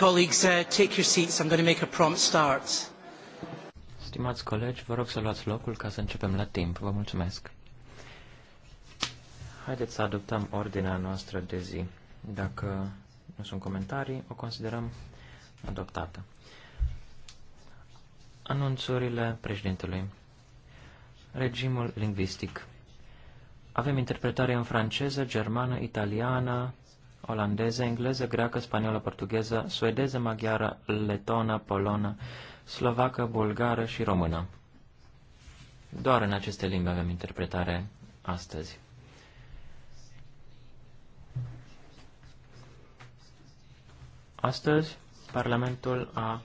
Colleagues, uh, take your seats. I'm going to make a prompt start. Stimați colegi, vă rog să luați locul ca să începem la timp. Vă mulțumesc. Haideți să adoptăm ordinea noastră de zi. Dacă nu sunt comentarii, o considerăm adoptată. Anunțurile președintelui. Regimul lingvistic. Avem interpretare în franceză, germană, italiană, olandeză, engleză, greacă, spaniolă, portugheză, suedeză, maghiară, letonă, polonă, slovacă, bulgară și română. Doar în aceste limbi avem interpretare astăzi. Astăzi, Parlamentul a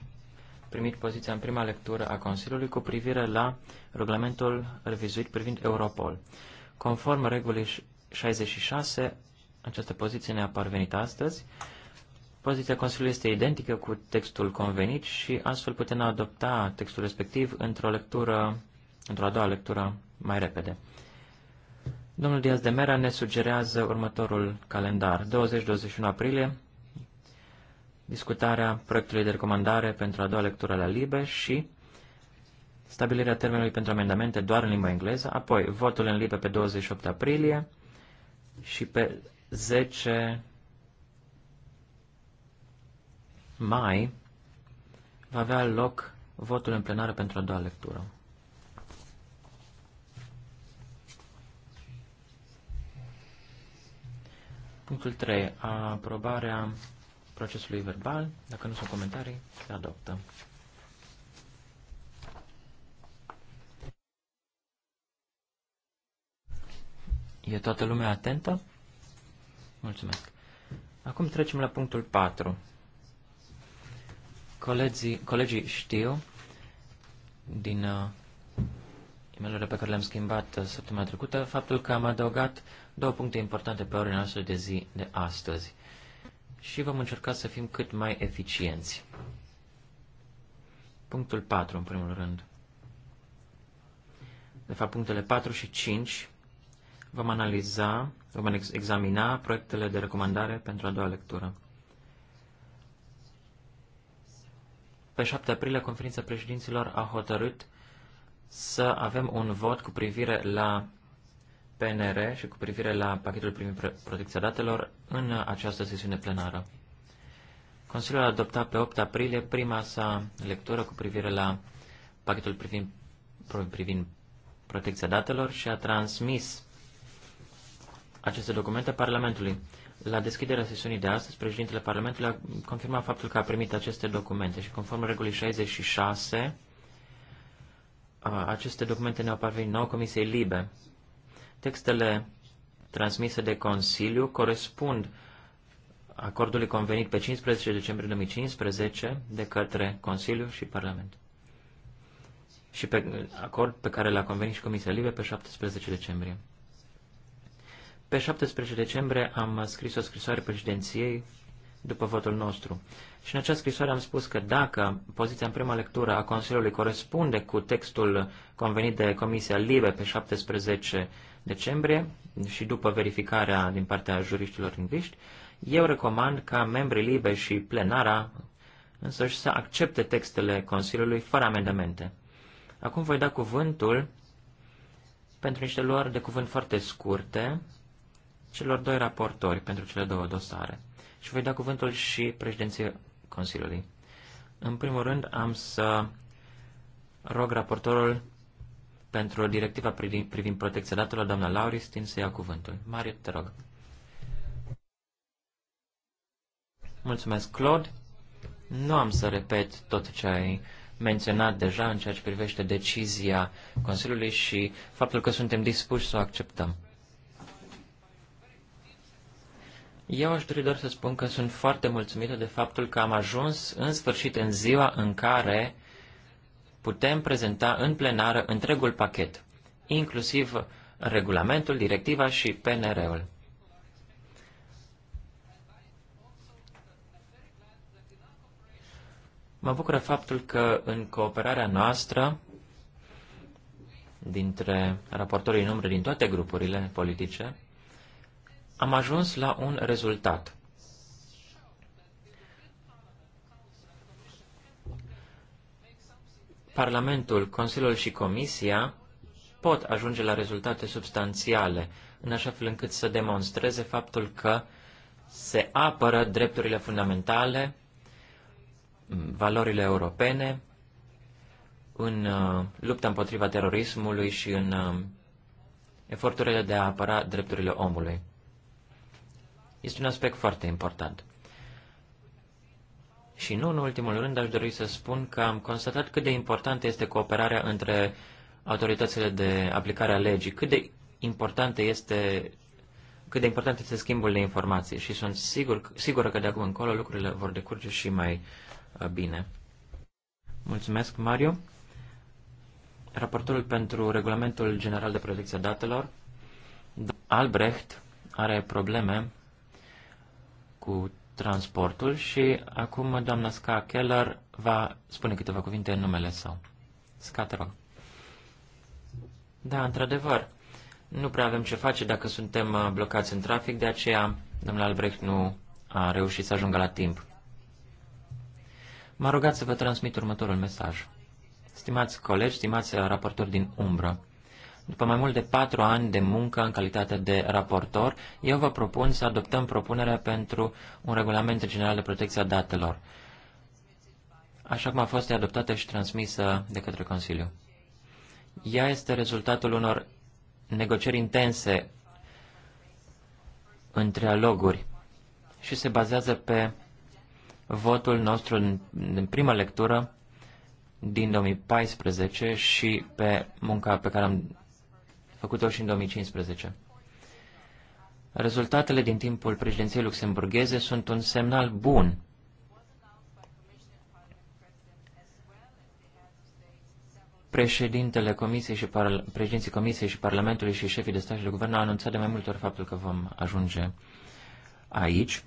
primit poziția în prima lectură a Consiliului cu privire la regulamentul revizuit privind Europol. Conform regulii 66, această poziție ne-a parvenit astăzi. Poziția Consiliului este identică cu textul convenit și astfel putem adopta textul respectiv într-o lectură, într-o a doua lectură mai repede. Domnul Diaz de Mera ne sugerează următorul calendar. 20-21 aprilie, discutarea proiectului de recomandare pentru a doua lectură la LIBE și stabilirea termenului pentru amendamente doar în limba engleză, apoi votul în LIBE pe 28 aprilie și pe 10 mai va avea loc votul în plenară pentru a doua lectură. Punctul 3. Aprobarea procesului verbal. Dacă nu sunt comentarii, se adoptă. E toată lumea atentă? Mulțumesc. Acum trecem la punctul 4. Colegii, colegii știu din uh, e pe care le-am schimbat uh, săptămâna trecută faptul că am adăugat două puncte importante pe ordinea noastră de zi de astăzi și vom încerca să fim cât mai eficienți. Punctul 4, în primul rând. De fapt, punctele 4 și 5 vom analiza vom examina proiectele de recomandare pentru a doua lectură. Pe 7 aprilie, conferința președinților a hotărât să avem un vot cu privire la PNR și cu privire la pachetul privind protecția datelor în această sesiune plenară. Consiliul a adoptat pe 8 aprilie prima sa lectură cu privire la pachetul privind, privind protecția datelor și a transmis aceste documente Parlamentului. La deschiderea sesiunii de astăzi, președintele Parlamentului a confirmat faptul că a primit aceste documente și conform regulii 66, aceste documente ne-au parvenit nouă Comisiei Libe. Textele transmise de Consiliu corespund acordului convenit pe 15 decembrie 2015 de către Consiliu și Parlament și pe acord pe care l-a convenit și Comisia Libe pe 17 decembrie. Pe 17 decembrie am scris o scrisoare președinției după votul nostru. Și în această scrisoare am spus că dacă poziția în prima lectură a Consiliului corespunde cu textul convenit de Comisia Libe pe 17 decembrie și după verificarea din partea juriștilor lingviști, eu recomand ca membrii Libe și plenara însăși să accepte textele Consiliului fără amendamente. Acum voi da cuvântul pentru niște luări de cuvânt foarte scurte celor doi raportori pentru cele două dosare și voi da cuvântul și președinției Consiliului. În primul rând am să rog raportorul pentru directiva privind protecția datelor, doamna Lauristin, să ia cuvântul. Mario, te rog. Mulțumesc, Claude. Nu am să repet tot ce ai menționat deja în ceea ce privește decizia Consiliului și faptul că suntem dispuși să o acceptăm. Eu aș dori doar să spun că sunt foarte mulțumită de faptul că am ajuns în sfârșit în ziua în care putem prezenta în plenară întregul pachet, inclusiv regulamentul, directiva și PNR-ul. Mă bucură faptul că în cooperarea noastră dintre raportorii în din toate grupurile politice, am ajuns la un rezultat. Parlamentul, Consiliul și Comisia pot ajunge la rezultate substanțiale, în așa fel încât să demonstreze faptul că se apără drepturile fundamentale, valorile europene, în uh, lupta împotriva terorismului și în uh, eforturile de a apăra drepturile omului este un aspect foarte important. Și nu în ultimul rând aș dori să spun că am constatat cât de importantă este cooperarea între autoritățile de aplicare a legii, cât de importantă este cât de important este schimbul de informații și sunt sigur, sigură că de acum încolo lucrurile vor decurge și mai uh, bine. Mulțumesc, Mario. Raportorul pentru Regulamentul General de Protecție a Datelor, Albrecht, are probleme cu transportul și acum doamna Ska Keller va spune câteva cuvinte în numele său. Ska, te rog. Da, într-adevăr, nu prea avem ce face dacă suntem uh, blocați în trafic, de aceea domnul Albrecht nu a reușit să ajungă la timp. M-a rugat să vă transmit următorul mesaj. Stimați colegi, stimați uh, raportori din umbră, după mai mult de patru ani de muncă în calitate de raportor, eu vă propun să adoptăm propunerea pentru un regulament general de protecție a datelor, așa cum a fost adoptată și transmisă de către Consiliu. Ea este rezultatul unor negocieri intense în trialoguri și se bazează pe votul nostru în, în prima lectură din 2014 și pe munca pe care am făcut-o și în 2015. Rezultatele din timpul președinției luxemburgheze sunt un semnal bun. Președintele Comisiei și Parla- președinții Comisiei și Parlamentului și șefii de stat și de guvern au anunțat de mai multe ori faptul că vom ajunge aici.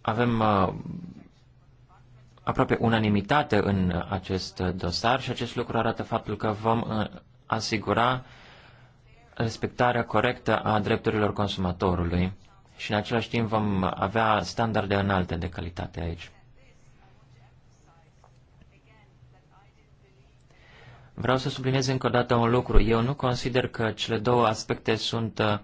Avem uh, aproape unanimitate în acest dosar și acest lucru arată faptul că vom uh, asigura respectarea corectă a drepturilor consumatorului și în același timp vom avea standarde înalte de calitate aici. Vreau să subliniez încă o dată un lucru. Eu nu consider că cele două aspecte sunt, uh,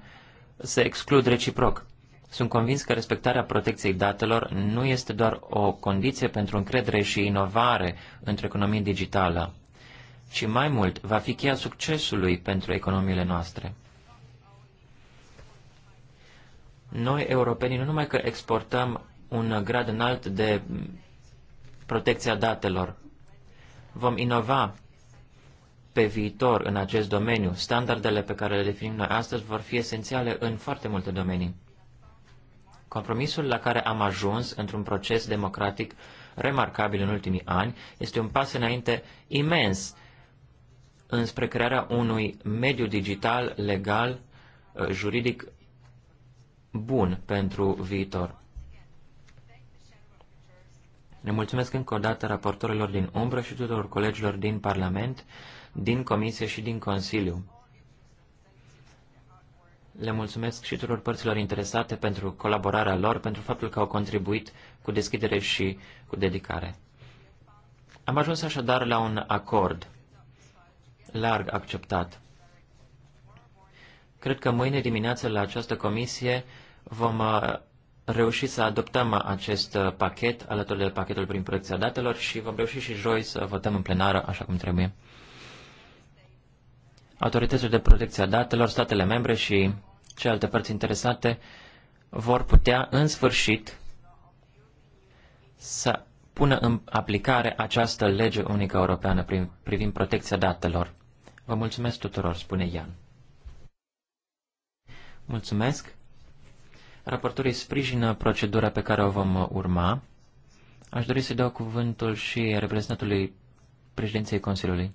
se exclud reciproc. Sunt convins că respectarea protecției datelor nu este doar o condiție pentru încredere și inovare într-o economie digitală, ci mai mult va fi cheia succesului pentru economiile noastre. Noi, europenii, nu numai că exportăm un grad înalt de protecția datelor, vom inova pe viitor în acest domeniu. Standardele pe care le definim noi astăzi vor fi esențiale în foarte multe domenii. Compromisul la care am ajuns într-un proces democratic remarcabil în ultimii ani este un pas înainte imens înspre crearea unui mediu digital, legal, uh, juridic bun pentru viitor. Ne mulțumesc încă o dată raportorilor din umbră și tuturor colegilor din Parlament, din Comisie și din Consiliu. Le mulțumesc și tuturor părților interesate pentru colaborarea lor, pentru faptul că au contribuit cu deschidere și cu dedicare. Am ajuns așadar la un acord larg acceptat. Cred că mâine dimineață la această comisie vom uh, reuși să adoptăm acest uh, pachet alături de pachetul prin protecția datelor și vom reuși și joi să votăm în plenară așa cum trebuie. Autoritățile de protecție a datelor, statele membre și celelalte părți interesate vor putea, în sfârșit, să pună în aplicare această lege unică europeană privind protecția datelor. Vă mulțumesc tuturor, spune Ian. Mulțumesc. Raportorii sprijină procedura pe care o vom urma. Aș dori să dau cuvântul și reprezentantului președinței Consiliului.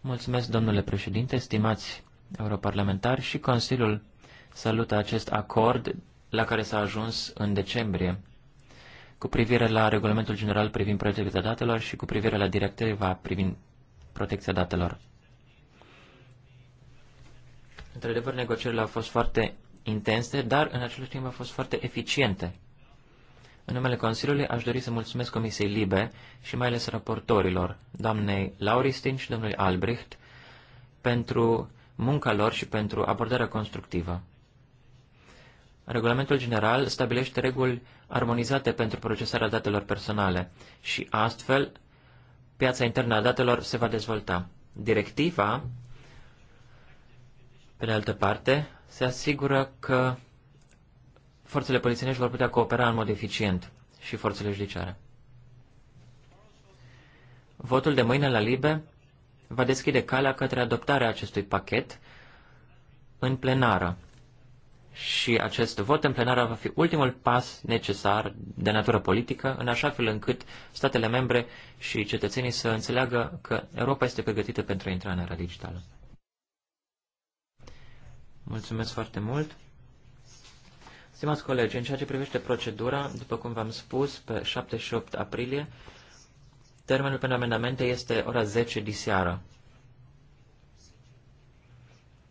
Mulțumesc, domnule președinte, stimați europarlamentari și Consiliul salută acest acord la care s-a ajuns în decembrie cu privire la regulamentul general privind protecția datelor și cu privire la directiva privind protecția datelor. Într-adevăr, negocierile au fost foarte intense, dar în același timp au fost foarte eficiente. În numele Consiliului aș dori să mulțumesc Comisiei Libe și mai ales raportorilor, doamnei Lauristin și domnului Albrecht, pentru munca lor și pentru abordarea constructivă. Regulamentul general stabilește reguli armonizate pentru procesarea datelor personale și astfel piața internă a datelor se va dezvolta. Directiva, pe de altă parte, se asigură că forțele polițienești vor putea coopera în mod eficient și forțele judiciare. Votul de mâine la Libe va deschide calea către adoptarea acestui pachet în plenară. Și acest vot în plenară va fi ultimul pas necesar de natură politică, în așa fel încât statele membre și cetățenii să înțeleagă că Europa este pregătită pentru a intra în era digitală. Mulțumesc foarte mult! Stimați colegi, în ceea ce privește procedura, după cum v-am spus, pe 7 și 8 aprilie, Termenul pentru amendamente este ora 10 seară.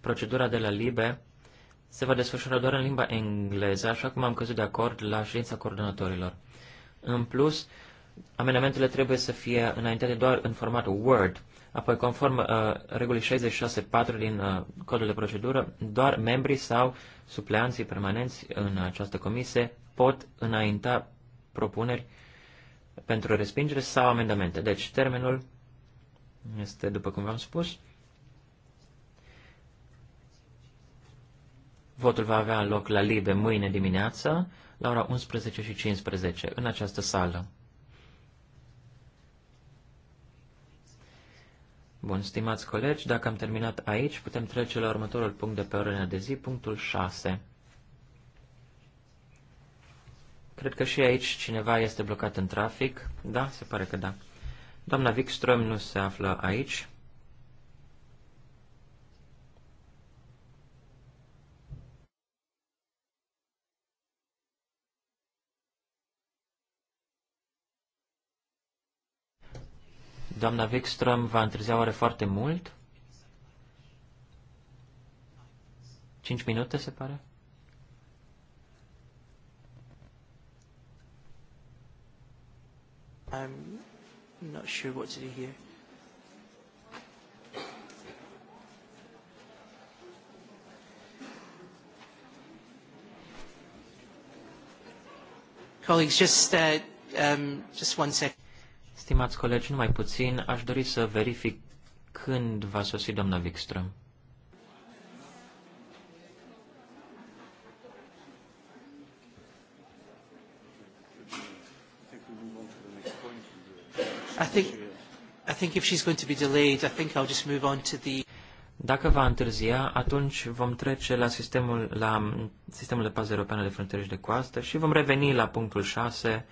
Procedura de la LIBE se va desfășura doar în limba engleză, așa cum am căzut de acord la ședința coordonatorilor. În plus, amendamentele trebuie să fie înaintate doar în format Word, apoi conform uh, regulii 66.4 din uh, codul de procedură, doar membrii sau supleanții permanenți în această comisie pot înainta propuneri uh, pentru respingere sau amendamente. Deci termenul este, după cum v-am spus, votul va avea loc la Libe mâine dimineață, la ora 11 și 15, în această sală. Bun, stimați colegi, dacă am terminat aici, putem trece la următorul punct de pe ordinea de zi, punctul 6. Cred că și aici cineva este blocat în trafic. Da, se pare că da. Doamna Wikström nu se află aici. Doamna Wikström va întârzia oare foarte mult? Cinci minute, se pare? I'm not sure what to do here. Colleagues, just, uh, um, just one sec. Stimați colegi, numai puțin, aș dori să verific când va sosi doamna Wikström. I think, I think if she's going to be delayed, I think I'll just move on to the... Dacă va întârzia, atunci vom trece la sistemul, la mm, sistemul de pază europeană de frontiere și de coastă și vom reveni la punctul 6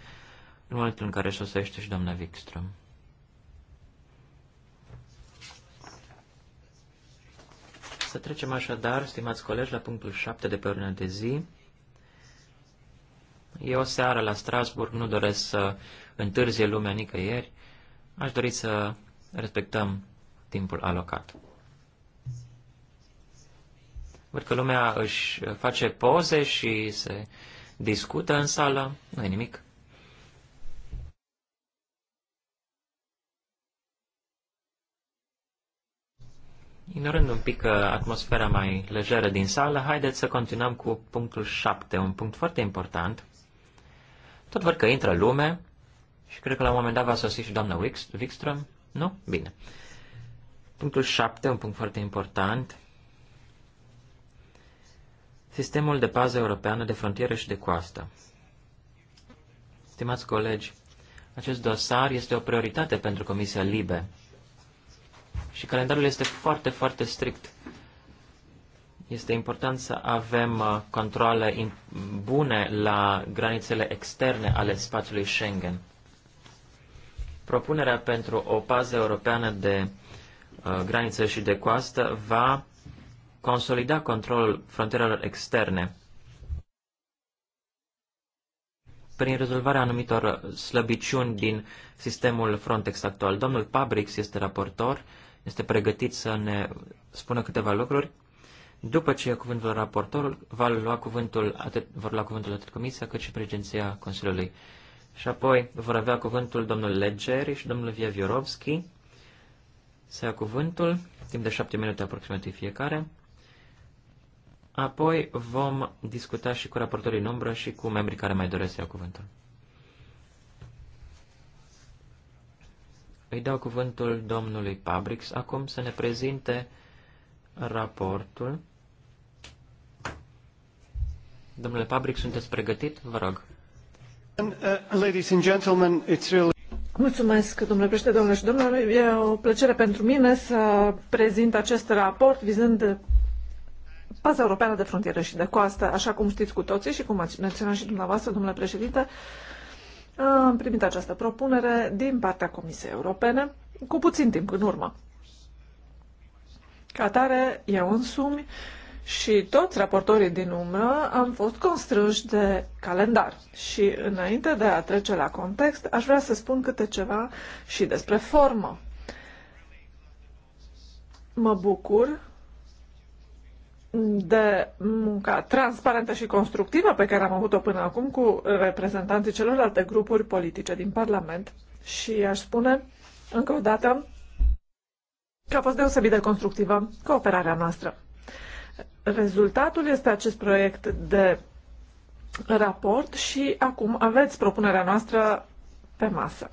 în momentul în care sosește și doamna Wikström. Să trecem așadar, stimați colegi, la punctul 7 de pe ordinea de zi. E o seară la Strasburg, nu doresc să întârzie lumea nicăieri. Aș dori să respectăm timpul alocat. Văd că lumea își face poze și se discută în sală. Nu e nimic. Ignorând un pic uh, atmosfera mai lejeră din sală, haideți să continuăm cu punctul 7, un punct foarte important. Tot văd că intră lume, și cred că la un moment dat va sosi și doamna Wikström, nu? Bine. Punctul 7, un punct foarte important. Sistemul de pază europeană de frontieră și de coastă. Stimați colegi, acest dosar este o prioritate pentru Comisia Libe și calendarul este foarte, foarte strict. Este important să avem uh, controle bune la granițele externe ale spațiului Schengen. Propunerea pentru o pază europeană de uh, graniță și de coastă va consolida controlul frontierelor externe prin rezolvarea anumitor slăbiciuni din sistemul Frontex actual. Domnul Pabrix este raportor, este pregătit să ne spună câteva lucruri. După ce e cuvântul raportorul, va lua cuvântul atât, vor lua cuvântul atât Comisia cât și Pregenția Consiliului. Și apoi vor avea cuvântul domnul Legeri și domnul Vieviorovski. Să ia cuvântul, timp de șapte minute aproximativ fiecare. Apoi vom discuta și cu raportorii în umbră și cu membrii care mai doresc să iau cuvântul. Îi dau cuvântul domnului Pabrix acum să ne prezinte raportul. Domnule Pabrix, sunteți pregătit? Vă rog. Um, uh, Mulțumesc, domnule președinte, domnule și domnilor. E o plăcere pentru mine să prezint acest raport vizând Paza Europeană de Frontieră și de Coastă, așa cum știți cu toții și cum ați menționat și dumneavoastră, domnule președinte, am primit această propunere din partea Comisiei Europene cu puțin timp în urmă. Ca atare, eu însumi și toți raportorii din umbră am fost constrânși de calendar. Și înainte de a trece la context, aș vrea să spun câte ceva și despre formă. Mă bucur de munca transparentă și constructivă pe care am avut-o până acum cu reprezentanții celorlalte grupuri politice din Parlament și aș spune încă o dată că a fost deosebit de constructivă cooperarea noastră. Rezultatul este acest proiect de raport și acum aveți propunerea noastră pe masă.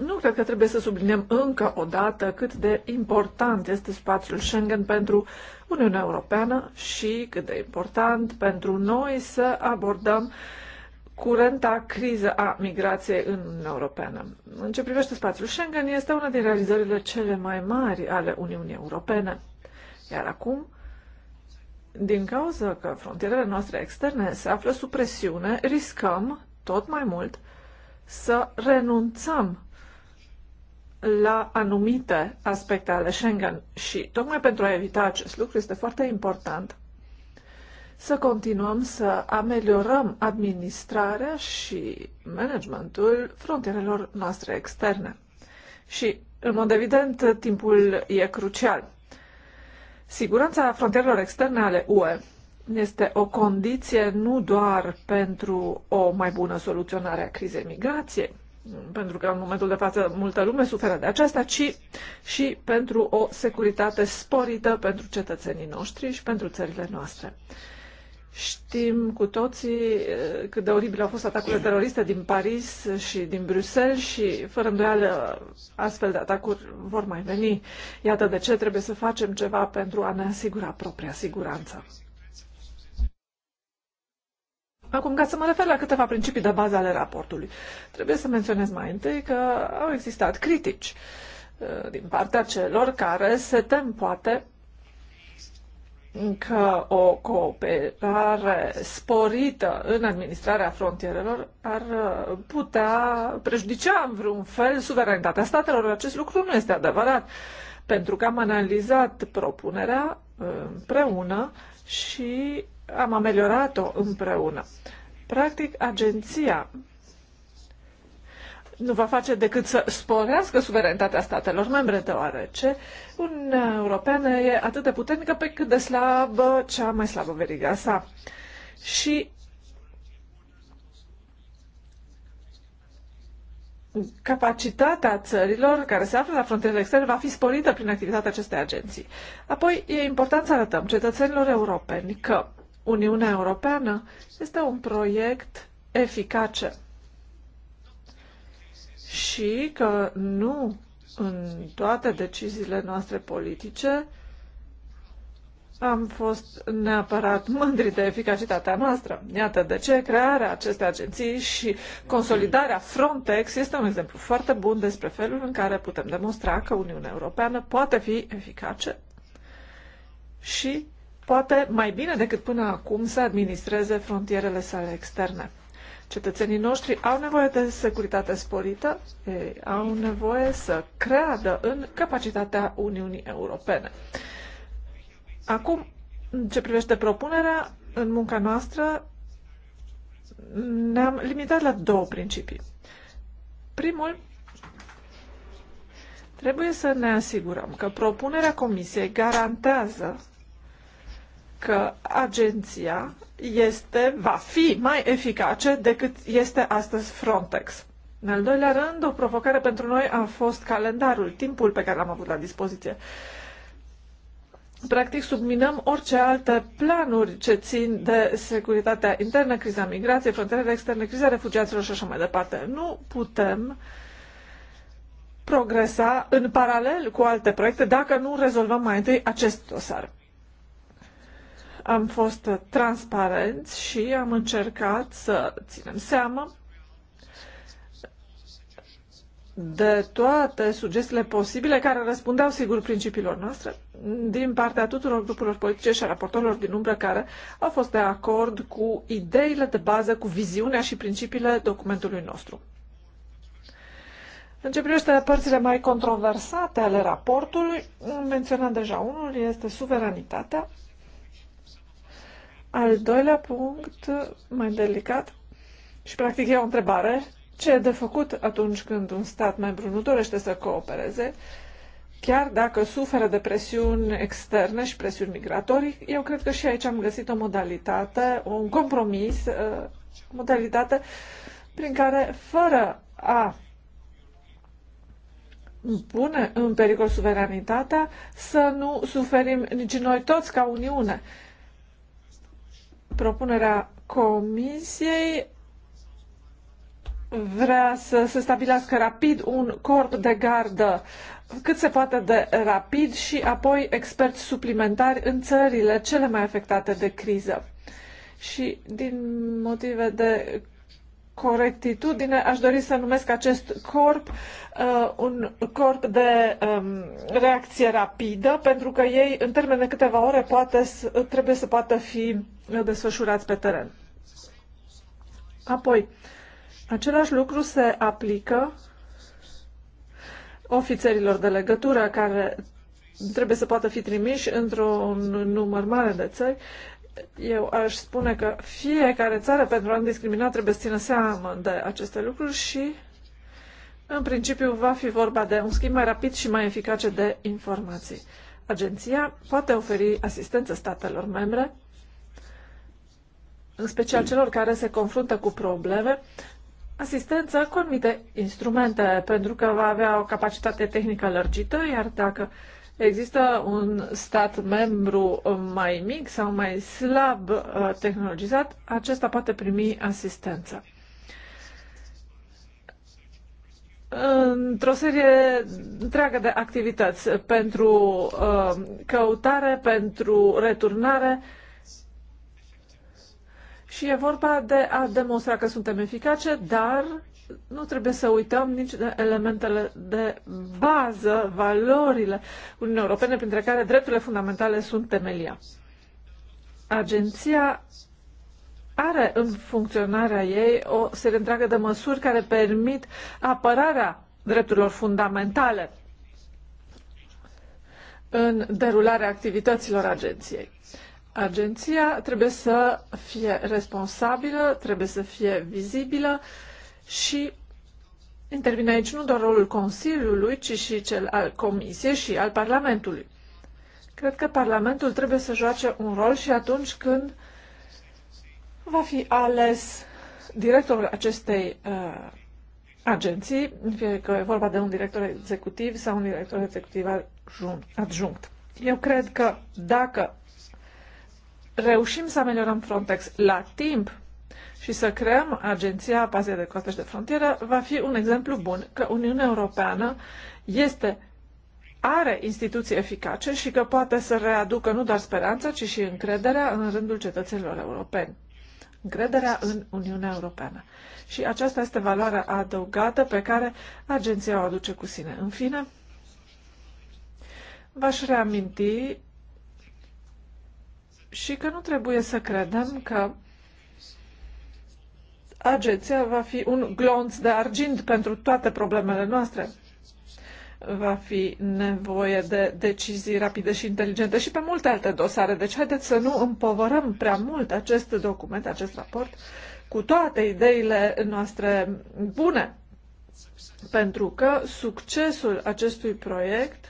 Nu cred că trebuie să subliniem încă o dată cât de important este spațiul Schengen pentru Uniunea Europeană și cât de important pentru noi să abordăm uh, curenta criză a migrației în Uniunea Europeană. În ce privește spațiul Schengen, este una din realizările cele mai mari ale Uniunii Europene. Iar acum, din cauza că frontierele noastre externe se află sub presiune, riscăm tot mai mult să renunțăm la anumite aspecte ale Schengen. Și tocmai pentru a evita acest lucru este foarte important să continuăm să ameliorăm administrarea și managementul frontierelor noastre externe. Și, în mod evident, timpul e crucial. Siguranța frontierelor externe ale UE este o condiție nu doar pentru o mai bună soluționare a crizei migrației, pentru că în momentul de față multă lume suferă de aceasta, ci și pentru o securitate sporită pentru cetățenii noștri și pentru țările noastre. Știm cu toții eh, cât de oribile au fost atacurile teroriste din Paris și din Bruxelles și, fără îndoială, astfel de atacuri vor mai veni. Iată de ce trebuie să facem ceva pentru a ne asigura propria siguranță. Acum, ca să mă refer la câteva principii de bază ale raportului, trebuie să menționez mai întâi că au existat critici eh, din partea celor care se tem, poate, că o cooperare sporită în administrarea frontierelor ar uh, putea prejudicia în vreun fel suveranitatea statelor. Acest lucru nu este adevărat, pentru că am analizat propunerea uh, împreună și am ameliorat-o împreună. Practic, agenția nu va face decât să sporească suverenitatea statelor membre, deoarece Uniunea Europeană e atât de puternică pe cât de slabă cea mai slabă veriga sa. Și capacitatea țărilor care se află la frontierele externe va fi sporită prin activitatea acestei agenții. Apoi, e important să arătăm cetățenilor europeni că Uniunea Europeană este un proiect eficace și că nu în toate deciziile noastre politice am fost neapărat mândri de eficacitatea noastră. Iată de ce crearea acestei agenții și consolidarea Frontex este un exemplu foarte bun despre felul în care putem demonstra că Uniunea Europeană poate fi eficace și poate mai bine decât până acum să administreze frontierele sale externe. Cetățenii noștri au nevoie de securitate sporită, ei au nevoie să creadă în capacitatea Uniunii Europene. Acum, în ce privește propunerea, în munca noastră ne-am limitat la două principii. Primul, trebuie să ne asigurăm că propunerea Comisiei garantează că agenția este, va fi mai eficace decât este astăzi Frontex. În al doilea rând, o provocare pentru noi a fost calendarul, timpul pe care l-am avut la dispoziție. Practic, subminăm orice alte planuri ce țin de securitatea internă, criza migrației, frontierele externe, criza refugiaților și așa mai departe. Nu putem progresa în paralel cu alte proiecte dacă nu rezolvăm mai întâi acest dosar. Am fost transparenți și am încercat să ținem seama de toate sugestiile posibile care răspundeau sigur principiilor noastre din partea tuturor grupurilor politice și a raportorilor din umbră care au fost de acord cu ideile de bază, cu viziunea și principiile documentului nostru. În ce privește părțile mai controversate ale raportului, menționam deja unul, este suveranitatea. Al doilea punct, mai delicat, și practic e o întrebare, ce e de făcut atunci când un stat membru nu dorește să coopereze, chiar dacă suferă de presiuni externe și presiuni migratorii, eu cred că și aici am găsit o modalitate, un compromis, uh, modalitate prin care, fără a pune în pericol suveranitatea, să nu suferim nici noi toți ca Uniune. Propunerea Comisiei vrea să se stabilească rapid un corp de gardă cât se poate de rapid și apoi experți suplimentari în țările cele mai afectate de criză. Și din motive de corectitudine, aș dori să numesc acest corp uh, un corp de um, reacție rapidă, pentru că ei, în termen de câteva ore, poate, trebuie să poată fi desfășurați pe teren. Apoi, același lucru se aplică ofițerilor de legătură care trebuie să poată fi trimiși într-un număr mare de țări eu aș spune că fiecare țară pentru a discrimina trebuie să țină seama de aceste lucruri și în principiu va fi vorba de un schimb mai rapid și mai eficace de informații. Agenția poate oferi asistență statelor membre, în special celor care se confruntă cu probleme, asistență cu anumite instrumente, pentru că va avea o capacitate tehnică lărgită, iar dacă uh, Există un stat membru mai mic sau mai slab uh, tehnologizat, acesta poate primi asistență. într-o serie întreagă de activități pentru uh, căutare, pentru returnare și e vorba de a demonstra că suntem eficace, dar nu trebuie să uităm nici de elementele de bază, valorile Uniunii Europene, printre care drepturile fundamentale sunt temelia. Agenția are în funcționarea ei o serie întreagă de măsuri care permit apărarea drepturilor fundamentale în derularea activităților agenției. Agenția trebuie să fie responsabilă, trebuie să fie vizibilă, uh, și intervine aici nu doar rolul Consiliului, ci și cel al Comisiei și al Parlamentului. Cred că Parlamentul trebuie să joace un rol și atunci când va fi ales directorul acestei uh, agenții, fie că e vorba de un director executiv sau un director executiv adjunct. Eu cred că dacă reușim să ameliorăm Frontex la timp, și să creăm Agenția Pazie de Coastă și de Frontieră va fi un exemplu bun că Uniunea Europeană este are instituții eficace și că poate să readucă nu doar speranța, ci și încrederea în rândul cetățenilor europeni. Încrederea în Uniunea Europeană. Și aceasta este valoarea adăugată pe care agenția o aduce cu sine. În fine, v-aș reaminti și că nu trebuie să credem că agenția va fi un glonț de argint pentru toate problemele noastre. Va fi nevoie de decizii rapide și inteligente și pe multe alte dosare. Deci haideți să nu împovărăm prea mult acest document, acest raport, cu toate ideile noastre bune. Pentru că succesul acestui proiect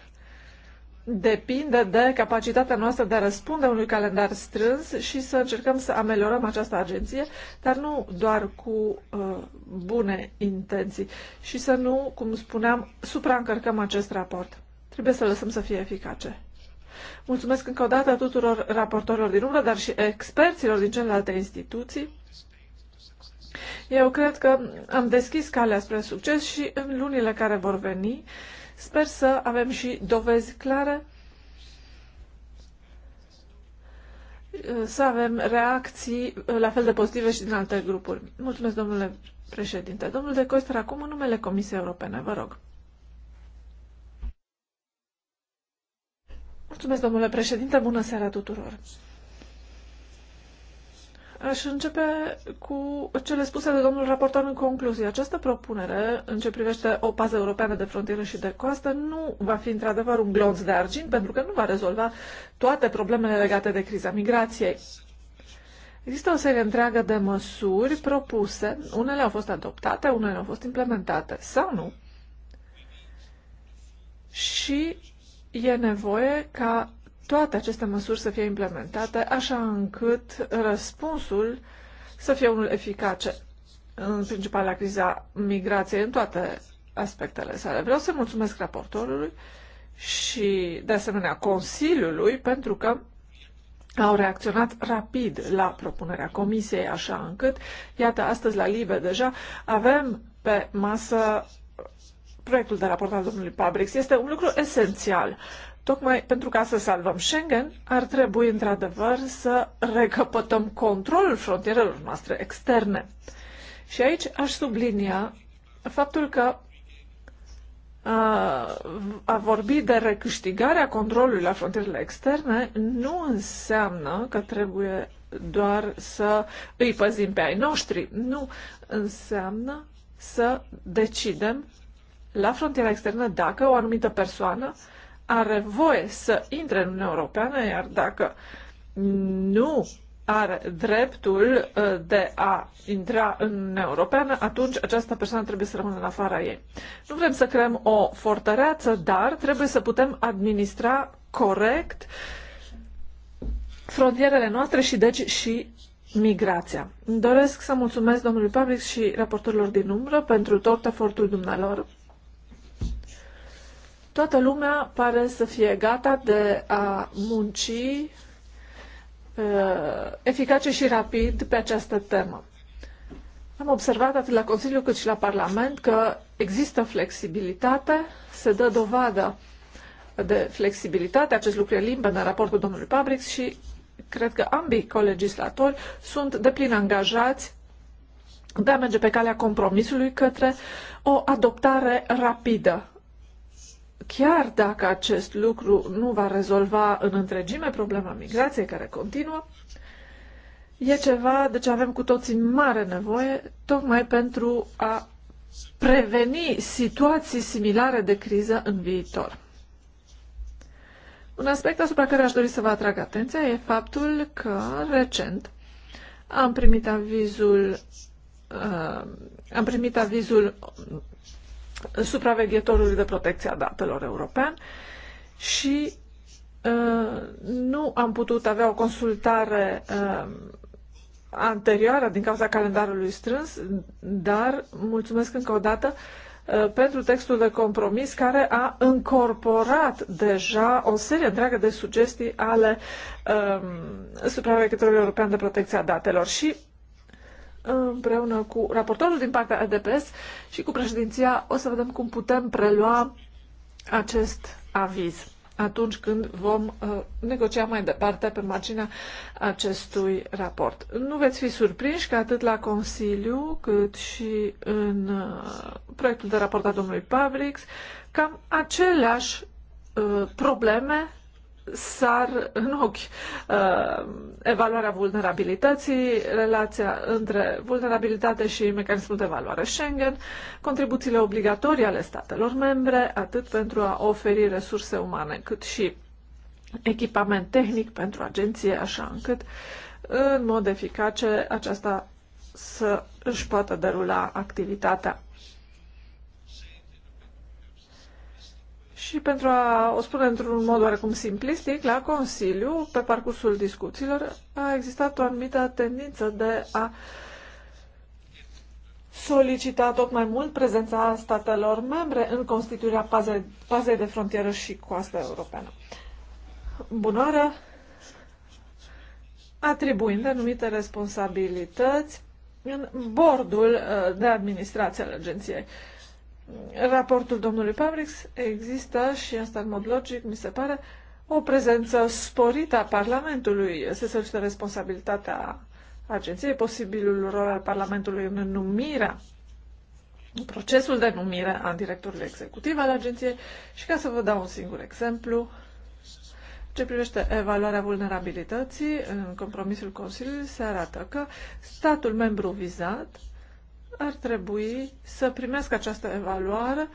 depinde de capacitatea noastră de a răspunde unui calendar strâns și să încercăm să ameliorăm această agenție, dar nu doar cu uh, bune intenții și să nu, cum spuneam, supraîncărcăm acest raport. Trebuie să lăsăm să fie eficace. Mulțumesc încă o dată tuturor raportorilor din umbră, dar și experților din celelalte instituții. Eu cred că am deschis calea spre succes și în lunile care vor veni uh, Sper să avem și dovezi clare, să avem reacții la fel de pozitive și din alte grupuri. Mulțumesc, domnule președinte. Domnul de Coster, acum în numele Comisiei Europene, vă rog. Mulțumesc, domnule președinte. Bună seara tuturor. Aș începe cu cele spuse de domnul raportor în concluzie. Această propunere, în ce privește o pază europeană de frontieră și de coastă, nu va fi într-adevăr un glonț de argint, pentru că nu va rezolva toate problemele legate de criza migrației. Există o serie întreagă de măsuri propuse, unele au fost adoptate, unele au fost implementate sau nu. Și e nevoie ca toate aceste măsuri să fie implementate așa încât răspunsul să fie unul eficace, în principal la criza migrației în toate aspectele sale. Vreau să mulțumesc raportorului și, de asemenea, Consiliului pentru că au reacționat rapid la propunerea Comisiei, așa încât, iată, astăzi la Libe deja avem pe masă proiectul de raport al domnului Pabrix este un lucru esențial. Tocmai pentru ca să salvăm Schengen, ar trebui într-adevăr să recapătăm controlul frontierelor noastre externe. Și aici aș sublinia faptul că a vorbi de recâștigarea controlului la frontierele externe nu înseamnă că trebuie doar să îi păzim pe ai noștri. Nu înseamnă să decidem la frontiera externă dacă o anumită persoană are voie să intre în Uniunea Europeană, iar dacă nu are dreptul uh, de a intra în Uniunea Europeană, atunci această persoană trebuie să rămână în afara ei. Nu vrem să creăm o fortăreață, dar trebuie să putem administra corect frontierele noastre și deci și migrația. Doresc să mulțumesc domnului Pavlic și raportorilor din umbră pentru tot efortul dumnealor Toată lumea pare să fie gata de a munci uh, eficace și rapid pe această temă. Am observat atât la Consiliu cât și la Parlament că există flexibilitate, se dă dovadă de flexibilitate, acest lucru e limbă în raportul domnului Pabrix și cred că ambii colegislatori sunt deplin angajați de a merge pe calea compromisului către o adoptare rapidă chiar dacă acest lucru nu va rezolva în întregime problema migrației care continuă, e ceva de ce avem cu toții mare nevoie, tocmai pentru a preveni situații similare de criză în viitor. Un aspect asupra care aș dori să vă atrag atenția e faptul că recent am primit avizul, uh, am primit avizul supraveghetorului de protecție a datelor european și uh, nu am putut avea o consultare uh, anterioară din cauza calendarului strâns, dar mulțumesc încă o dată uh, pentru textul de compromis care a încorporat deja o serie întreagă de sugestii ale um, supraveghetorului european de protecție a datelor și împreună cu raportorul din partea ADPS și cu președinția o să vedem cum putem prelua acest aviz atunci când vom uh, negocia mai departe pe marginea acestui raport. Nu veți fi surprinși că atât la Consiliu cât și în uh, proiectul de raport al domnului Pavrix, cam aceleași uh, probleme sar în ochi uh, evaluarea vulnerabilității, relația între vulnerabilitate și mecanismul de evaluare Schengen, contribuțiile obligatorii ale statelor membre, atât pentru a oferi resurse umane, cât și echipament tehnic pentru agenție, așa încât în mod eficace aceasta să își poată derula activitatea. Și pentru a o spune într-un mod oarecum simplistic, la Consiliu, pe parcursul discuțiilor, a existat o anumită tendință de a solicita tot mai mult prezența statelor membre în constituirea pazei, de frontieră și coastă europeană. Bunoară atribuind anumite responsabilități în bordul uh, de administrație al agenției. Uh, în raportul domnului Pavrix există, și asta în mod logic, mi se pare, o prezență sporită a Parlamentului. Se solicită responsabilitatea agenției, posibilul rol al Parlamentului în numirea, în procesul de numire a directorului executiv al agenției. Și ca să vă dau un singur exemplu, ce privește evaluarea vulnerabilității, în compromisul Consiliului se arată că statul membru vizat ar trebui să primească această evaluare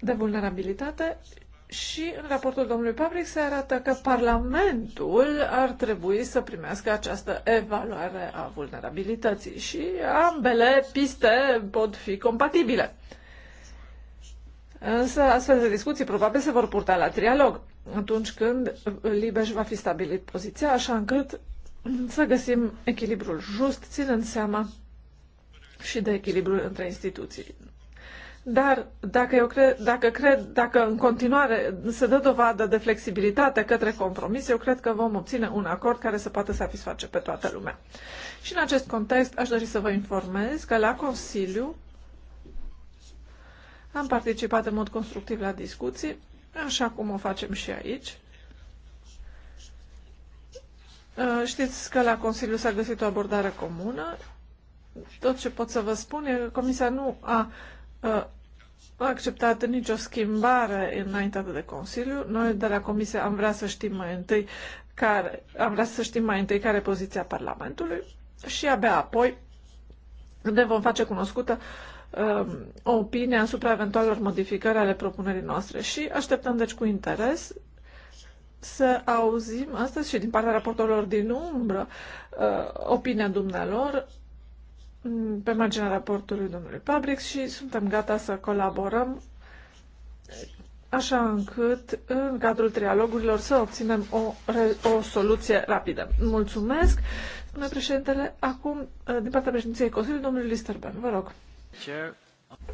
de vulnerabilitate și în raportul domnului Pabric se arată că Parlamentul ar trebui să primească această evaluare a vulnerabilității și ambele piste pot fi compatibile. Însă astfel de discuții probabil se vor purta la trialog atunci când Libeș va fi stabilit poziția, așa încât să găsim echilibrul just, ținând seama și de echilibrul între instituții. Dar dacă, eu cred, dacă cred, dacă în continuare se dă dovadă de flexibilitate către compromis, eu cred că vom obține un acord care să poată satisface pe toată lumea. Și în acest context aș dori să vă informez că la Consiliu am participat în mod constructiv la discuții, așa cum o facem și aici. Uh, știți că la Consiliu s-a găsit o abordare comună tot ce pot să vă spun e că Comisia nu a, a acceptat nicio schimbare înaintată de Consiliu. Noi de la Comisie am vrea să știm mai întâi care, am vrea să știm mai întâi care e poziția Parlamentului și abia apoi ne vom face cunoscută o um, opinie asupra eventualelor modificări ale propunerii noastre și așteptăm deci cu interes să auzim astăzi și din partea raportorilor din umbră uh, opinia dumnealor pe marginea raportului domnului Pabrix și suntem gata să colaborăm așa încât în cadrul trialogurilor să obținem o, o soluție rapidă. Mulțumesc, domnule președintele. Acum, din partea președinției Consiliului, domnul Listerben, vă rog.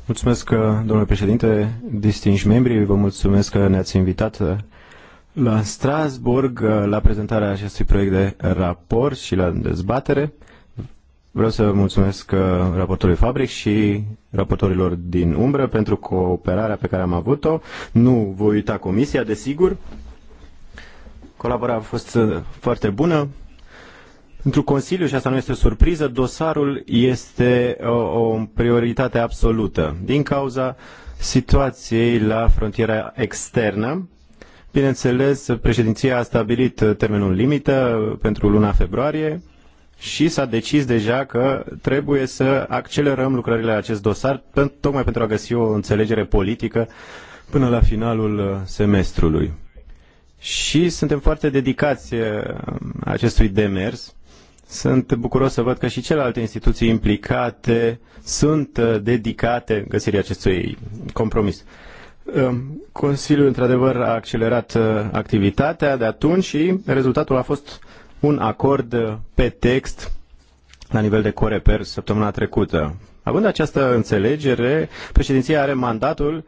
Mulțumesc, uh, domnule președinte, distinși membri, vă mulțumesc că ne-ați invitat uh, la Strasburg uh, la prezentarea acestui proiect de raport și la dezbatere. Vreau să mulțumesc uh, raportorului Fabric și raportorilor din umbră pentru cooperarea pe care am avut-o. Nu voi uita comisia, desigur. Colaborarea a fost uh, foarte bună. Pentru Consiliu, și asta nu este o surpriză, dosarul este o, uh, o prioritate absolută din cauza situației la frontiera externă. Bineînțeles, președinția a stabilit termenul limită pentru luna februarie, și s-a decis deja că trebuie să accelerăm lucrările la acest dosar, tocmai pentru a găsi o înțelegere politică până la finalul uh, semestrului. Și suntem foarte dedicați uh, acestui demers. Sunt bucuros să văd că și celelalte instituții implicate sunt uh, dedicate găsirii acestui compromis. Um, Consiliul, într-adevăr, a accelerat activitatea de atunci și rezultatul a fost un acord pe text la nivel de Coreper săptămâna trecută. Având această înțelegere, președinția are mandatul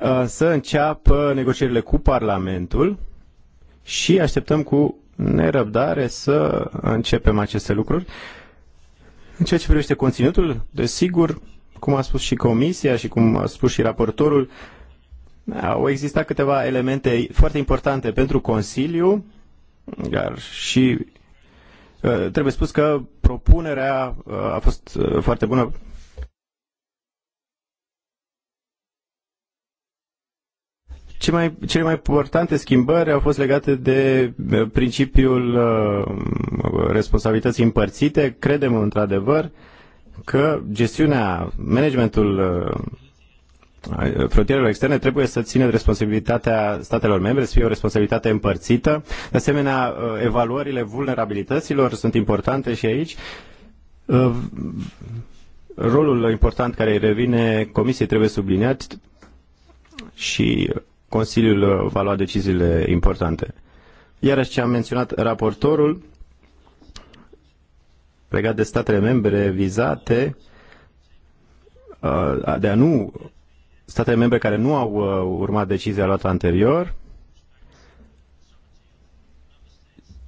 uh, să înceapă negocierile cu Parlamentul și așteptăm cu nerăbdare să începem aceste lucruri. În ceea ce privește conținutul, desigur, cum a spus și Comisia și cum a spus și raportorul, au existat câteva elemente foarte importante pentru Consiliu iar și uh, trebuie spus că propunerea uh, a fost uh, foarte bună. Ce mai, cele mai importante schimbări au fost legate de principiul responsabilității împărțite. Credem într-adevăr că gestiunea, managementul Uh, frontierelor externe trebuie să țină responsabilitatea statelor membre, să fie o responsabilitate împărțită. De asemenea, uh, evaluările vulnerabilităților sunt importante și aici. Uh, rolul important care îi revine Comisiei trebuie subliniat și Consiliul va lua deciziile importante. Iarăși ce am menționat raportorul, legat de statele membre vizate, de a nu statele membre care nu au uh, urmat decizia luată anterior,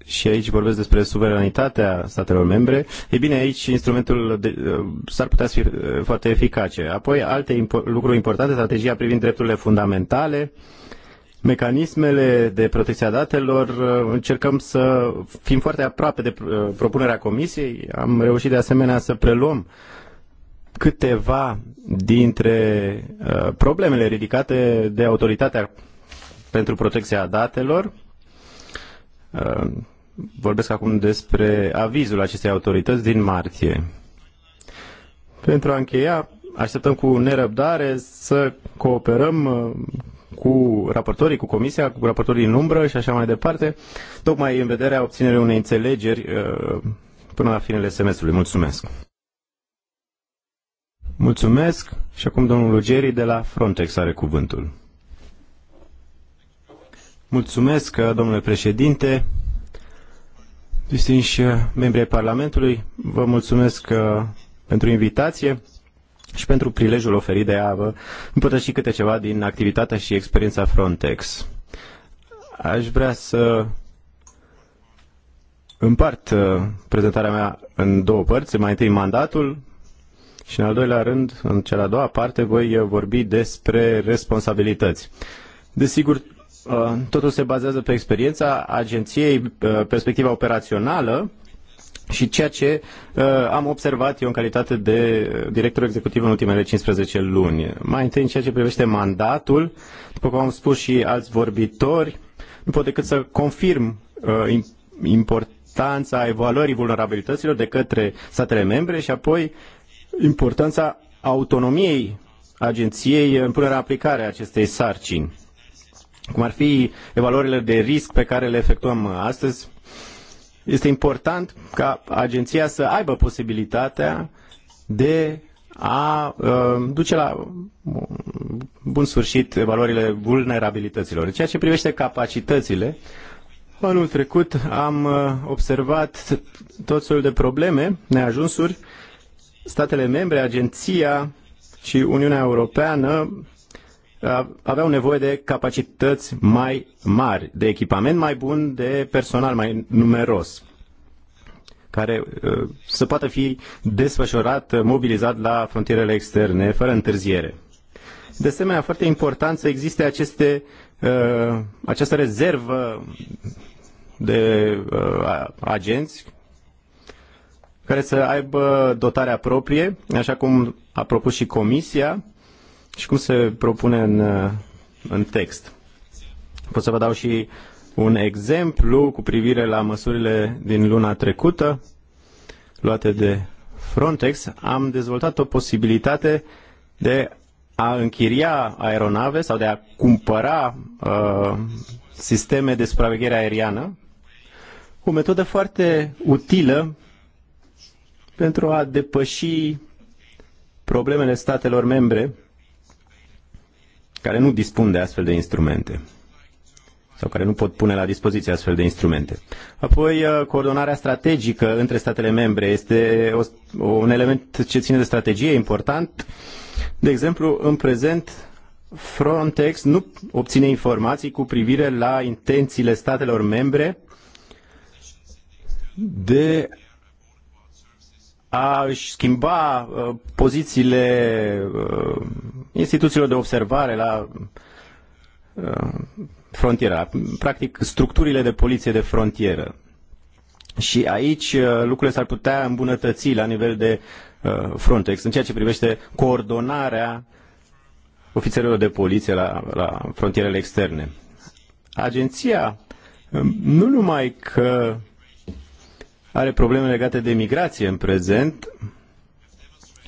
și aici vorbesc despre suveranitatea statelor membre, e bine, aici instrumentul uh, s-ar putea fi uh, foarte eficace. Apoi, alte impo- lucruri importante, strategia privind drepturile fundamentale, mecanismele de protecție a datelor, încercăm să fim foarte aproape de propunerea Comisiei, am reușit de asemenea să preluăm uh, câteva dintre uh, problemele ridicate de autoritatea pentru protecția datelor. Uh, vorbesc acum despre avizul acestei autorități din martie. Pentru a încheia, așteptăm cu nerăbdare să cooperăm uh, cu raportorii, cu comisia, cu raportorii în umbră și așa mai departe, tocmai în vederea obținerii unei înțelegeri uh, până la finele semestrului. Mulțumesc! Mulțumesc și acum domnul Lugeri de la Frontex are cuvântul. Mulțumesc, domnule președinte, distinși membri ai Parlamentului, vă mulțumesc uh, pentru invitație și pentru prilejul oferit de a vă împărtăși câte ceva din activitatea și experiența Frontex. Aș vrea să împart uh, prezentarea mea în două părți. Mai întâi mandatul, și în al doilea rând, în cea de-a doua parte, voi vorbi despre responsabilități. Desigur, uh, totul se bazează pe experiența agenției, uh, perspectiva operațională și ceea ce uh, am observat eu în calitate de director executiv în ultimele 15 luni. Mai întâi, în ceea ce privește mandatul, după cum am spus și alți vorbitori, nu pot decât să confirm importanța importanța evaluării vulnerabilităților de către statele membre și apoi importanța autonomiei agenției în punerea aplicare a acestei sarcini, cum ar fi evaluările de risc pe care le efectuăm astăzi. Este important ca agenția să aibă posibilitatea de a uh, duce la bun sfârșit evaluările vulnerabilităților. În ceea ce privește capacitățile, anul trecut am uh, observat tot felul de probleme, neajunsuri, uh, statele membre, agenția și Uniunea Europeană aveau nevoie de capacități mai mari, de echipament mai bun, de personal mai numeros, care ă, să poată fi desfășurat, ă, mobilizat la frontierele externe, fără întârziere. De asemenea, foarte important să existe aceste, ă, această rezervă de agenți care să aibă dotarea proprie, așa cum a propus și Comisia și cum se propune în, în text. Pot să vă dau și un exemplu cu privire la măsurile din luna trecută luate de Frontex. Am dezvoltat o posibilitate de a închiria aeronave sau de a cumpăra uh, sisteme de supraveghere aeriană, o metodă foarte utilă pentru a depăși problemele statelor membre care nu dispun de astfel de instrumente sau care nu pot pune la dispoziție astfel de instrumente. Apoi, uh, coordonarea strategică între statele membre este un element ce ține de strategie important. De exemplu, în prezent, Frontex nu obține informații cu privire la intențiile statelor membre de a își schimba uh, pozițiile uh, instituțiilor de observare la uh, frontieră, practic structurile de poliție de frontieră. Și aici lucrurile s-ar putea îmbunătăți la nivel de Frontex în ceea ce privește coordonarea ofițerilor de poliție la, la frontierele externe. Agenția nu numai că are probleme legate de migrație în prezent,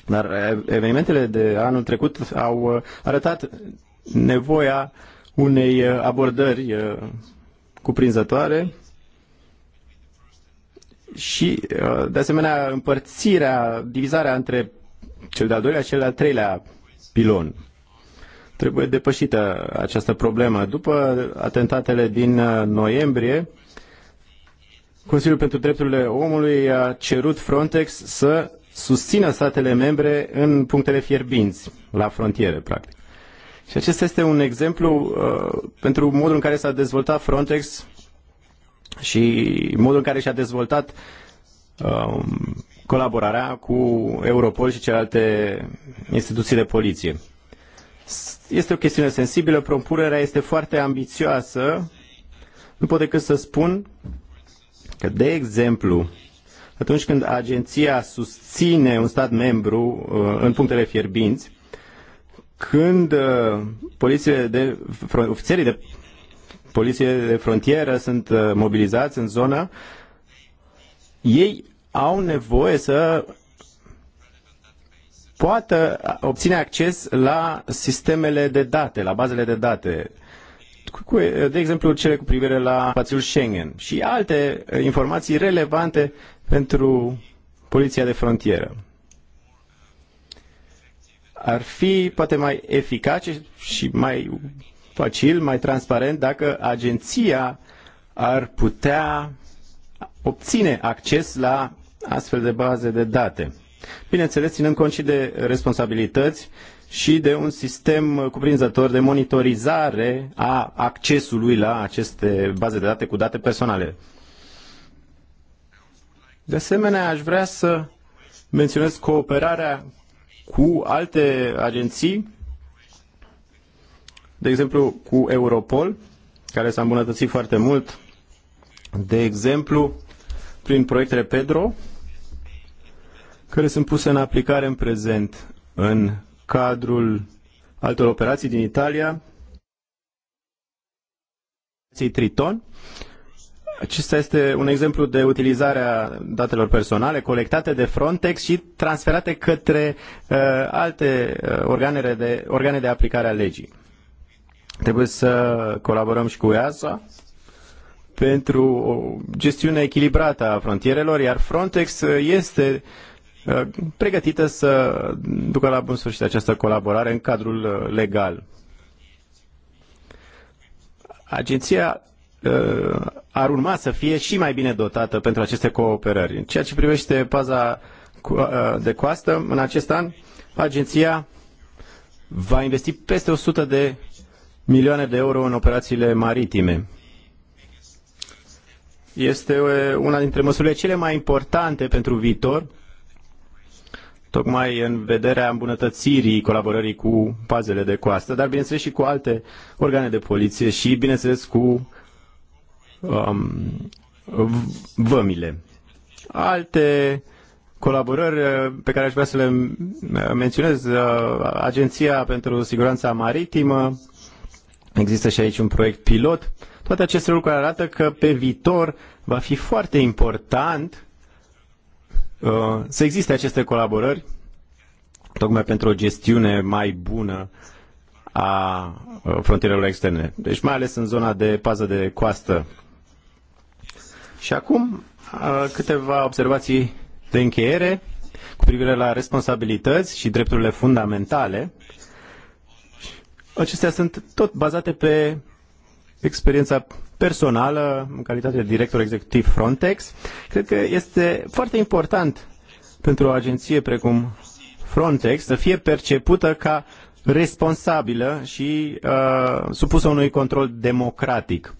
dar evenimentele de anul trecut au uh, arătat nevoia unei uh, abordări uh, cuprinzătoare și, de asemenea, împărțirea, divizarea între cel de-al doilea și cel de-al treilea pilon. Trebuie depășită această problemă. După atentatele din noiembrie, Consiliul pentru Drepturile Omului a cerut Frontex să susțină statele membre în punctele fierbinți, la frontiere, practic. Și acesta este un exemplu uh, pentru modul în care s-a dezvoltat Frontex și modul în care și-a dezvoltat uh, colaborarea cu Europol și celelalte instituții de poliție. Este o chestiune sensibilă, propunerea este foarte ambițioasă. Nu pot decât să spun că, de exemplu, atunci când agenția susține un stat membru uh, în punctele fierbinți, când uh, polițiile de, ofițerii de poliție de frontieră sunt uh, mobilizați în zonă, ei au nevoie să poată obține acces la sistemele de date, la bazele de date cu, de exemplu cele cu privire la spațiul Schengen și alte uh, informații relevante pentru poliția de frontieră. Ar fi poate mai eficace și mai facil, mai transparent dacă agenția ar putea obține acces la astfel de baze de date. Bineînțeles, ținând cont și de responsabilități și de un sistem cuprinzător de monitorizare a accesului la aceste baze de date cu date personale. De asemenea, aș vrea să menționez cooperarea cu alte agenții, de exemplu cu Europol, care s-a îmbunătățit foarte mult, de exemplu prin proiectele Pedro, care sunt puse în aplicare în prezent în cadrul altor operații din Italia, Triton. Acesta este un exemplu de utilizare a datelor personale colectate de Frontex și transferate către uh, alte uh, organe de, organe de aplicare a legii. Trebuie să colaborăm și cu EASA pentru o gestiune echilibrată a frontierelor, iar Frontex este uh, Uh, pregătită să ducă la bun sfârșit această colaborare în cadrul uh, legal. Agenția uh, ar urma să fie și mai bine dotată pentru aceste cooperări. În ceea ce privește paza de coastă, în acest an, agenția va investi peste 100 de milioane de euro în operațiile maritime. Este una dintre măsurile cele mai importante pentru viitor tocmai în vederea îmbunătățirii colaborării cu pazele de coastă, dar bineînțeles și cu alte organe de poliție și bineînțeles cu um, vămile. Alte colaborări uh, pe care aș vrea să le uh, menționez, uh, Agenția pentru Siguranța Maritimă, există și aici un proiect pilot. Toate aceste lucruri arată că pe viitor va fi foarte important Uh, să existe aceste colaborări, tocmai pentru o gestiune mai bună a uh, frontierelor externe. Deci mai ales în zona de pază de coastă. Și acum uh, câteva observații de încheiere cu privire la responsabilități și drepturile fundamentale. Acestea sunt tot bazate pe experiența personală, în calitate de director executiv Frontex. Cred că este foarte important pentru o agenție precum Frontex să fie percepută ca responsabilă și uh, supusă unui control democratic.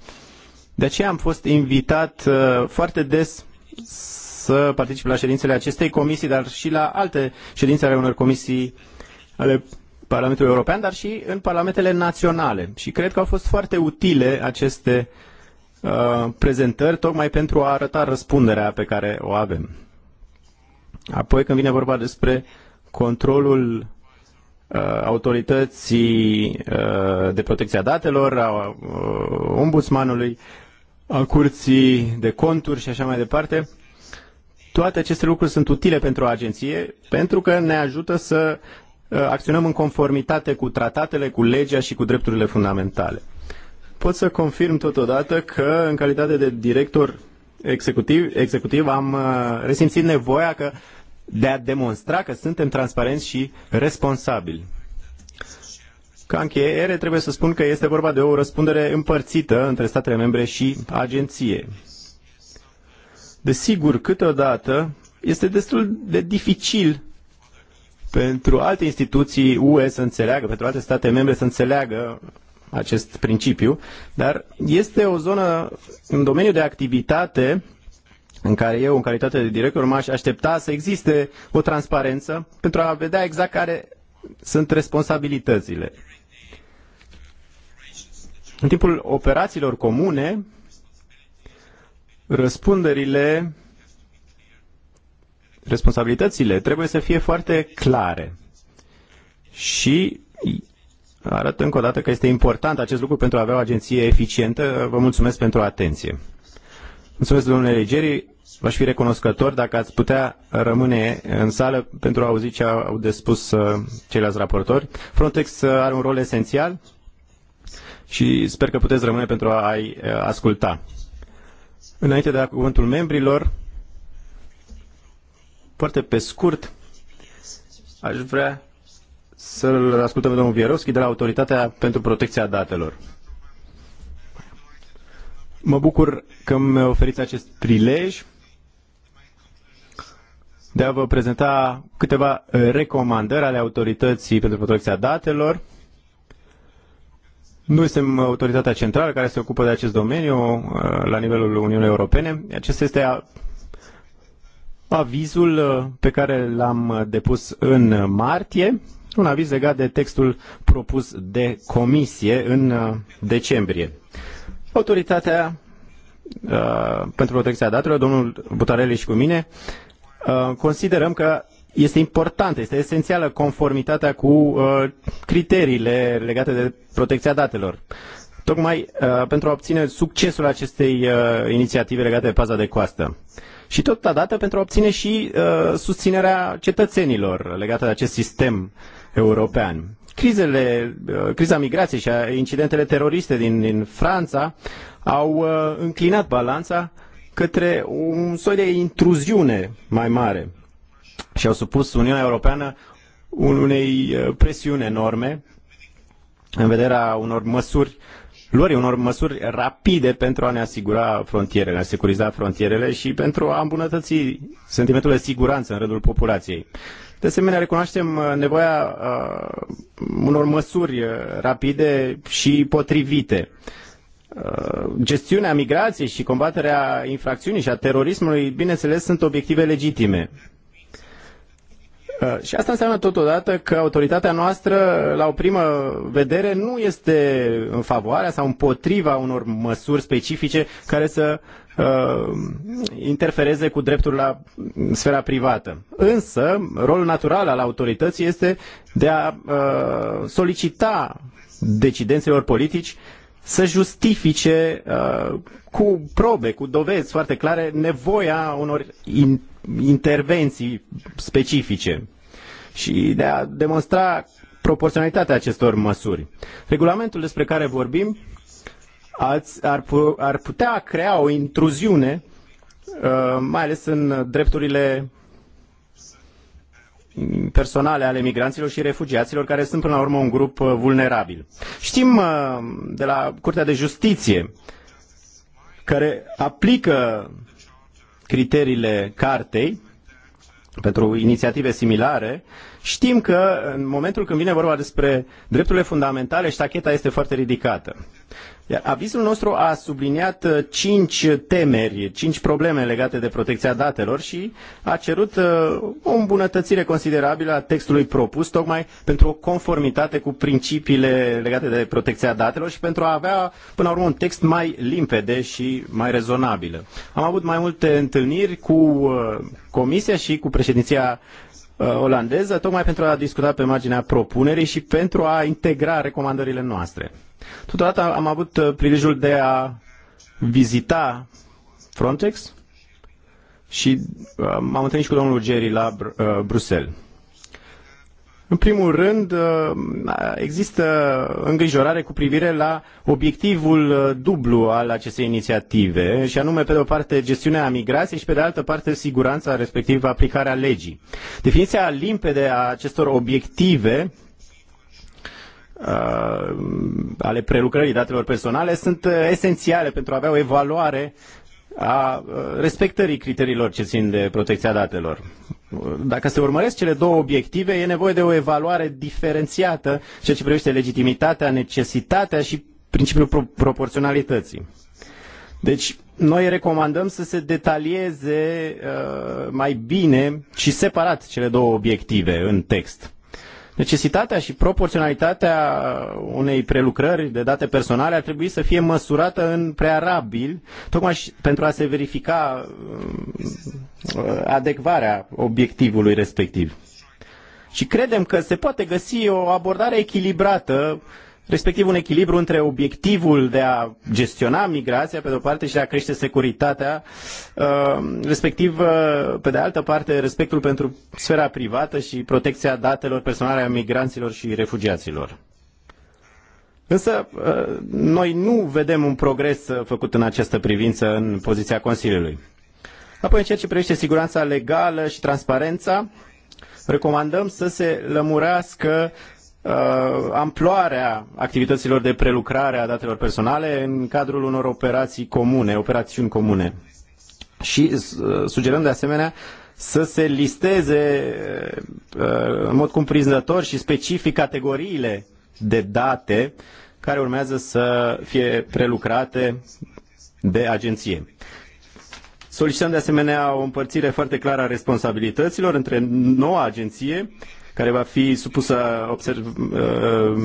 De aceea am fost invitat uh, foarte des să particip la ședințele acestei comisii, dar și la alte ședințe ale unor comisii ale Parlamentul European, dar și în parlamentele naționale. Și cred că au fost foarte utile aceste uh, prezentări, tocmai pentru a arăta răspunderea pe care o avem. Apoi, când vine vorba despre controlul uh, autorității uh, de protecție a datelor, a uh, ombudsmanului, a curții de conturi și așa mai departe, toate aceste lucruri sunt utile pentru o agenție pentru că ne ajută să Uh, acționăm în conformitate cu tratatele, cu legea și cu drepturile fundamentale. Pot să confirm totodată că, în calitate de director executiv, executiv am uh, resimțit nevoia că de a demonstra că suntem transparenți și responsabili. Ca încheiere, trebuie să spun că este vorba de o răspundere împărțită între statele membre și agenție. Desigur, câteodată este destul de dificil pentru alte instituții UE să înțeleagă, pentru alte state membre să înțeleagă acest principiu, dar este o zonă, un domeniu de activitate în care eu, în calitate de director, m-aș aștepta să existe o transparență pentru a vedea exact care sunt responsabilitățile. În timpul operațiilor comune, răspunderile responsabilitățile trebuie să fie foarte clare. Și arăt încă o dată că este important acest lucru pentru a avea o agenție eficientă. Vă mulțumesc pentru atenție. Mulțumesc, domnule Legeri. V-aș fi recunoscător dacă ați putea rămâne în sală pentru a auzi ce au de spus uh, ceilalți raportori. Frontex uh, are un rol esențial și sper că puteți rămâne pentru a-i uh, asculta. Înainte de a cuvântul membrilor, foarte pe scurt, aș vrea să-l ascultăm pe domnul Vierovski de la Autoritatea pentru Protecția Datelor. Mă bucur că mi oferiți acest prilej de a vă prezenta câteva recomandări ale Autorității pentru Protecția Datelor. Noi suntem autoritatea centrală care se ocupă de acest domeniu uh, la nivelul Uniunii Europene. Acesta este avizul uh, pe care l-am uh, depus în martie, un aviz legat de textul propus de comisie în uh, decembrie. Autoritatea uh, pentru protecția datelor, domnul Butarelli și cu mine, uh, considerăm că este importantă, este esențială conformitatea cu uh, criteriile legate de protecția datelor. Tocmai pentru a obține succesul acestei inițiative legate de paza de coastă. Uh, și totodată pentru a obține și uh, susținerea cetățenilor legată de acest sistem european. Crizele, uh, criza migrației și a incidentele teroriste din, din Franța au uh, înclinat balanța către un soi de intruziune mai mare și au supus Uniunea Europeană unei uh, presiuni enorme în vederea unor măsuri luării unor măsuri rapide pentru a ne asigura frontierele, a securiza frontierele și pentru a îmbunătăți sentimentul de siguranță în rândul populației. De asemenea, recunoaștem uh, nevoia uh, unor măsuri uh, rapide și potrivite. Uh, gestiunea migrației și combaterea infracțiunii și a terorismului, bineînțeles, sunt obiective legitime. Uh, și asta înseamnă totodată că autoritatea noastră, la o primă vedere, nu este în favoarea sau împotriva unor măsuri specifice care să uh, interfereze cu dreptul la sfera privată. Însă, rolul natural al autorității este de a uh, solicita decidenților politici să justifice uh, cu probe, cu dovezi foarte clare, nevoia unor in, intervenții specifice și de a demonstra proporționalitatea acestor măsuri. Regulamentul despre care vorbim ați, ar, ar putea crea o intruziune, uh, mai ales în drepturile personale ale migranților și refugiaților, care sunt până la urmă un grup uh, vulnerabil. Știm uh, de la Curtea de Justiție, care aplică criteriile cartei pentru inițiative similare, știm că în momentul când vine vorba despre drepturile fundamentale, ștacheta este foarte ridicată. Iar avizul nostru a subliniat uh, cinci temeri, cinci probleme legate de protecția datelor și a cerut uh, o îmbunătățire considerabilă a textului propus, tocmai pentru o conformitate cu principiile legate de protecția datelor și pentru a avea, până la urmă, un text mai limpede și mai rezonabil. Am avut mai multe întâlniri cu uh, Comisia și cu președinția olandeză, tocmai pentru a discuta pe marginea propunerii și pentru a integra recomandările noastre. Totodată am avut uh, prilejul de a vizita Frontex și uh, m-am întâlnit și cu domnul Jerry la Br- uh, Bruxelles. În primul rând, există îngrijorare cu privire la obiectivul dublu al acestei inițiative, și anume, pe de o parte, gestiunea migrației și, pe de altă parte, siguranța, respectiv aplicarea legii. Definiția limpede a acestor obiective Uh, ale prelucrării datelor personale sunt uh, esențiale pentru a avea o evaluare a uh, respectării criteriilor ce țin de protecția datelor. Dacă se urmăresc cele două obiective, e nevoie de o evaluare diferențiată ceea ce privește legitimitatea, necesitatea și principiul pro- proporționalității. Deci, noi recomandăm să se detalieze uh, mai bine și separat cele două obiective în text. Necesitatea și proporționalitatea unei prelucrări de date personale ar trebui să fie măsurată în prearabil, tocmai pentru a se verifica uh, adecvarea obiectivului respectiv. Și credem că se poate găsi o abordare echilibrată uh, respectiv un echilibru între obiectivul de a gestiona migrația pe de o parte și de a crește securitatea, uh, respectiv uh, pe de altă parte respectul pentru sfera privată și protecția datelor personale a migranților și refugiaților. Însă uh, noi nu vedem un progres făcut în această privință în poziția Consiliului. Apoi, în ceea ce privește siguranța legală și transparența, recomandăm să se lămurească Uh, amploarea activităților de prelucrare a datelor personale în cadrul unor operații comune, operațiuni comune. Și uh, sugerăm de asemenea să se listeze uh, în mod cumprinzător și specific categoriile de date care urmează să fie prelucrate de agenție. Solicităm de asemenea o împărțire foarte clară a responsabilităților între noua agenție care va fi supusă observ, uh,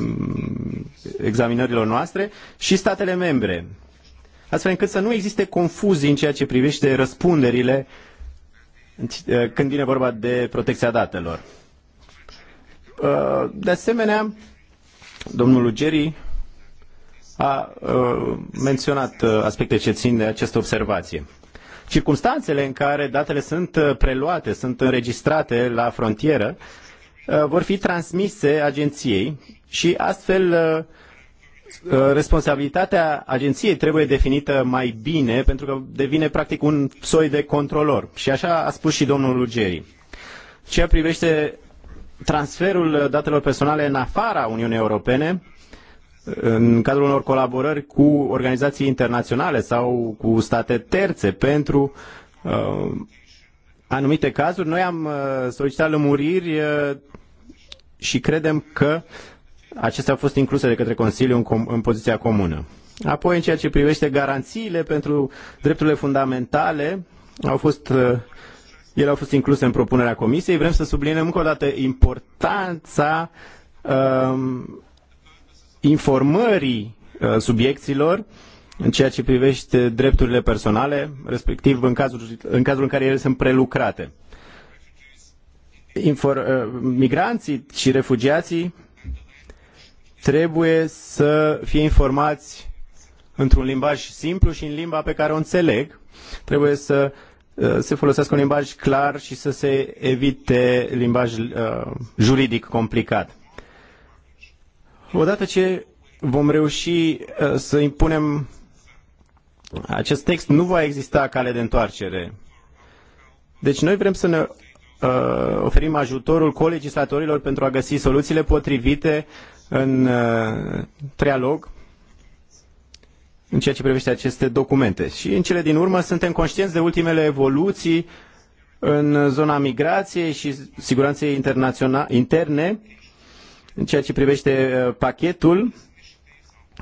examinărilor noastre, și statele membre, astfel încât să nu existe confuzii în ceea ce privește răspunderile uh, când vine vorba de protecția datelor. Uh, de asemenea, domnul Lugeri a menționat aspecte ce țin de această observație. Circumstanțele în care datele sunt preluate, sunt înregistrate la frontieră, Uh, vor fi transmise agenției și astfel uh, uh, responsabilitatea agenției trebuie definită mai bine pentru că devine practic un soi de controlor. Și așa a spus și domnul Lugeri. Ceea privește transferul datelor personale în afara Uniunii Europene, în cadrul unor colaborări cu organizații internaționale sau cu state terțe pentru uh, anumite cazuri. Noi am uh, solicitat lămuriri uh, și credem că acestea au fost incluse de către Consiliu în, com- în poziția comună. Apoi, în ceea ce privește garanțiile pentru drepturile fundamentale, au fost, uh, ele au fost incluse în propunerea Comisiei. Vrem să subliniem încă o dată importanța um, informării uh, subiecților uh, în ceea ce privește drepturile personale, respectiv în cazul în, cazul în care ele sunt prelucrate. Infor, uh, migranții și refugiații trebuie să fie informați într-un limbaj simplu și în limba pe care o înțeleg. Trebuie să uh, se folosească un limbaj clar și să se evite limbaj uh, juridic complicat. Odată ce vom reuși uh, să impunem acest text nu va exista cale de întoarcere. Deci noi vrem să ne uh, oferim ajutorul colegislatorilor pentru a găsi soluțiile potrivite în uh, trialog în ceea ce privește aceste documente. Și în cele din urmă suntem conștienți de ultimele evoluții în zona migrației și siguranței interne, în ceea ce privește uh, pachetul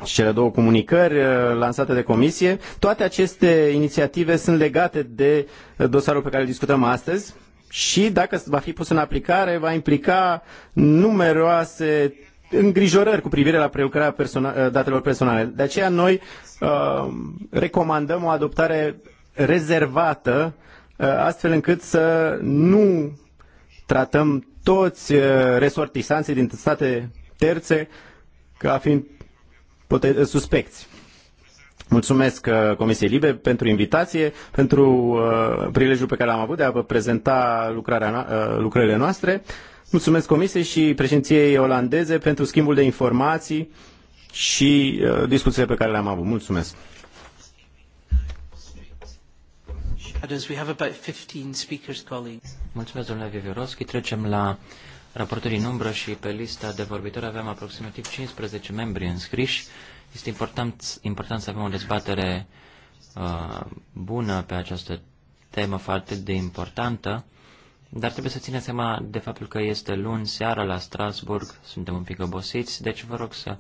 și cele două comunicări uh, lansate de comisie, toate aceste inițiative sunt legate de uh, dosarul pe care îl discutăm astăzi și dacă va fi pus în aplicare, va implica numeroase îngrijorări cu privire la prelucrarea uh, datelor personale. De aceea noi uh, recomandăm o adoptare rezervată, uh, astfel încât să nu tratăm toți uh, resortisanții din state terțe ca fiind Eh, suspecți. Mulțumesc eh, Comisiei Libe pentru invitație, pentru eh, prilejul pe care l-am avut de a vă prezenta lucrarea, lucrările noastre. Mulțumesc Comisiei și președinției olandeze pentru schimbul de informații și discuțiile pe care le-am avut. Mulțumesc! Mulțumesc, domnule Viviorovski. Trecem la raporturi în umbră și pe lista de vorbitori avem aproximativ 15 membri înscriși. Este important, important să avem o dezbatere uh, bună pe această temă foarte de importantă, dar trebuie să țineți seama de faptul că este luni seara la Strasburg, suntem un pic obosiți, deci vă rog să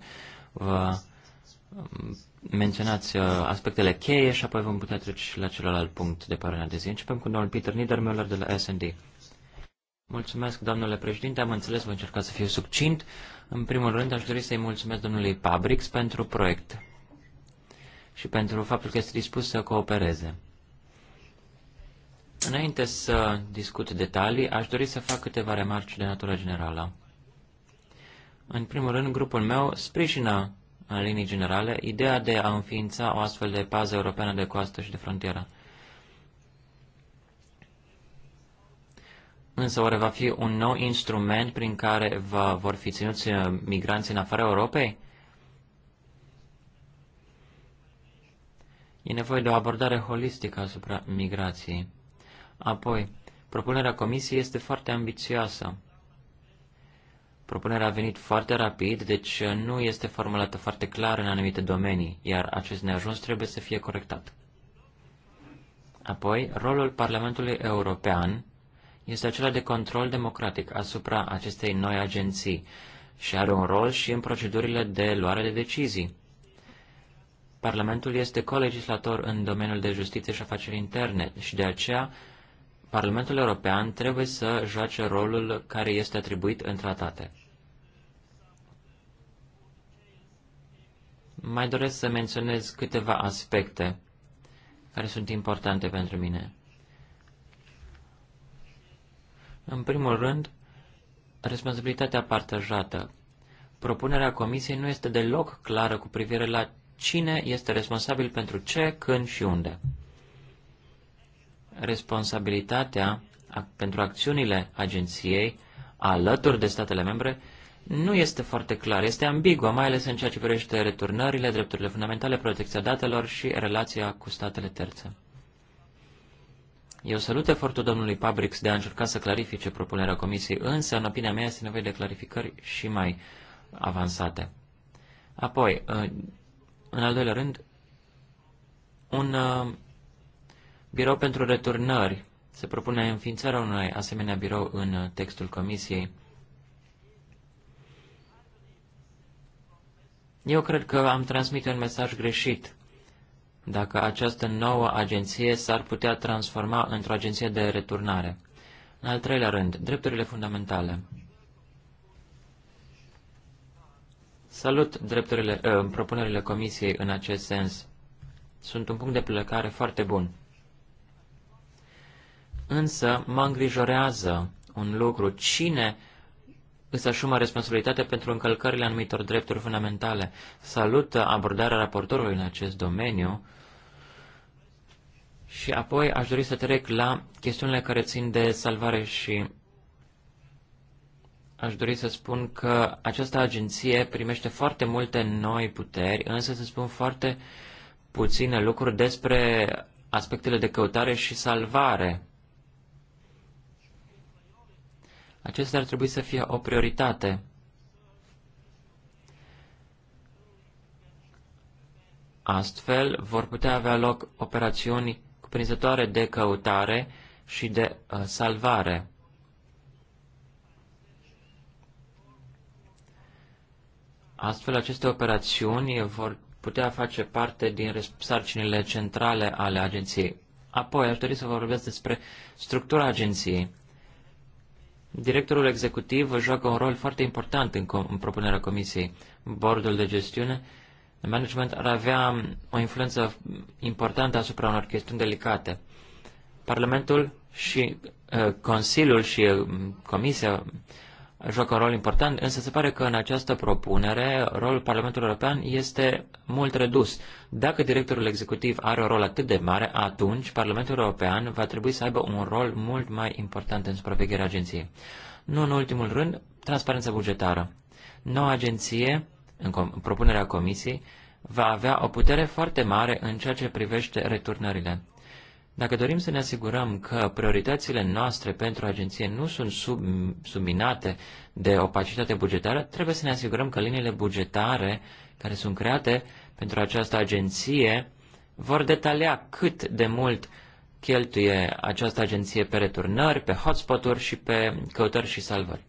vă um, menționați uh, aspectele cheie și apoi vom putea trece la celălalt punct de părerea de zi. Începem cu domnul Peter Niedermüller de la S&D. Mulțumesc, domnule președinte. Am înțeles, voi încerca să fiu succint. În primul rând, aș dori să-i mulțumesc domnului Pabrix pentru proiect și pentru faptul că este dispus să coopereze. Înainte să discut detalii, aș dori să fac câteva remarci de natură generală. În primul rând, grupul meu sprijină în linii generale ideea de a înființa o astfel de pază europeană de coastă și de frontieră. Însă oare va fi un nou instrument prin care va, vor fi ținuți uh, migranții în afara Europei? E nevoie de o abordare holistică asupra migrației. Apoi, propunerea comisiei este foarte ambițioasă. Propunerea a venit foarte rapid, deci uh, nu este formulată foarte clar în anumite domenii, iar acest neajuns trebuie să fie corectat. Apoi, rolul Parlamentului European este acela de control democratic asupra acestei noi agenții și are un rol și în procedurile de luare de decizii. Parlamentul este colegislator în domeniul de justiție și afaceri interne și de aceea Parlamentul European trebuie să joace rolul care este atribuit în tratate. Mai doresc să menționez câteva aspecte care sunt importante pentru mine. În primul rând, responsabilitatea partajată. Propunerea comisiei nu este deloc clară cu privire la cine este responsabil pentru ce, când și unde. Responsabilitatea pentru acțiunile agenției alături de statele membre nu este foarte clar, este ambiguă, mai ales în ceea ce privește returnările, drepturile fundamentale, protecția datelor și relația cu statele terțe. Eu salut efortul domnului Pabrix de a încerca să clarifice propunerea comisiei, însă, în opinia mea, este nevoie de clarificări și mai avansate. Apoi, ă, în al doilea rând, un ă, birou pentru returnări. Se propune înființarea unui asemenea birou în textul comisiei. Eu cred că am transmit un mesaj greșit dacă această nouă agenție s-ar putea transforma într-o agenție de returnare. În al treilea rând, drepturile fundamentale. Salut drepturile, uh, propunerile Comisiei în acest sens. Sunt un punct de plecare foarte bun. Însă mă îngrijorează un lucru. Cine își asumă responsabilitatea pentru încălcările anumitor drepturi fundamentale. Salută abordarea raportorului în acest domeniu și apoi aș dori să trec la chestiunile care țin de salvare și aș dori să spun că această agenție primește foarte multe noi puteri, însă se spun foarte puține lucruri despre aspectele de căutare și salvare Acestea ar trebui să fie o prioritate. Astfel, vor putea avea loc operațiuni cuprinzătoare de căutare și de uh, salvare. Astfel, aceste operațiuni vor putea face parte din sarcinile centrale ale agenției. Apoi, aș dori să vorbesc despre structura agenției. Directorul executiv joacă un rol foarte important în, com- în propunerea comisiei. Bordul de gestiune, management, ar avea o influență importantă asupra unor chestiuni delicate. Parlamentul și uh, Consiliul și uh, Comisia joacă un rol important, însă se pare că în această propunere rolul Parlamentului European este mult redus. Dacă directorul executiv are un rol atât de mare, atunci Parlamentul European va trebui să aibă un rol mult mai important în supravegherea agenției. Nu în ultimul rând, transparența bugetară. Noua agenție, în propunerea Comisiei, va avea o putere foarte mare în ceea ce privește returnările. Dacă dorim să ne asigurăm că prioritățile noastre pentru agenție nu sunt sub, subminate de opacitate bugetară, trebuie să ne asigurăm că liniile bugetare care sunt create pentru această agenție vor detalia cât de mult cheltuie această agenție pe returnări, pe hotspot-uri și pe căutări și salvări.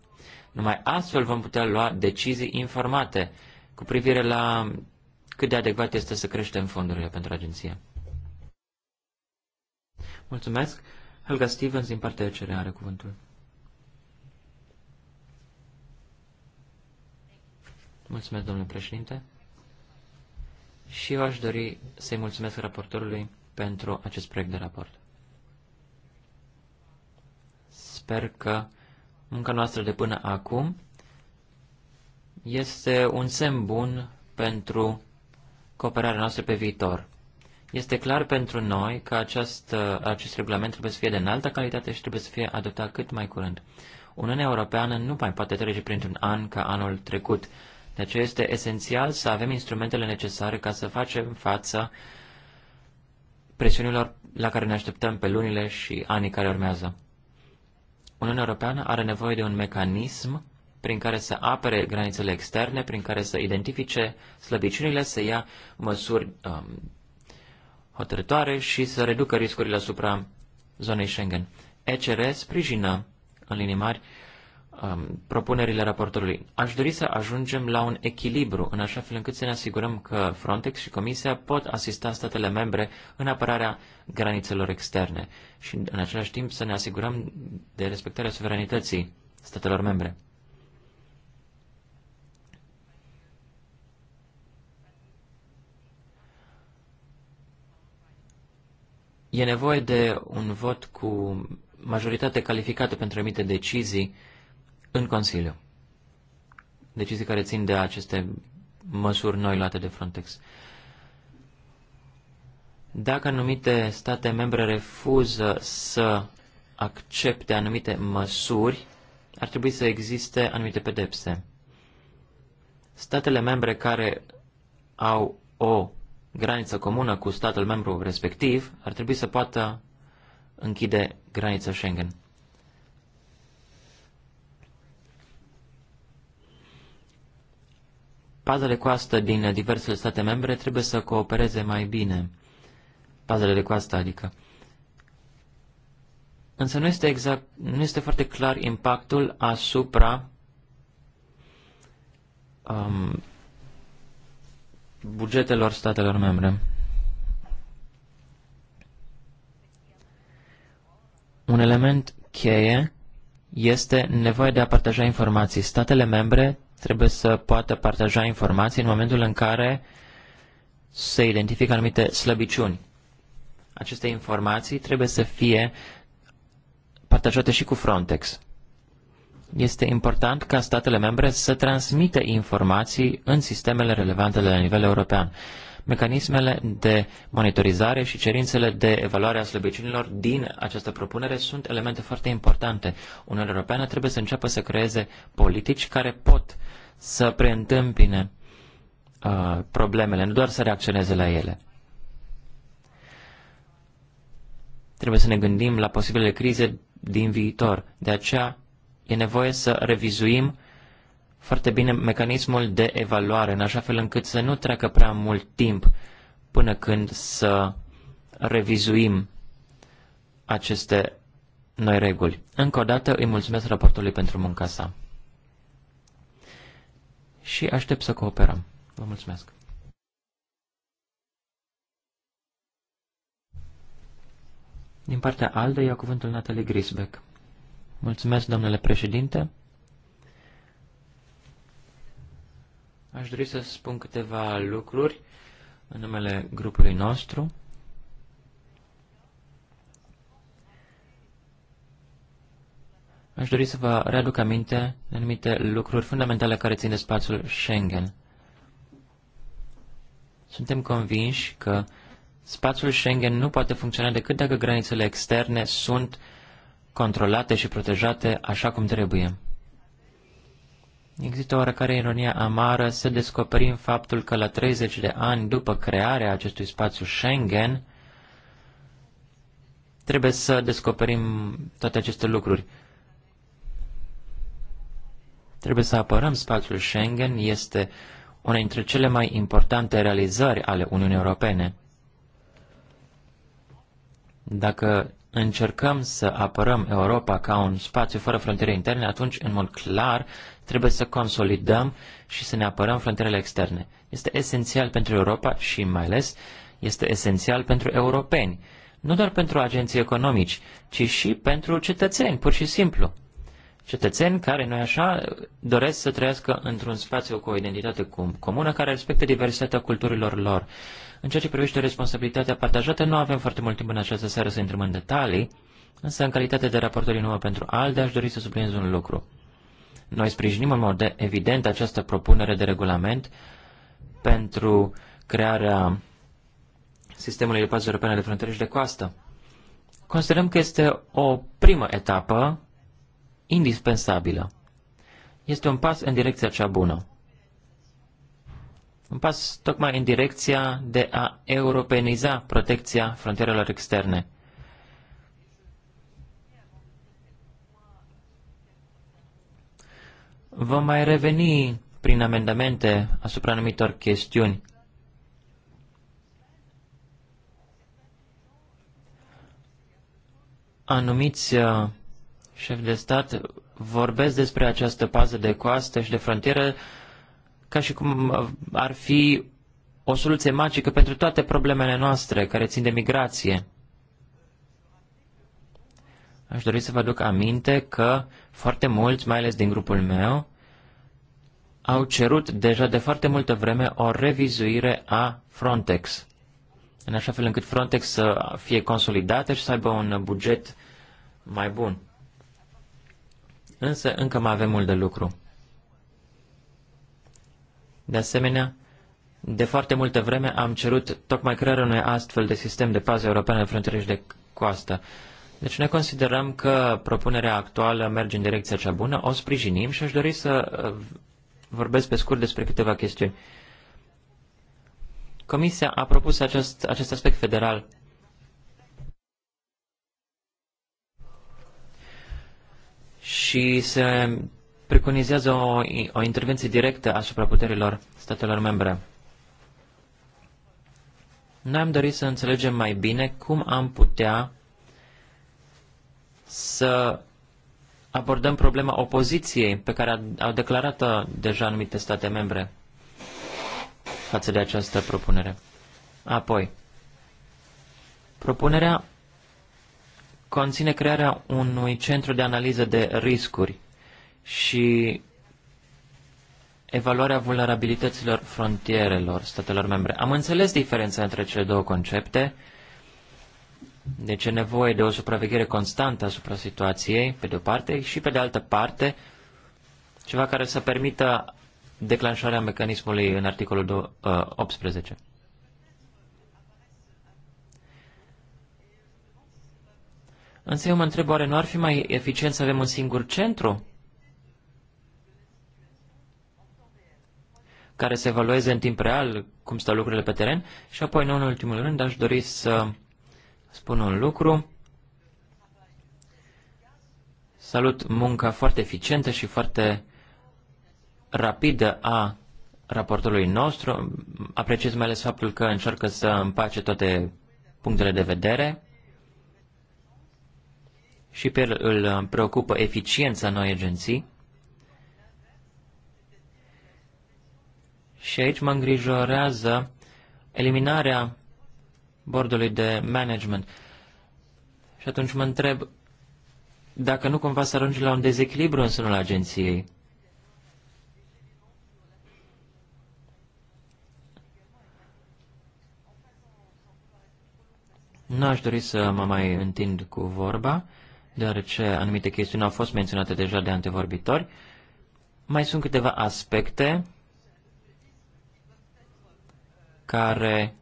Numai astfel vom putea lua decizii informate cu privire la cât de adecvat este să creștem fondurile pentru agenție. Mulțumesc. Helga Stevens din partea ECR are cuvântul. Mulțumesc, domnule președinte. Și eu aș dori să-i mulțumesc raportorului pentru acest proiect de raport. Sper că munca noastră de până acum este un semn bun pentru cooperarea noastră pe viitor. Este clar pentru noi că acest, acest regulament trebuie să fie de înaltă calitate și trebuie să fie adoptat cât mai curând. Uniunea Europeană nu mai poate trece printr-un an ca anul trecut. De aceea este esențial să avem instrumentele necesare ca să facem față presiunilor la care ne așteptăm pe lunile și anii care urmează. Uniunea Europeană are nevoie de un mecanism prin care să apere granițele externe, prin care să identifice slăbiciunile, să ia măsuri um, hotărătoare și să reducă riscurile asupra zonei Schengen. ECR sprijină, în linii mari, um, propunerile raportorului. Aș dori să ajungem la un echilibru, în așa fel încât să ne asigurăm că Frontex și Comisia pot asista statele membre în apărarea granițelor externe și, în același timp, să ne asigurăm de respectarea suveranității statelor membre. E nevoie de un vot cu majoritate calificată pentru a emite decizii în Consiliu. Decizii care țin de aceste măsuri noi luate de Frontex. Dacă anumite state membre refuză să accepte anumite măsuri, ar trebui să existe anumite pedepse. Statele membre care au o graniță comună cu statul membru respectiv, ar trebui să poată închide granița Schengen. Pazele de coastă din diversele state membre trebuie să coopereze mai bine. Pazele de coastă, adică. Însă nu este, exact, nu este foarte clar impactul asupra um, bugetelor statelor membre. Un element cheie este nevoia de a partaja informații. Statele membre trebuie să poată partaja informații în momentul în care se identifică anumite slăbiciuni. Aceste informații trebuie să fie partajate și cu Frontex este important ca statele membre să transmită informații în sistemele relevante la nivel european. Mecanismele de monitorizare și cerințele de evaluare a slăbiciunilor din această propunere sunt elemente foarte importante. Uniunea Europeană trebuie să înceapă să creeze politici care pot să preîntâmpine uh, problemele, nu doar să reacționeze la ele. Trebuie să ne gândim la posibile crize din viitor. De aceea e nevoie să revizuim foarte bine mecanismul de evaluare, în așa fel încât să nu treacă prea mult timp până când să revizuim aceste noi reguli. Încă o dată îi mulțumesc raportului pentru munca sa și aștept să cooperăm. Vă mulțumesc! Din partea ALDE ia cuvântul Natalie Grisbeck. Mulțumesc, domnule președinte. Aș dori să spun câteva lucruri în numele grupului nostru. Aș dori să vă readuc aminte de anumite lucruri fundamentale care țin de spațiul Schengen. Suntem convinși că spațiul Schengen nu poate funcționa decât dacă granițele externe sunt controlate și protejate așa cum trebuie. Există oarecare ironie amară să descoperim faptul că la 30 de ani după crearea acestui spațiu Schengen, trebuie să descoperim toate aceste lucruri. Trebuie să apărăm spațiul Schengen, este una dintre cele mai importante realizări ale Uniunii Europene. Dacă încercăm să apărăm Europa ca un spațiu fără frontiere interne, atunci, în mod clar, trebuie să consolidăm și să ne apărăm frontierele externe. Este esențial pentru Europa și, mai ales, este esențial pentru europeni, nu doar pentru agenții economici, ci și pentru cetățeni, pur și simplu. Cetățeni care, noi așa, doresc să trăiască într-un spațiu cu o identitate comună care respectă diversitatea culturilor lor. Uh, în ceea ce privește responsabilitatea partajată, nu avem foarte mult timp în această seară să intrăm în detalii, însă în calitate de raportor nouă pentru ALDE aș dori să subliniez un lucru. Noi sprijinim în mod de evident această propunere de regulament pentru crearea sistemului de pază europeană de frontiere și de coastă. Considerăm că este o primă etapă indispensabilă. Este un pas în direcția cea bună un pas tocmai în direcția de a europeniza protecția frontierelor externe. Vom mai reveni prin amendamente asupra anumitor chestiuni. Anumiți uh, șefi de stat vorbesc despre această pază de coastă și de frontieră ca și cum uh, ar fi o soluție magică pentru toate problemele noastre care țin de migrație. Aș dori să vă aduc aminte că foarte mulți, mai ales din grupul meu, au cerut deja de foarte multă vreme o revizuire a Frontex, în așa fel încât Frontex să fie consolidată și să aibă un buget mai bun. Însă încă mai avem mult de lucru. De asemenea, de foarte multă vreme am cerut tocmai crearea unui astfel de sistem de pază europeană de frontieră și de coastă. Deci ne considerăm că propunerea actuală merge în direcția cea bună, o sprijinim și aș dori să uh, vorbesc pe scurt despre câteva chestiuni. Comisia a propus acest, acest aspect federal. Și se preconizează o, o intervenție directă asupra puterilor statelor membre. Noi am dorit să înțelegem mai bine cum am putea să abordăm problema opoziției pe care au declarat-o deja anumite state membre față de această propunere. Apoi, propunerea conține crearea unui centru de analiză de riscuri și evaluarea vulnerabilităților frontierelor statelor membre. Am înțeles diferența între cele două concepte, deci e nevoie de o supraveghere constantă asupra situației, pe de o parte, și pe de altă parte, ceva care să permită declanșarea mecanismului în articolul 18. Uh, Însă eu mă întreb, oare nu ar fi mai eficient să avem un singur centru care să evalueze în timp real cum stau lucrurile pe teren și apoi, nu în ultimul rând, aș dori să spun un lucru. Salut munca foarte eficientă și foarte rapidă a raportului nostru. Apreciez mai ales faptul că încearcă să împace toate punctele de vedere și pe el îl preocupă eficiența noi agenții. Și aici mă îngrijorează eliminarea bordului de management. Și atunci mă întreb dacă nu cumva să ajungi la un dezechilibru în sânul agenției. Nu aș dori să mă mai întind cu vorba, deoarece anumite chestiuni au fost menționate deja de antevorbitori. Mai sunt câteva aspecte care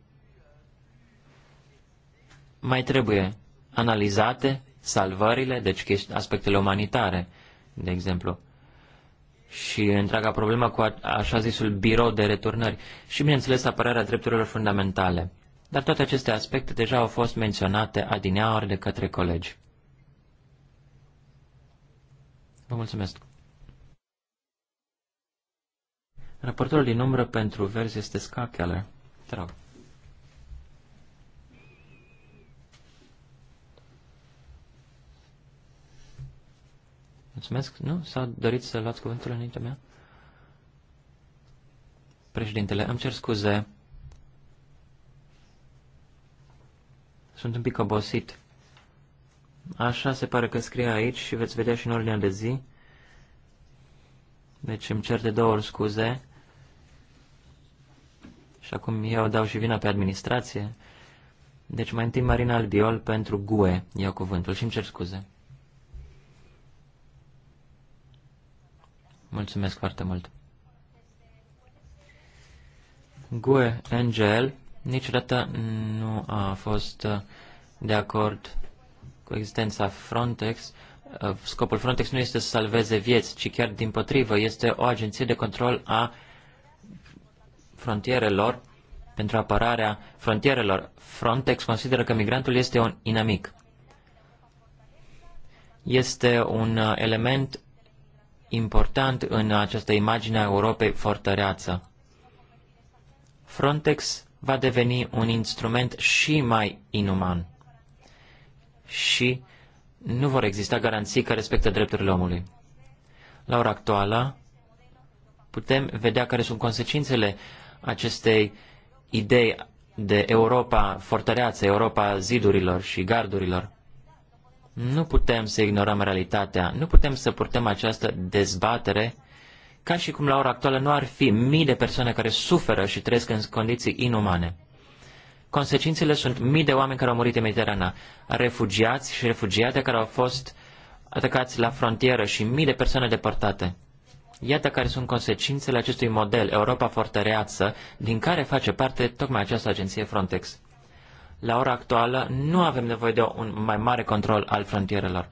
mai trebuie analizate, salvările, deci aspectele umanitare, de exemplu, și întreaga problemă cu așa zisul birou de returnări și, bineînțeles, apărarea drepturilor fundamentale. Dar toate aceste aspecte deja au fost menționate adineaori de către colegi. Vă mulțumesc. Raportorul din umbră pentru verzi este Ska Keller. Te rog. Mulțumesc. Nu? a dorit să luați cuvântul înaintea mea? Președintele, îmi cer scuze. Sunt un pic obosit. Așa se pare că scrie aici și veți vedea și în ordinea de zi. Deci îmi cer de două ori scuze și acum eu dau și vina pe administrație. Deci mai întâi Marina Albiol pentru GUE iau cuvântul și îmi cer scuze. Mulțumesc foarte mult. GUE Angel niciodată nu a fost de acord cu existența Frontex. Scopul Frontex nu este să salveze vieți, ci chiar din potrivă este o agenție de control a frontierelor, pentru apărarea frontierelor. Frontex consideră că migrantul este un inamic. Este un uh, element important în această imagine a Europei fortăreață. Frontex va deveni un instrument și mai inuman și nu vor exista garanții că respectă drepturile omului. La ora actuală, putem vedea care sunt consecințele uh, acestei idei de Europa fortăreață, Europa zidurilor și gardurilor. Nu putem să ignorăm realitatea, nu putem să purtăm această dezbatere ca și cum la ora actuală nu ar fi mii de persoane care suferă și trăiesc în condiții inumane. Consecințele sunt mii de oameni care au murit în Mediterana, refugiați și refugiate care au fost atacați la frontieră și mii de persoane deportate. Iată care sunt consecințele acestui model Europa Fortăreață, din care face parte tocmai această agenție Frontex. La ora actuală nu avem nevoie de un mai mare control al frontierelor.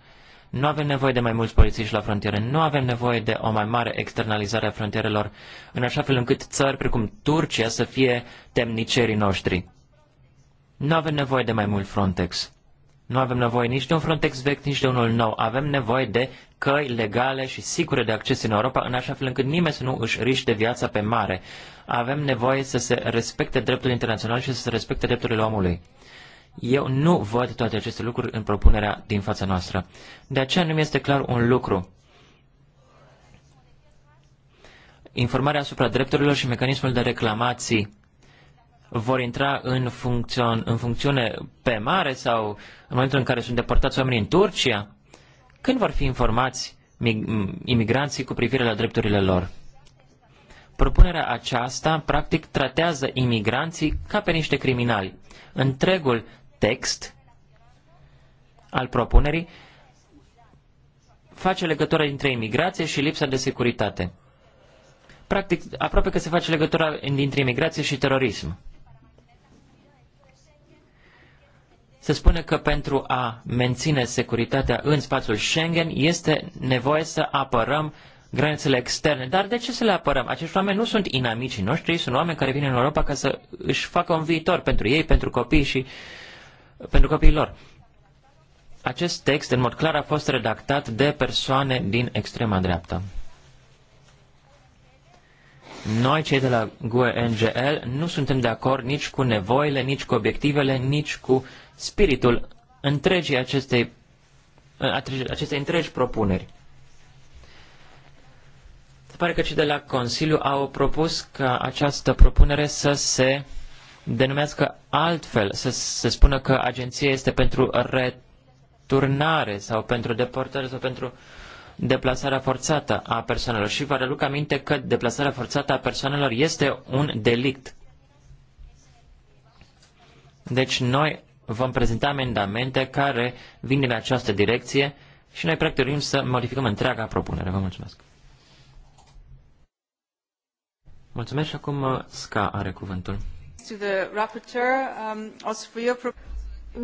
Nu avem nevoie de mai mulți polițiști la frontiere, nu avem nevoie de o mai mare externalizare a frontierelor, în așa fel încât țări precum Turcia să fie temnicerii noștri. Nu avem nevoie de mai mult Frontex. Nu avem nevoie nici de un Frontex vechi, nici de unul nou. Avem nevoie de căi legale și sigure de acces în Europa, în așa fel încât nimeni să nu își riște viața pe mare. Avem nevoie să se respecte dreptul internațional și să se respecte drepturile omului. Eu nu văd toate aceste lucruri în propunerea din fața noastră. De aceea nu mi este clar un lucru. Informarea asupra drepturilor și mecanismul de reclamații vor intra în, funcțion, în funcțiune pe mare sau în momentul în care sunt deportați oamenii în Turcia? Când vor fi informați imigranții cu privire la drepturile lor? Propunerea aceasta, practic, tratează imigranții ca pe niște criminali. Întregul text al propunerii face legătura dintre imigrație și lipsa de securitate. Practic, aproape că se face legătura dintre imigrație și terorism. Se spune că pentru a menține securitatea în spațiul Schengen este nevoie să apărăm granițele externe. Dar de ce să le apărăm? Acești oameni nu sunt inamicii noștri, ei sunt oameni care vin în Europa ca să își facă un viitor pentru ei, pentru copii și pentru copiii lor. Acest text, în mod clar, a fost redactat de persoane din extrema dreaptă. Noi, cei de la GUE-NGL, nu suntem de acord nici cu nevoile, nici cu obiectivele, nici cu spiritul întregii acestei, acestei întregi propuneri. Se pare că cei de la Consiliu au propus ca această propunere să se denumească altfel, să se spună că agenția este pentru returnare sau pentru deportare sau pentru deplasarea forțată a persoanelor. Și vă aduc aminte că deplasarea forțată a persoanelor este un delict. Deci noi vom prezenta amendamente care vin din această direcție și noi practic dorim să modificăm întreaga propunere. Vă mulțumesc. Mulțumesc și acum uh, SCA are cuvântul. Um,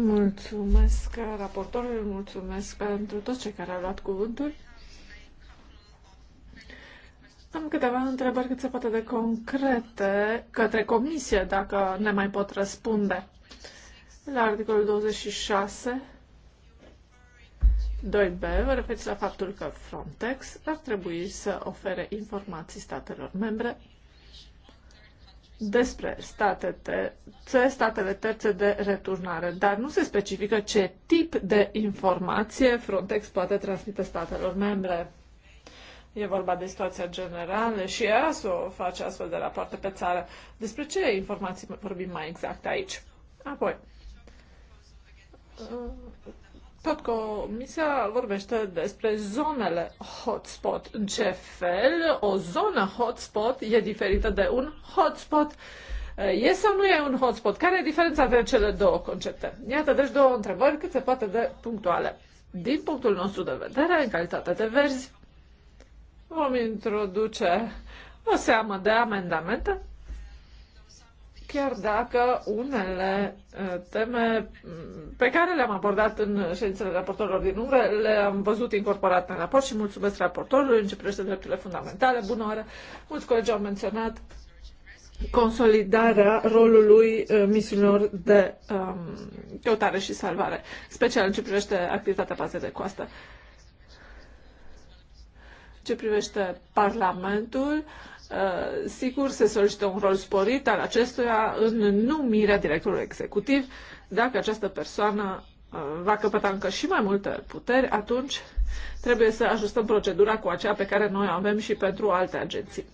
mulțumesc uh, raportorului, mulțumesc pentru toți cei care au luat cuvântul. Am câteva întrebări cât se poate de concrete către comisie, dacă ne mai pot răspunde. La articolul 26, 2b, vă referiți la faptul că Frontex ar trebui să ofere informații statelor membre despre state terțe, statele terțe de returnare, dar nu se specifică ce tip de informație Frontex poate transmite statelor membre. E vorba de situația generală și EASO face astfel de rapoarte pe țară. Despre ce informații vorbim mai exact aici? Apoi, tot se vorbește despre zonele hotspot. ce fel o zonă hotspot e diferită de un hotspot? E sau nu e un hotspot? Care e diferența între cele două concepte? Iată, deci două întrebări cât se poate de punctuale. Din punctul nostru de vedere, în calitate de verzi, vom introduce o seamă de amendamente chiar dacă unele uh, teme mm, pe care le-am abordat în ședințele raportorilor din umbră le-am văzut incorporate în raport și mulțumesc raportorului în ce privește drepturile fundamentale. Bună oară! Mulți colegi au menționat consolidarea rolului uh, misiunilor de um, căutare și salvare, special în ce privește activitatea bazei de coastă. Ce privește Parlamentul, uh, Uh, sigur, se solicită un rol sporit al acestuia în numirea directorului executiv. Dacă această persoană uh, va căpăta încă și mai multe puteri, atunci trebuie să ajustăm procedura cu aceea pe care noi o avem și pentru alte agenții.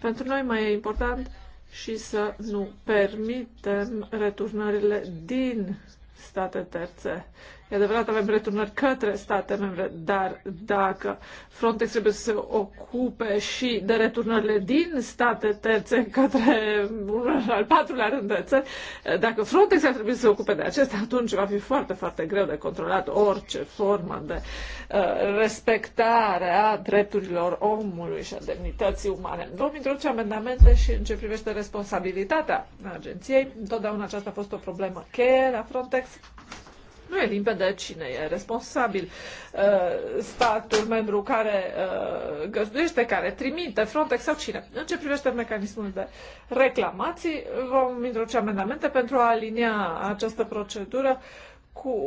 Pentru noi mai e important și să nu permitem returnările din state terțe E adevărat, avem returnări către state membre, dar dacă Frontex trebuie să se ocupe și de returnările din state terțe către al patrulea rând de țări, dacă Frontex ar trebui să se ocupe de acestea, atunci va fi foarte, foarte greu de controlat orice formă de uh, respectare a drepturilor omului și a demnității umane. Vom introduce amendamente și în ce privește responsabilitatea agenției. Întotdeauna aceasta a fost o problemă cheie la Frontex nu e limpede cine e responsabil. Uh, statul membru care uh, găzduiește, care trimite, Frontex sau cine. În ce privește mecanismul de reclamații, vom introduce amendamente pentru a alinia această procedură cu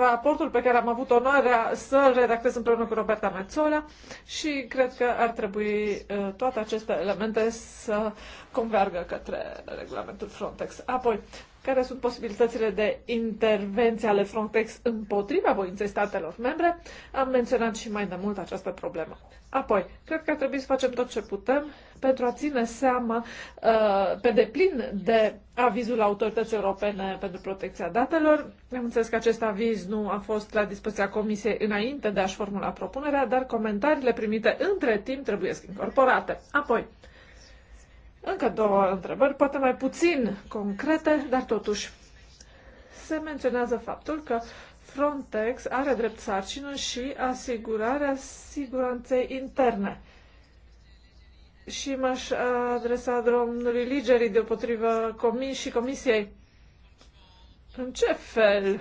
raportul pe care am avut onoarea să-l redactez împreună cu Roberta Mețola și cred că ar trebui uh, toate aceste elemente să convergă către regulamentul Frontex. Apoi, care sunt posibilitățile de intervenție ale Frontex împotriva voinței statelor membre. Am menționat și mai de mult această problemă. Apoi, cred că ar trebui să facem tot ce putem pentru a ține seama uh, pe deplin de avizul autorității europene pentru protecția datelor. Am înțeles că acest aviz nu a fost la dispoziția Comisiei înainte de a-și formula propunerea, dar comentariile primite între timp trebuie incorporate. Apoi, încă două întrebări, poate mai puțin concrete, dar totuși se menționează faptul că Frontex are drept sarcină și asigurarea siguranței interne. Și m-aș adresa domnului Ligeri deopotrivă comis și comisiei. În ce fel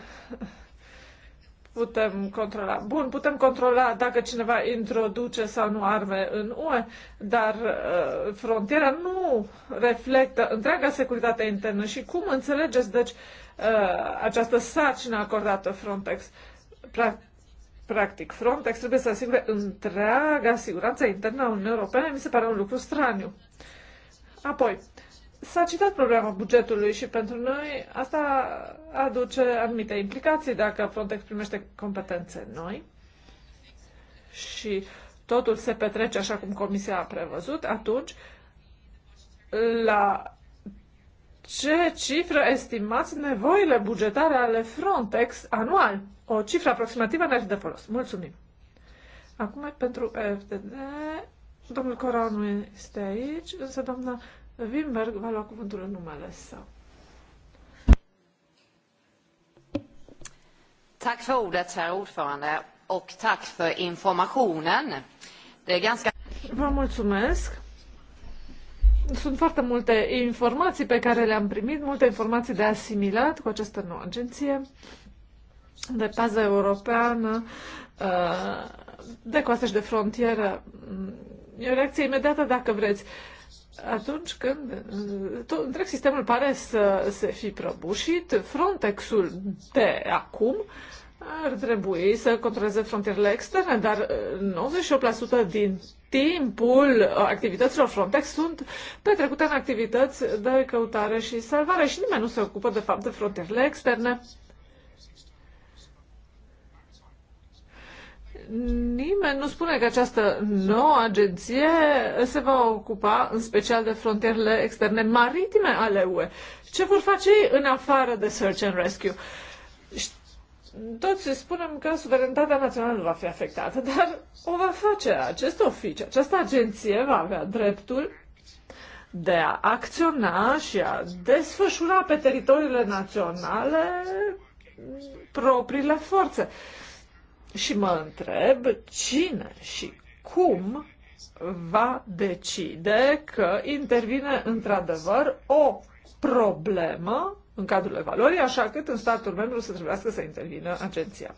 putem controla. Bun, putem controla dacă cineva introduce sau nu arme în UE, dar uh, frontiera nu reflectă întreaga securitate internă. Și cum înțelegeți, deci, uh, această sarcină acordată Frontex? Pra- practic, Frontex trebuie să asigure întreaga siguranță internă a Uniunii Europene. Mi se pare un lucru straniu. Apoi, S-a citat problema bugetului și pentru noi asta aduce anumite implicații dacă Frontex primește competențe noi și totul se petrece așa cum Comisia a prevăzut, atunci la ce cifră estimați nevoile bugetare ale Frontex anual? O cifră aproximativă ne-ar fi de folos. Mulțumim! Acum pentru FDD domnul Coranu este aici, însă doamna Wimberg va lua cuvântul în numele său. Tack för ordet, herr ordförande, och tack för informationen. Det är ganska... Vă mulțumesc. Sunt foarte multe informații pe care le-am primit, multe informații de asimilat cu această nouă agenție de pază europeană, uh, de coastă și de frontieră. E o reacție imediată, dacă vreți atunci când tot întreg sistemul pare să se fi prăbușit, Frontexul de acum ar trebui să controleze frontierele externe, dar 98% uh, din timpul uh, activităților Frontex sunt petrecute în activități de căutare și salvare și nimeni nu se ocupă de fapt de frontierele externe Nimeni nu spune că această nouă agenție se va ocupa în special de frontierele externe maritime ale UE. Ce vor face ei în afară de search and rescue? Toți spunem că suverenitatea națională va fi afectată, dar o va face acest oficiu, această agenție va avea dreptul de a acționa și a desfășura pe teritoriile naționale propriile forțe. Uh, și mă întreb cine și cum va decide că intervine într-adevăr o problemă în cadrul evaluării, așa cât în statul membru să trebuiască să intervină agenția.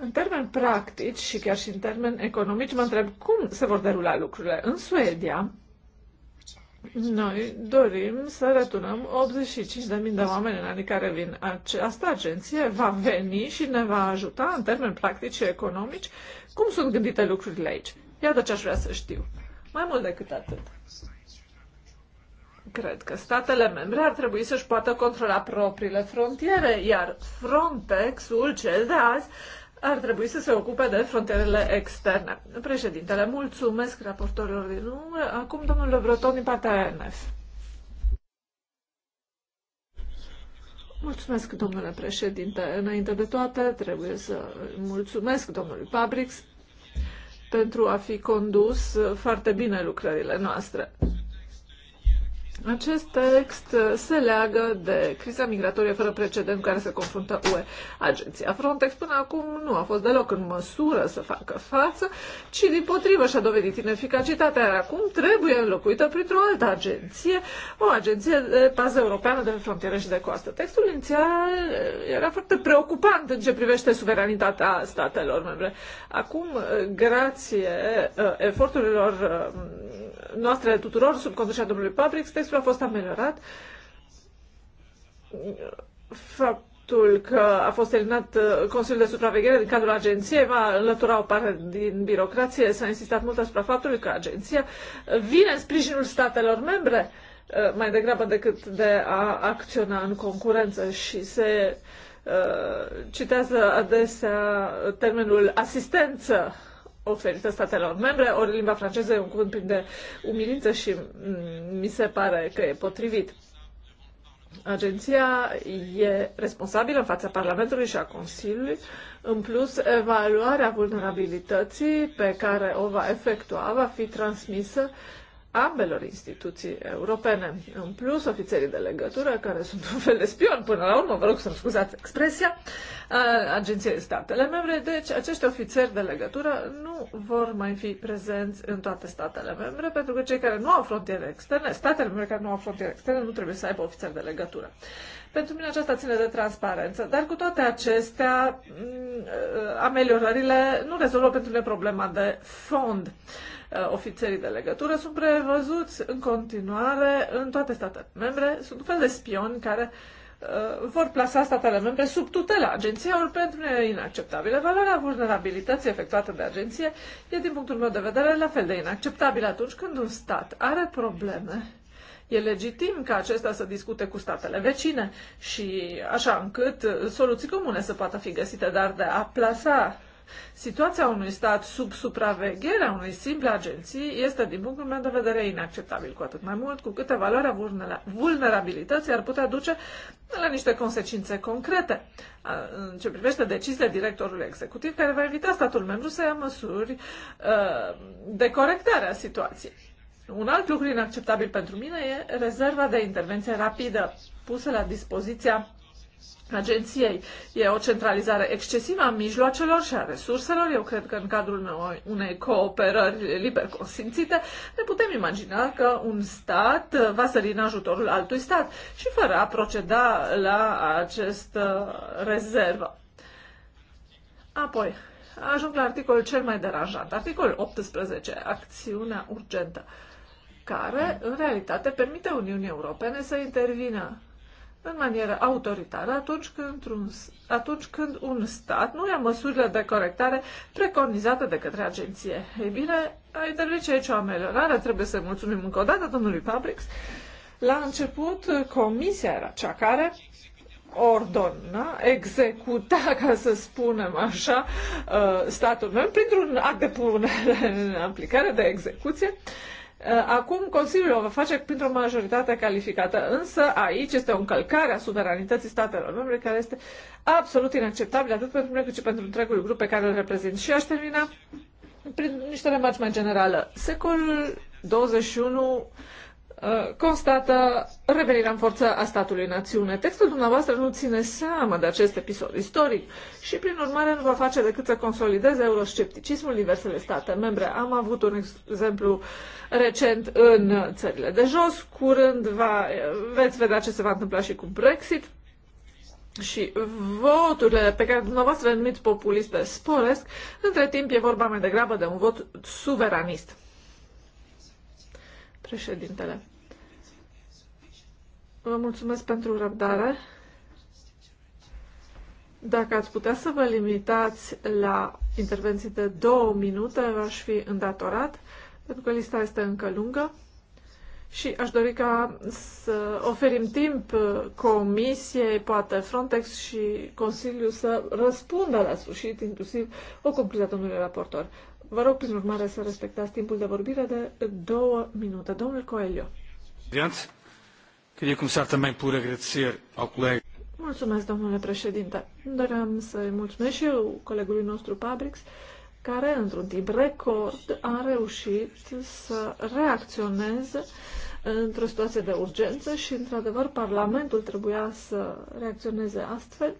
În termeni practici și chiar și în termeni economici, mă întreb cum se vor derula lucrurile. În Suedia, noi dorim să returnăm 85.000 de oameni în adică anii care vin. Această agenție va veni și ne va ajuta în termeni practici și economici cum sunt gândite lucrurile aici. Iată ce aș vrea să știu. Mai mult decât atât. Cred că statele membre ar trebui să-și poată controla propriile frontiere, iar Frontex-ul cel de azi ar trebui să se ocupe de frontierele externe. Președintele, mulțumesc raportorilor din umbră. Acum domnul Lebroton din partea ANF. Mulțumesc, domnule președinte. Înainte de toate, trebuie să mulțumesc domnului Pabrix pentru a fi condus foarte bine lucrările noastre. Acest text se leagă de criza migratorie fără precedent care se confruntă UE. Agenția Frontex până acum nu a fost deloc în măsură să facă față, ci din potrivă și-a dovedit ineficacitatea, iar acum trebuie înlocuită printr-o altă agenție, o agenție de pază europeană de frontiere și de coastă. Textul inițial era foarte preocupant în ce privește suveranitatea statelor membre. Acum, grație uh, eforturilor uh, noastre tuturor sub conducerea domnului Paprix, textul a fost ameliorat. Faptul că a fost eliminat uh, Consiliul de Supraveghere din cadrul agenției va înlătura o parte din birocrație. S-a insistat mult asupra faptului că agenția vine în sprijinul statelor membre uh, mai degrabă decât de a acționa în concurență și se uh, citează adesea termenul asistență oferită statelor membre, ori limba franceză e un cuvânt plin de umilință și mm, mi se pare că e potrivit. Agenția e responsabilă în fața Parlamentului și a Consiliului. În plus, evaluarea vulnerabilității pe care o va efectua va fi transmisă uh, ambelor instituții europene. În plus, ofițerii de legătură, care sunt un fel de spion până la urmă, vă rog să-mi scuzați expresia, uh, agenției statele membre, deci acești ofițeri de legătură nu vor mai fi prezenți în toate statele membre, pentru că cei care nu au frontiere externe, statele membre care nu au frontiere externe, nu trebuie să aibă ofițeri de legătură. Pentru mine aceasta ține de transparență, dar cu toate acestea, mm, uh, ameliorările nu rezolvă pentru mine problema de fond. Uh, ofițerii de legătură sunt prevăzuți în continuare în toate statele membre. Sunt un fel de spioni care uh, vor plasa statele membre sub tutela agențiilor pentru inacceptabile. Valoarea vulnerabilității efectuată de agenție e, din punctul meu de vedere, la fel de inacceptabilă atunci când un stat are probleme E legitim ca acesta să discute cu statele vecine și așa încât soluții comune să poată fi găsite, dar de a plasa Situația unui stat sub supravegherea unei simple agenții este, din punctul meu de vedere, inacceptabil, cu atât mai mult cu câte valoarea vulnerabilității ar putea duce la niște consecințe concrete în ce privește decizia directorului executiv, care va invita statul membru să ia măsuri de corectare a situației. Un alt lucru inacceptabil pentru mine e rezerva de intervenție rapidă pusă la dispoziția agenției. E o centralizare excesivă a mijloacelor și a resurselor. Eu cred că în cadrul unei cooperări liber consimțite ne putem imagina că un stat va sări în ajutorul altui stat și fără a proceda la această rezervă. Apoi, ajung la articolul cel mai deranjant, articolul 18, acțiunea urgentă, care în realitate permite Uniunii Europene să intervină în manieră autoritară atunci când, un, atunci când un stat nu ia măsurile de corectare preconizate de către agenție. Ei bine, a intervenit aici o ameliorare, trebuie să mulțumim încă o dată domnului Pabrix. La început, comisia era cea care ordona, executa, ca să spunem așa, uh, statul meu printr-un act de punere în aplicare de execuție Uh, acum Consiliul o va face printr-o majoritate calificată, însă aici este o încălcare a suveranității statelor membre care este absolut inacceptabilă atât pentru mine cât și pentru întregul grup pe care îl reprezint. Și aș termina prin niște remarci mai generală. Secolul 21 Uh, constată revenirea în forță a statului națiune. Textul dumneavoastră nu ține seamă de acest episod istoric și, prin urmare, nu va face decât să consolideze euroscepticismul în diversele state membre. Am avut un exemplu recent în țările de jos, curând va, veți vedea ce se va întâmpla și cu Brexit. Și voturile pe care dumneavoastră le numiți populiste sporesc, între timp e vorba mai degrabă de un vot suveranist. Președintele, vă mulțumesc pentru răbdare. Dacă ați putea să vă limitați la intervenții de două minute, v-aș fi îndatorat, pentru că lista este încă lungă și aș dori ca să oferim timp comisiei, poate Frontex și Consiliu să răspundă la sfârșit, inclusiv o concluzie domnului raportor. Vă rog, prin urmare, să respectați timpul de vorbire de două minute. Domnul Coelho. Queria começar também por agradecer ao colega. Mulțumesc, domnule președinte. Doream să-i mulțumesc și eu colegului nostru Pabrix, care într-un timp record a reușit să reacționeze într-o situație de urgență și, într-adevăr, Parlamentul trebuia să reacționeze astfel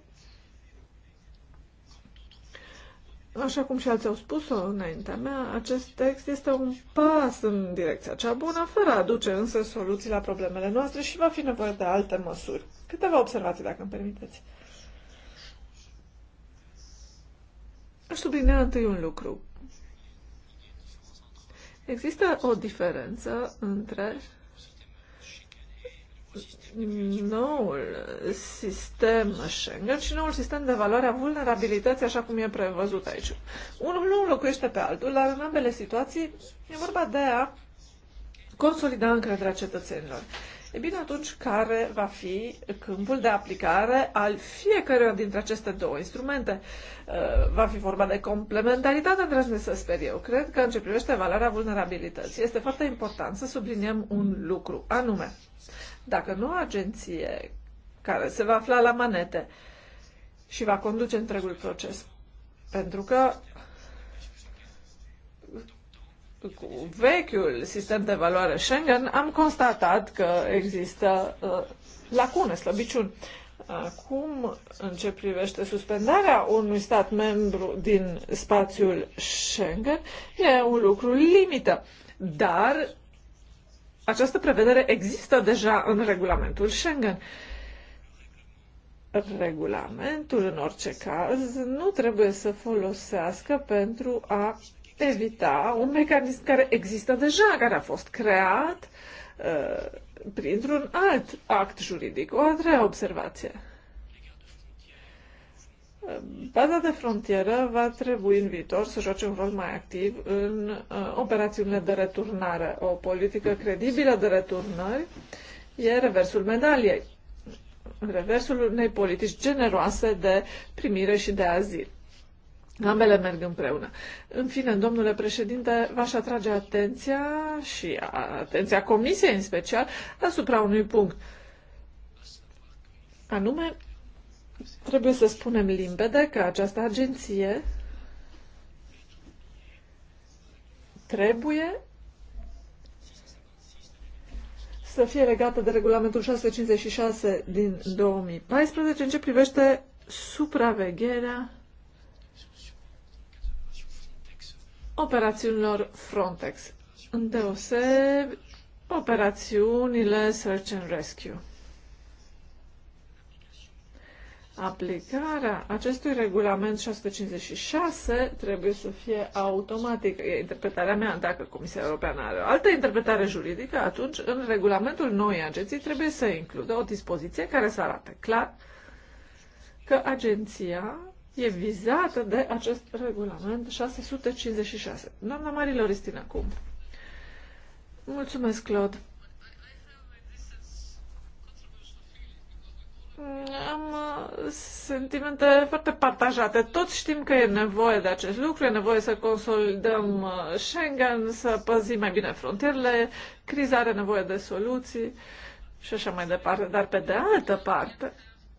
Așa cum și alții au spus-o înaintea mea, acest text este un pas în direcția cea bună, fără a aduce însă soluții la problemele noastre și va fi nevoie de alte măsuri. Câteva observații, dacă îmi permiteți. Aș sublinea întâi un lucru. Există o diferență între noul sistem Schengen și noul sistem de valoare a vulnerabilității, așa cum e prevăzut aici. Unul nu înlocuiește pe altul, dar în ambele situații e vorba de a consolida încrederea cetățenilor. E bine, atunci, care va fi câmpul de aplicare al fiecăruia dintre aceste două instrumente? Uh, va fi vorba de complementaritate, îndrăznesc să sper eu. Cred că, în ce privește valoarea vulnerabilității, este foarte important să subliniem un lucru, anume, dacă o agenție care se va afla la manete și va conduce întregul proces, pentru că cu vechiul sistem de valoare Schengen am constatat că există uh, lacune, slăbiciuni. Acum, în ce privește suspendarea unui stat membru din spațiul Schengen, e un lucru limită, dar această prevedere există deja în regulamentul Schengen. Regulamentul, în orice caz, nu trebuie să folosească pentru a evita un mecanism care există deja, care a fost creat uh, printr-un alt act juridic. O a treia observație. Baza de frontieră va trebui în viitor să joace un rol mai activ în uh, operațiunile de returnare. O politică credibilă de returnări e reversul medaliei, reversul unei politici generoase de primire și de azil. Ambele merg împreună. În fine, domnule președinte, v-aș atrage atenția și atenția Comisiei în special asupra unui punct, anume Trebuie să spunem limpede că această agenție trebuie să fie legată de regulamentul 656 din 2014 în ce privește supravegherea operațiunilor Frontex, îndeoseb operațiunile Search and Rescue. Aplicarea acestui regulament 656 trebuie să fie automatică. E interpretarea mea. Dacă Comisia Europeană are o altă interpretare juridică, atunci în regulamentul noii agenții trebuie să includă o dispoziție care să arate clar că agenția e vizată de acest regulament 656. Doamna Marilor Istina, acum. Mulțumesc, Claude. am uh, sentimente foarte partajate. Toți știm că e nevoie de acest lucru, e nevoie să consolidăm uh, Schengen, să păzim mai bine frontierele, criza are nevoie de soluții și așa mai departe. Dar pe de altă parte,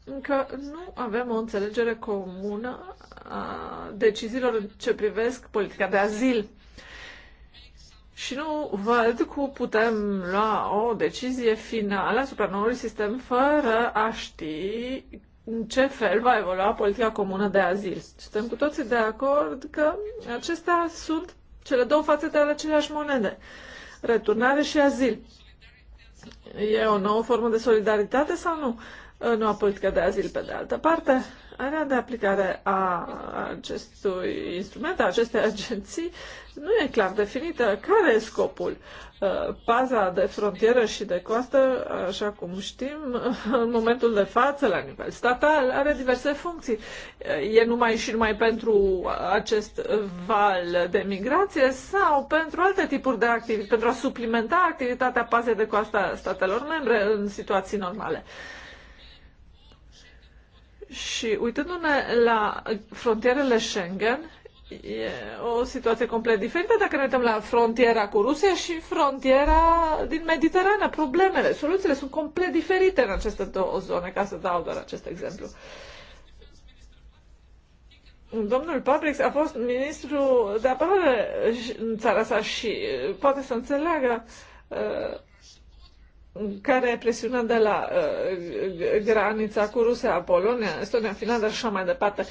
încă nu avem o înțelegere comună a deciziilor ce privesc politica de azil și nu văd cum putem lua o decizie finală asupra noului sistem fără a ști în ce fel va evolua politica comună de azil. Suntem cu toții de acord că acestea sunt cele două fațete ale aceleași monede. Returnare și azil. E o nouă formă de solidaritate sau nu? Noua politică de azil, pe de altă parte, Area de aplicare a acestui instrument, a acestei agenții, nu e clar definită. Care e scopul? Uh, paza de frontieră și de coastă, așa cum știm, în momentul de față, la nivel statal, are diverse funcții. Uh, e numai și numai pentru acest val de migrație sau pentru alte tipuri de activități, pentru a suplimenta activitatea pazei de coastă a statelor membre în situații normale. Și uitându-ne la frontierele Schengen, e o situație complet diferită dacă ne uităm la frontiera cu Rusia și frontiera din Mediterana. Problemele, soluțiile sunt complet diferite în aceste două zone, ca să dau doar acest exemplu. Domnul Pabrix a fost ministru de apărare în țara sa și poate să înțeleagă uh, care presiunea de la uh, granița cu Rusia, Polonia, Estonia, Finlanda și așa mai departe.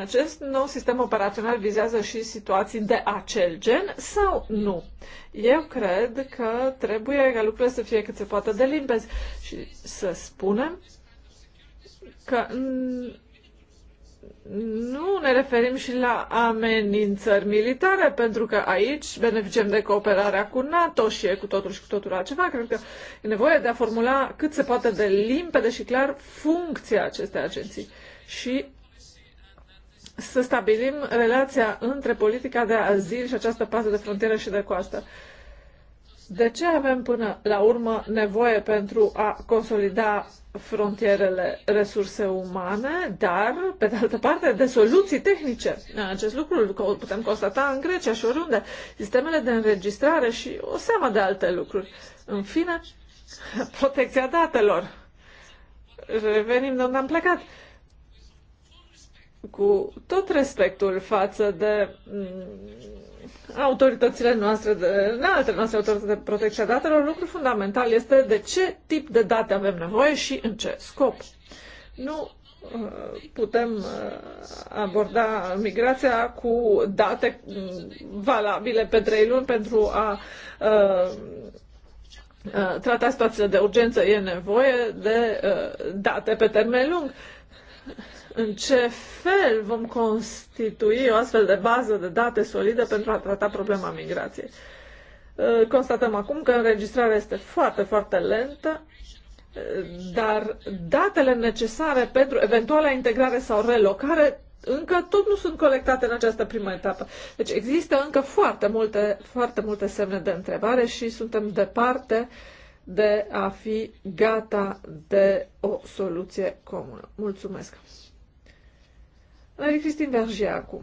Acest nou sistem operațional vizează și situații de acel gen sau nu? Eu cred că trebuie ca lucrurile să fie cât se poate de limpezi și să spunem că nu ne referim și la amenințări militare, pentru că aici beneficiem de cooperarea cu NATO și e cu totul și cu totul altceva. Cred că e nevoie de a formula cât se poate de limpede și clar funcția acestei agenții și să stabilim relația între politica de azil și această pază de frontieră și de coastă. Uh, de ce avem până la urmă nevoie pentru a consolida frontierele resurse umane, dar, pe de altă parte, de soluții tehnice. Acest lucru putem constata în Grecia și oriunde. Sistemele de înregistrare și o seamă de alte lucruri. În fine, protecția datelor. Revenim de unde am plecat. Cu tot respectul față de autoritățile noastre, de, alte noastre autorități de protecție a datelor, lucru fundamental este de ce tip de date avem nevoie și în ce scop. Nu uh, putem uh, aborda migrația cu date mm, valabile pe trei luni pentru a uh, trata situațiile de urgență. E nevoie de date pe termen lung în ce fel vom constitui o astfel de bază de date solidă pentru a trata problema migrației. Uh, constatăm acum că înregistrarea este foarte, foarte lentă, uh, dar datele necesare pentru eventuala integrare sau relocare încă tot nu sunt colectate în această primă etapă. Deci există încă foarte multe, foarte multe semne de întrebare și suntem departe uh, de a fi gata de o soluție comună. Mulțumesc! Marie Cristin Vergie acum.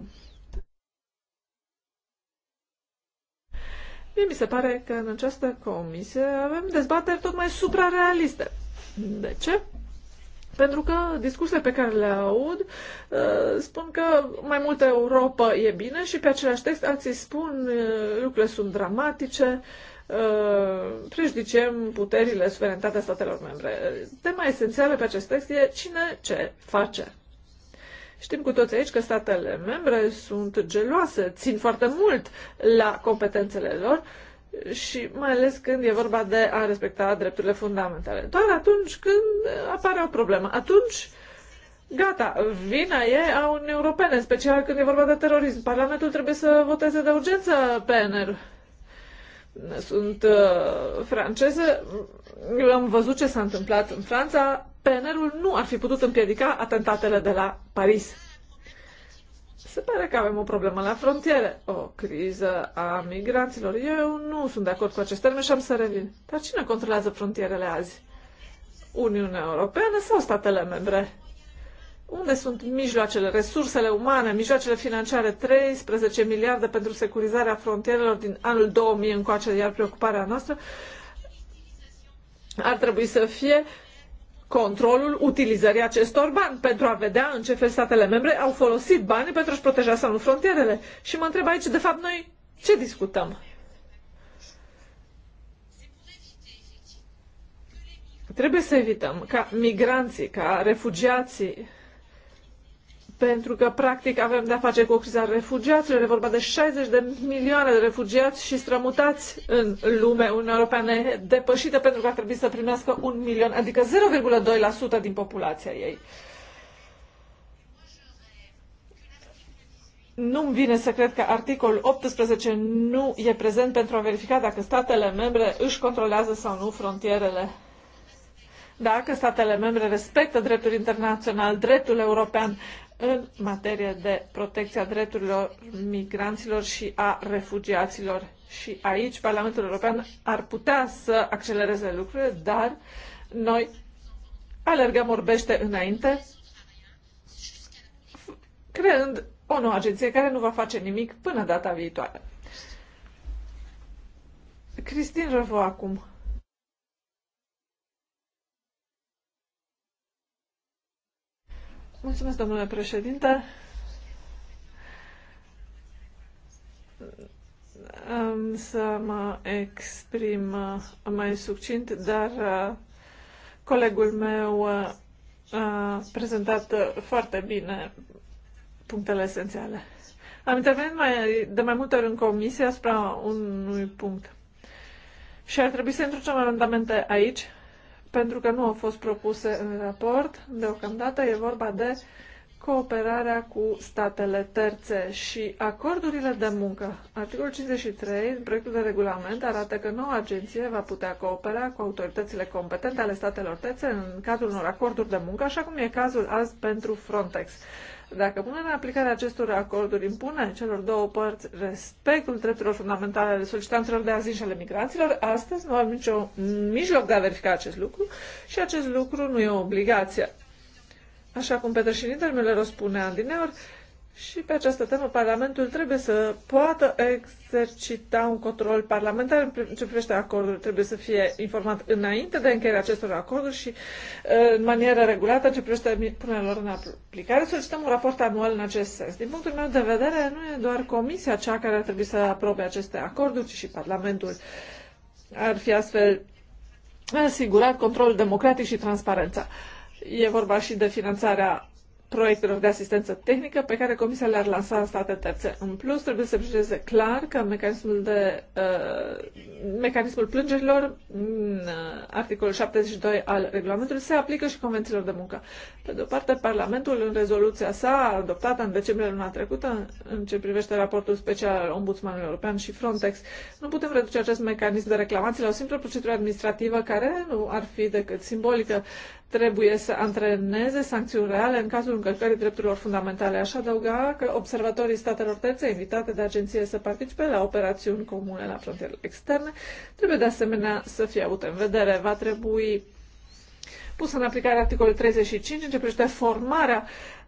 Mie mi se pare că în această comisie avem dezbateri tot mai suprarealiste. De ce? Pentru că discursele pe care le aud uh, spun că mai multă Europa e bine și pe același text alții spun uh, lucrurile sunt dramatice, Uh, prejudicem puterile, suverenitatea statelor membre. Tema esențială pe acest text e cine ce face. Știm cu toți aici că statele membre sunt geloase, țin foarte mult la competențele lor și mai ales când e vorba de a respecta drepturile fundamentale. Doar atunci când apare o problemă. Atunci, gata, vina e a Uniunii Europene, în special când e vorba de terorism. Parlamentul trebuie să voteze de urgență PNR sunt uh, franceze, eu am văzut ce s-a întâmplat în Franța, PNR-ul nu ar fi putut împiedica atentatele de la Paris. Se pare că avem o problemă la frontiere, o criză a migranților. Eu nu sunt de acord cu acest termen și am să revin. Dar cine controlează frontierele azi? Uniunea Europeană sau statele membre? Unde sunt mijloacele, resursele umane, mijloacele financiare? 13 miliarde pentru securizarea frontierelor din anul 2000 încoace, iar preocuparea noastră ar trebui să fie controlul utilizării acestor bani pentru a vedea în ce fel statele membre au folosit banii pentru a-și proteja sau nu frontierele. Și mă întreb aici, de fapt, noi ce discutăm? Trebuie să evităm ca migranții, ca refugiații pentru că practic avem de-a face cu o criza refugiaților, e vorba de 60 de milioane de refugiați și strămutați în lume, Uniunea Europeană e depășită pentru că ar trebui să primească un milion, adică 0,2% din populația ei. Nu-mi vine să cred că articolul 18 nu e prezent pentru a verifica dacă statele membre își controlează sau nu frontierele dacă statele membre respectă dreptul internațional, dreptul european, în materie de protecția drepturilor migranților și a refugiaților. Și aici Parlamentul European ar putea să accelereze lucrurile, dar noi alergăm orbește înainte, creând o nouă agenție care nu va face nimic până data viitoare. Cristin Răvo acum. Mulțumesc, domnule președinte. Am să mă exprim mai succint, dar uh, colegul meu uh, a prezentat foarte bine punctele esențiale. Am intervenit mai, de mai multe ori în comisie asupra unui punct. Și ar trebui să introducem amendamente aici pentru că nu au fost propuse în raport. Deocamdată e vorba de cooperarea cu statele terțe și acordurile de muncă. Articolul 53 din proiectul de regulament arată că noua agenție va putea coopera cu autoritățile competente ale statelor terțe în cadrul unor acorduri de muncă, așa cum e cazul azi pentru Frontex. Dacă punem în aplicare acestor acorduri impune celor două părți respectul drepturilor fundamentale ale solicitanților de azil și ale migranților, astăzi nu avem niciun mijloc de a verifica acest lucru și acest lucru nu e o obligație. Așa cum Peter și Niedermüller o spunea și pe această temă, Parlamentul trebuie să poată exercita un control parlamentar în ce privește acordul. Trebuie să fie informat înainte de încheierea acestor acorduri și uh, în manieră regulată în ce privește punerea lor în aplicare. Solicităm un raport anual în acest sens. Din punctul meu de vedere, nu e doar Comisia cea care ar trebui să aprobe aceste acorduri, ci și Parlamentul. Ar fi astfel asigurat controlul democratic și transparența. E vorba și de finanțarea proiectelor de asistență tehnică pe care Comisia le-ar lansa în state terțe. În plus, trebuie să precizeze clar că mecanismul, de, uh, mecanismul plângerilor, în uh, articolul 72 al regulamentului, se aplică și convențiilor de muncă. Pe de o parte, Parlamentul, în rezoluția sa, adoptată în decembrie luna trecută, în ce privește raportul special al Ombudsmanului European și Frontex, nu putem reduce acest mecanism de reclamații la o simplă procedură administrativă care nu ar fi decât simbolică. Uh, trebuie să antreneze sancțiuni reale în cazul încălcării drepturilor fundamentale. Aș adăuga că observatorii statelor terțe invitate de agenție să participe la operațiuni comune la frontierele externe trebuie de asemenea să fie avute în vedere. Va trebui pus în aplicare articolul 35 în ce privește formarea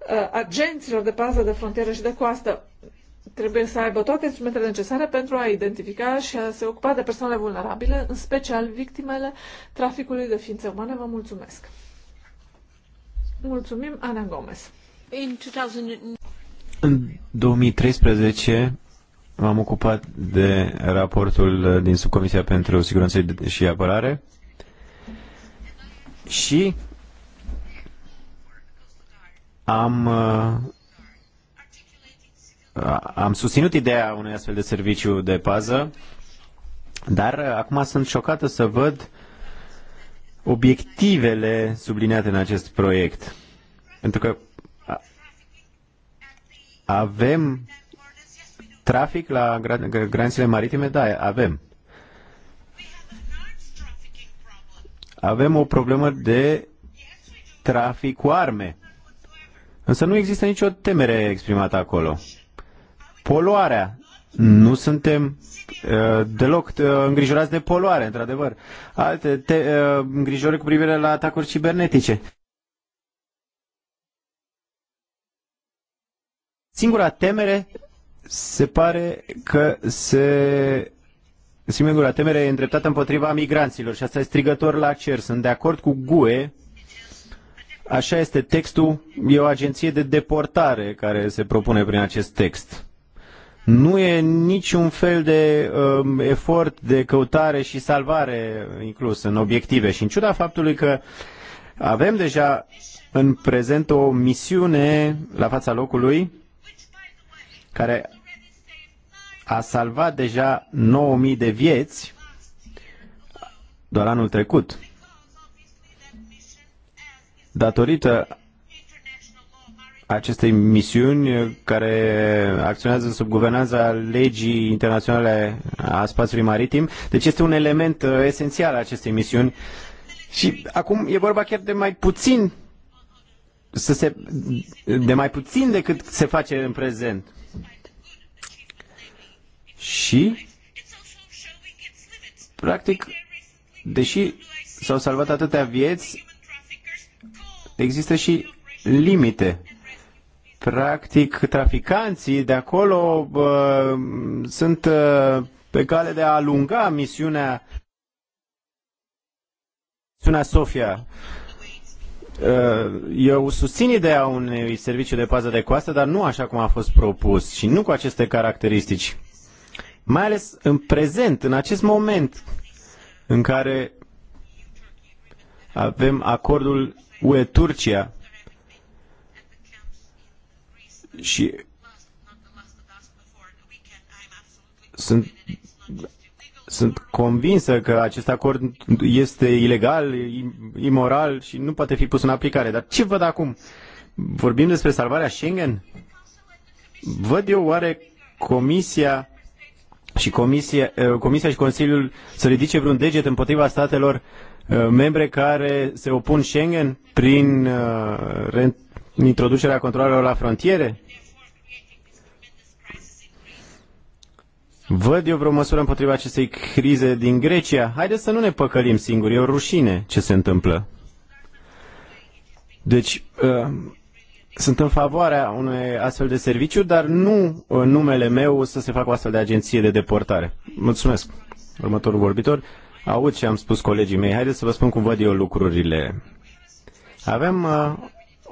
uh, agenților de pază de frontieră și de coastă. Trebuie să aibă toate instrumentele necesare pentru a identifica și a se ocupa de persoanele vulnerabile, în special victimele traficului de ființe umane. Vă mulțumesc! Mulțumim, Ana Gomez. În 2013 m-am ocupat de raportul din Subcomisia pentru Siguranță și Apărare și am, uh, am susținut ideea unui astfel de serviciu de pază, dar uh, acum sunt șocată să văd obiectivele subliniate în acest proiect. Pentru că avem trafic la granițele maritime? Da, avem. Avem o problemă de trafic cu arme. Însă nu există nicio temere exprimată acolo. Poluarea. Nu suntem Eh, deloc eh, îngrijorați de poluare, într-adevăr. Alte te, eh, îngrijorări cu privire la atacuri cibernetice. Singura temere se pare că se singura temere e îndreptată împotriva migranților și asta e strigător la cer. Sunt de acord cu GUE, așa este textul, e o agenție de deportare care se propune prin acest text nu e niciun fel de um, efort de căutare și salvare inclus în obiective și în ciuda faptului că avem deja în prezent o misiune la fața locului care a salvat deja 9000 de vieți doar anul trecut. Datorită acestei misiuni care acționează sub guvernanța legii internaționale a spațiului maritim. Deci este un element uh, esențial al acestei misiuni. Și acum e vorba chiar de mai puțin să se, de mai puțin decât se face în prezent. Și practic, deși s-au salvat atâtea vieți, există și limite Practic, traficanții de acolo uh, sunt uh, pe cale de a alunga misiunea misiunea Sofia. Ă, eu susțin ideea unui serviciu de pază de coastă, dar nu așa cum a fost propus și nu cu aceste caracteristici. Mai ales în prezent, în acest moment în care avem acordul UE-Turcia, și sunt sunt convinsă că acest acord este ilegal, imoral și nu poate fi pus în aplicare. Dar ce văd acum? Vorbim despre salvarea Schengen? Văd eu oare Comisia și Comisia, eh, Comisia și Consiliul să ridice vreun deget împotriva statelor eh, membre care se opun Schengen prin eh, introducerea controlelor la frontiere? Văd eu vreo măsură împotriva acestei crize din Grecia? Haideți să nu ne păcălim singuri, e o rușine ce se întâmplă. Deci, uh, sunt în favoarea unui astfel de serviciu, dar nu în numele meu să se facă o astfel de agenție de deportare. Mulțumesc. Următorul vorbitor. Aud ce am spus colegii mei. Haideți să vă spun cum văd eu lucrurile. Avem uh,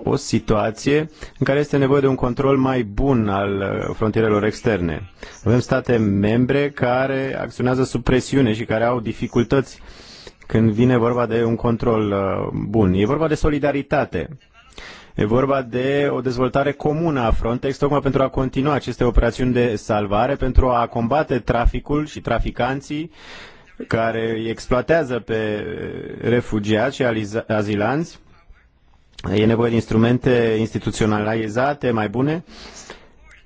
o situație în care este nevoie de un control mai bun al uh, frontierelor externe. Avem state membre care acționează sub presiune și care au dificultăți când vine vorba de un control uh, bun. E vorba de solidaritate. E vorba de o dezvoltare comună a Frontex, tocmai pentru a continua aceste operațiuni de salvare, pentru a combate traficul și traficanții care îi exploatează pe uh, refugiați și azilanți E nevoie de instrumente instituționalizate mai bune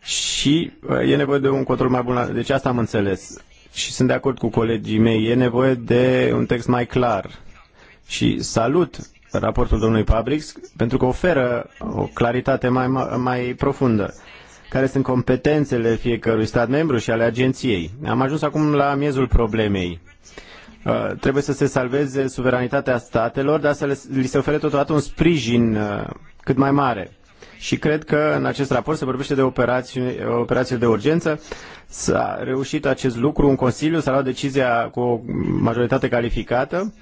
și uh, e nevoie de un control mai bun. Deci asta am înțeles. Și sunt de acord cu colegii mei. E nevoie de un text mai clar. Și salut raportul domnului Pabrix pentru că oferă o claritate mai, mai profundă care sunt competențele fiecărui stat membru și ale agenției. Am ajuns acum la miezul problemei. Uh, trebuie să se salveze suveranitatea statelor, dar să li se ofere totodată un sprijin uh, cât mai mare. Și cred că în acest raport se vorbește de operație, operație de urgență. S-a reușit acest lucru în Consiliu, s-a luat decizia cu o majoritate calificată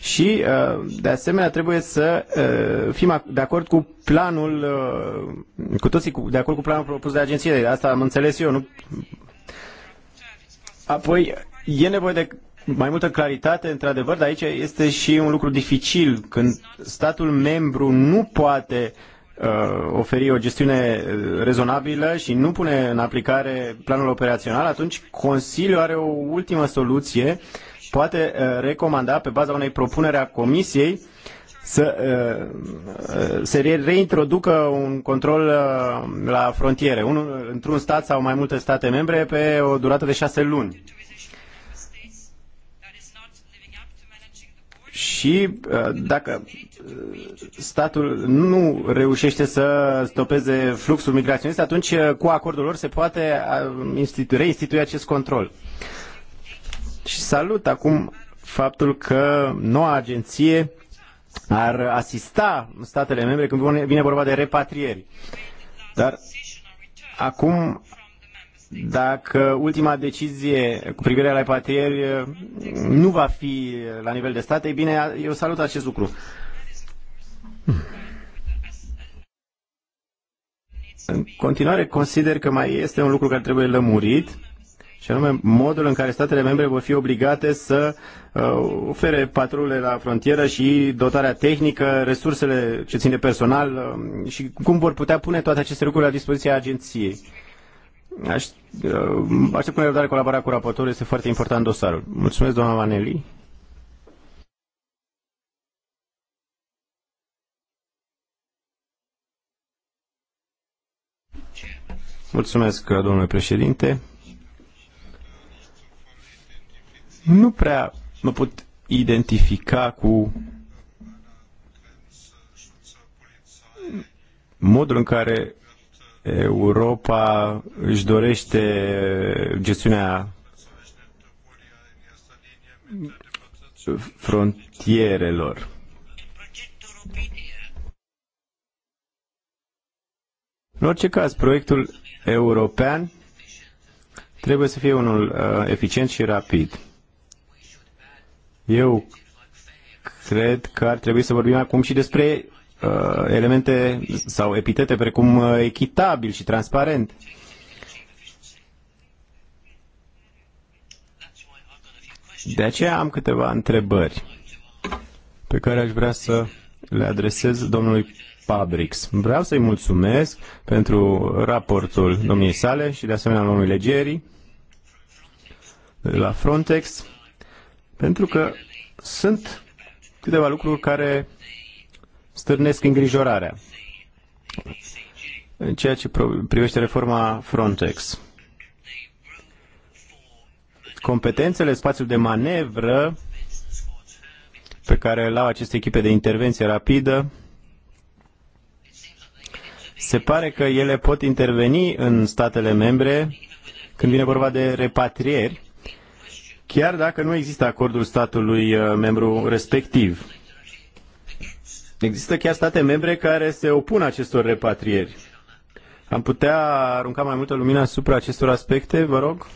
și, uh, de asemenea, trebuie să fim de acord cu planul, cu toții de acord cu planul propus de agenție. De asta am înțeles eu, nu? Apoi, e nevoie de mai multă claritate, într-adevăr, dar aici este și un lucru dificil când statul membru nu poate uh, oferi o gestiune uh, rezonabilă și nu pune în aplicare planul operațional, atunci Consiliul are o ultimă soluție, poate uh, recomanda pe baza unei propuneri a Comisiei să uh, uh se reintroducă un control uh, la frontiere, într-un stat sau mai multe state membre pe o durată de șase luni și uh, dacă uh, statul nu reușește să stopeze fluxul migraționist, atunci uh, cu acordul lor se poate reinstitui acest control. Și salut acum faptul că noua agenție ar asista statele membre când vine vorba de repatrieri. Dar acum dacă ultima decizie cu privire la repatrieri eh, nu va fi la nivel de stat, ei bine, eu salut acest lucru. În continuare, consider că mai este un lucru care trebuie lămurit, și anume modul în care statele membre vor fi obligate să uh, ofere patrule la frontieră și dotarea tehnică, resursele ce țin de personal uh, și cum vor putea pune toate aceste lucruri la dispoziția agenției. Uh, Aș, uh, aștept cu nerăbdare colaborarea cu raportorul, este foarte important dosarul. Mulțumesc, doamna Vaneli. Mulțumesc, domnule președinte. Nu prea mă pot identifica cu modul în care Europa își dorește gestiunea frontierelor. În orice caz, proiectul european trebuie să fie unul uh, eficient și rapid. Eu cred că ar trebui să vorbim acum și despre Uh, elemente sau epitete precum uh, echitabil și transparent. De aceea am câteva întrebări pe care aș vrea să le adresez domnului Pabrix. Vreau să-i mulțumesc pentru raportul domniei sale și de asemenea domnului Legerii la Frontex, pentru că sunt câteva lucruri care stârnesc îngrijorarea în ceea ce privește reforma Frontex. Competențele, spațiul de manevră pe care îl au aceste echipe de intervenție rapidă, se pare că ele pot interveni în statele membre când vine vorba de repatrieri, chiar dacă nu există acordul statului uh, membru respectiv. Există chiar state membre care se opun acestor repatrieri. Am putea arunca mai multă lumină asupra acestor aspecte, vă rog?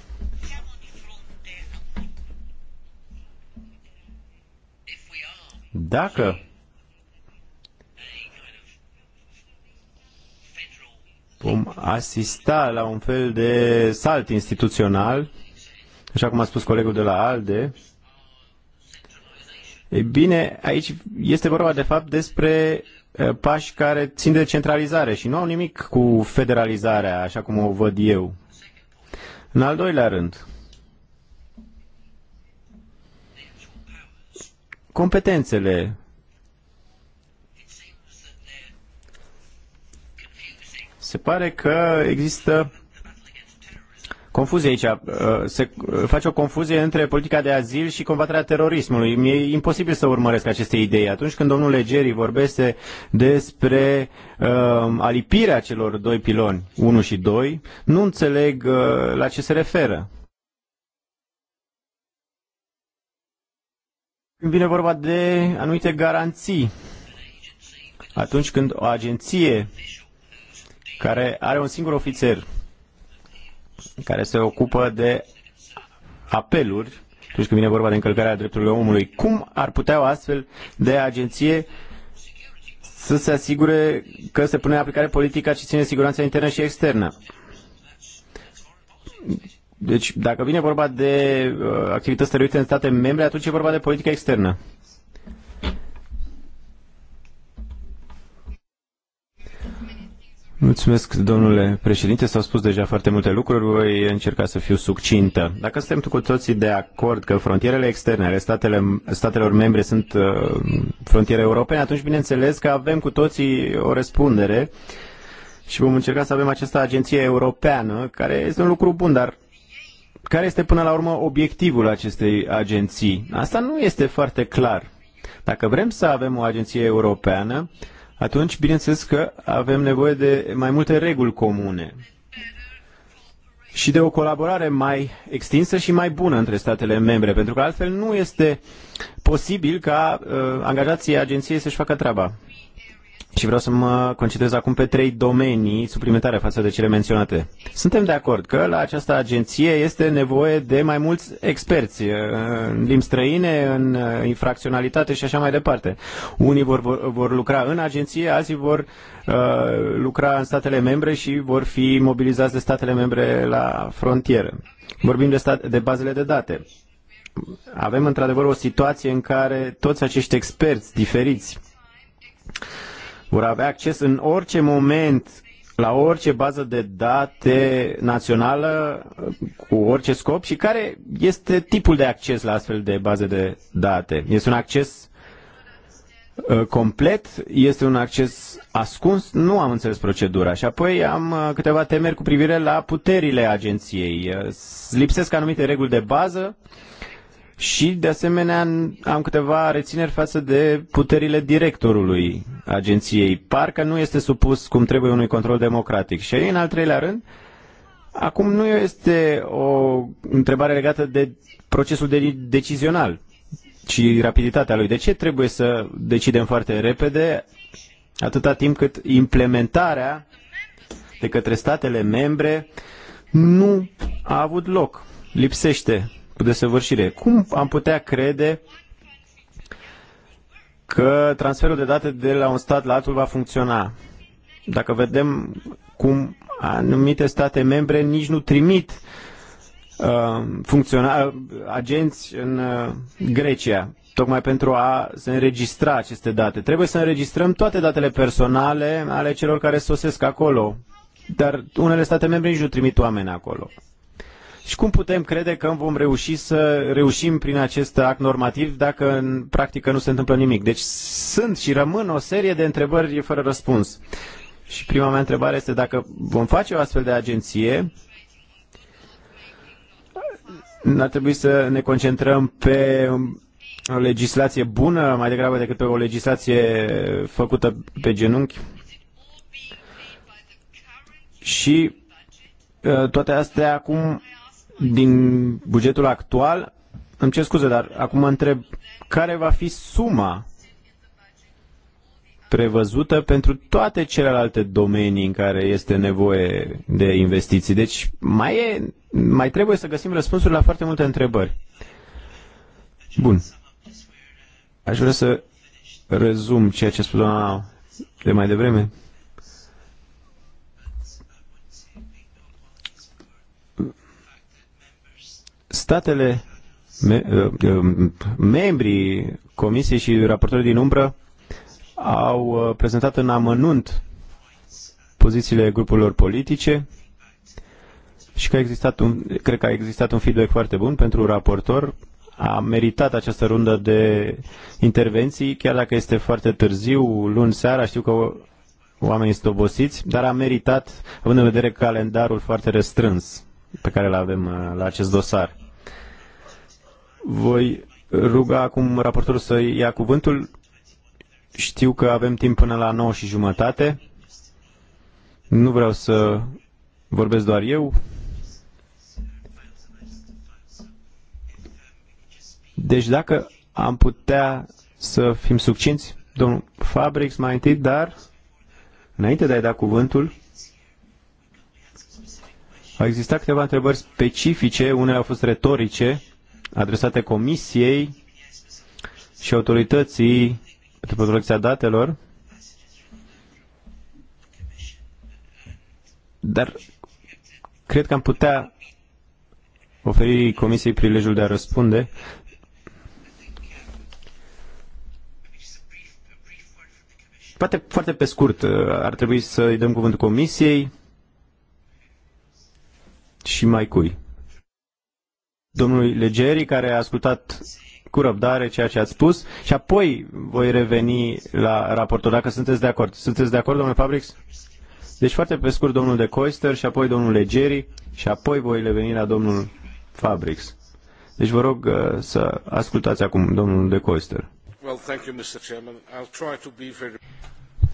Dacă vom asista la un fel de salt instituțional, așa cum a spus colegul de la ALDE, ei bine, aici este vorba de fapt despre uh, pași care țin de centralizare și nu au nimic cu federalizarea, așa cum o văd eu. În al doilea rând, competențele se pare că există confuzie aici. Uh, se uh, face o confuzie între politica de azil și combaterea terorismului. Mi-e imposibil să urmăresc aceste idei. Atunci când domnul Legeri vorbește despre uh, alipirea celor doi piloni, 1 și 2, nu înțeleg uh, la ce se referă. Când vine vorba de anumite garanții, atunci când o agenție care are un singur ofițer care se ocupă de apeluri atunci când vine vorba de încălcarea drepturilor omului. Cum ar putea o astfel de agenție să se asigure că se pune în aplicare politica ce ține siguranța internă și externă? Deci, dacă vine vorba de uh, activități stăruite în state membre, atunci e vorba de politică externă. Mulțumesc, domnule președinte. S-au spus deja foarte multe lucruri. Voi încerca să fiu succintă. Dacă suntem cu toții de acord că frontierele externe ale statele, statelor membre sunt uh, frontiere europene, atunci bineînțeles că avem cu toții o răspundere și vom încerca să avem această agenție europeană, care este un lucru bun, dar care este până la urmă obiectivul acestei agenții? Asta nu este foarte clar. Dacă vrem să avem o agenție europeană, uh, atunci bineînțeles că avem nevoie de mai multe reguli comune și de o colaborare mai extinsă și mai bună între statele membre, pentru că altfel nu este posibil ca uh, angajații agenției să-și facă treaba și vreau să mă concentrez acum pe trei domenii suplimentare față de cele menționate. Suntem de acord că la această agenție este nevoie de mai mulți experți uh, în limbi străine, în uh, infracționalitate și așa mai departe. Unii vor, vor lucra în agenție, alții vor uh, lucra în statele membre și vor fi mobilizați de statele membre la frontieră. Vorbim de, stat, de bazele de date. Avem într-adevăr o situație în care toți acești experți diferiți vor avea acces în orice moment la orice bază de date națională cu orice scop și care este tipul de acces la astfel de baze de date. Este un acces uh, complet, este un acces ascuns, nu am înțeles procedura. Și apoi am uh, câteva temeri cu privire la puterile agenției. Uh, lipsesc anumite reguli de bază și, de asemenea, am câteva rețineri față de puterile directorului agenției. Parcă nu este supus cum trebuie unui control democratic. Și, în al treilea rând, acum nu este o întrebare legată de procesul de- decizional și rapiditatea lui. De ce trebuie să decidem foarte repede atâta timp cât implementarea de către statele membre nu a avut loc? Lipsește desăvârșire. Cum am putea crede că transferul de date de la un stat la altul va funcționa? Dacă vedem cum anumite state membre nici nu trimit uh, funcționa, agenți în uh, Grecia, tocmai pentru a se înregistra aceste date. Trebuie să înregistrăm toate datele personale ale celor care sosesc acolo. Dar unele state membre nici nu trimit oameni acolo. Și cum putem crede că vom reuși să reușim prin acest act normativ dacă în practică nu se întâmplă nimic? Deci sunt și rămân o serie de întrebări fără răspuns. Și prima mea întrebare este dacă vom face o astfel de agenție, ar trebui să ne concentrăm pe o legislație bună mai degrabă decât pe o legislație făcută pe genunchi. Și uh, toate astea acum din bugetul actual, îmi cer scuze, dar acum mă întreb care va fi suma prevăzută pentru toate celelalte domenii în care este nevoie de investiții. Deci mai, e, mai trebuie să găsim răspunsuri la foarte multe întrebări. Bun. Aș vrea să rezum ceea ce spunea de mai devreme. statele me, uh, uh, membrii comisiei și raportorii din umbră au uh, prezentat în amănunt pozițiile grupurilor politice și că a existat un, cred că a existat un feedback foarte bun pentru raportor. A meritat această rundă de intervenții, chiar dacă este foarte târziu, luni seara, știu că oamenii sunt obosiți, dar a meritat, având în vedere calendarul foarte restrâns pe care îl avem la acest dosar. Voi ruga acum raportorul să ia cuvântul. Știu că avem timp până la 9 și jumătate. Nu vreau să vorbesc doar eu. Deci dacă am putea să fim succinți, domnul Fabrix mai întâi, dar înainte de a-i da cuvântul, au existat câteva întrebări specifice, unele au fost retorice, adresate Comisiei și autorității pentru protecția datelor, dar cred că am putea oferi Comisiei prilejul de a răspunde. Poate foarte pe scurt uh, ar trebui să-i dăm cuvântul Comisiei și mai cui domnului Legeri, care a ascultat cu răbdare ceea ce ați spus și apoi voi reveni la raportul, dacă sunteți de acord. Sunteți de acord, domnule Fabrics? Deci foarte pe scurt domnul de Coister și apoi domnul Legeri și apoi voi reveni la domnul Fabrics. Deci vă rog uh, să ascultați acum domnul de Coister. Well, thank you, Mr. Chairman. I'll try to be very...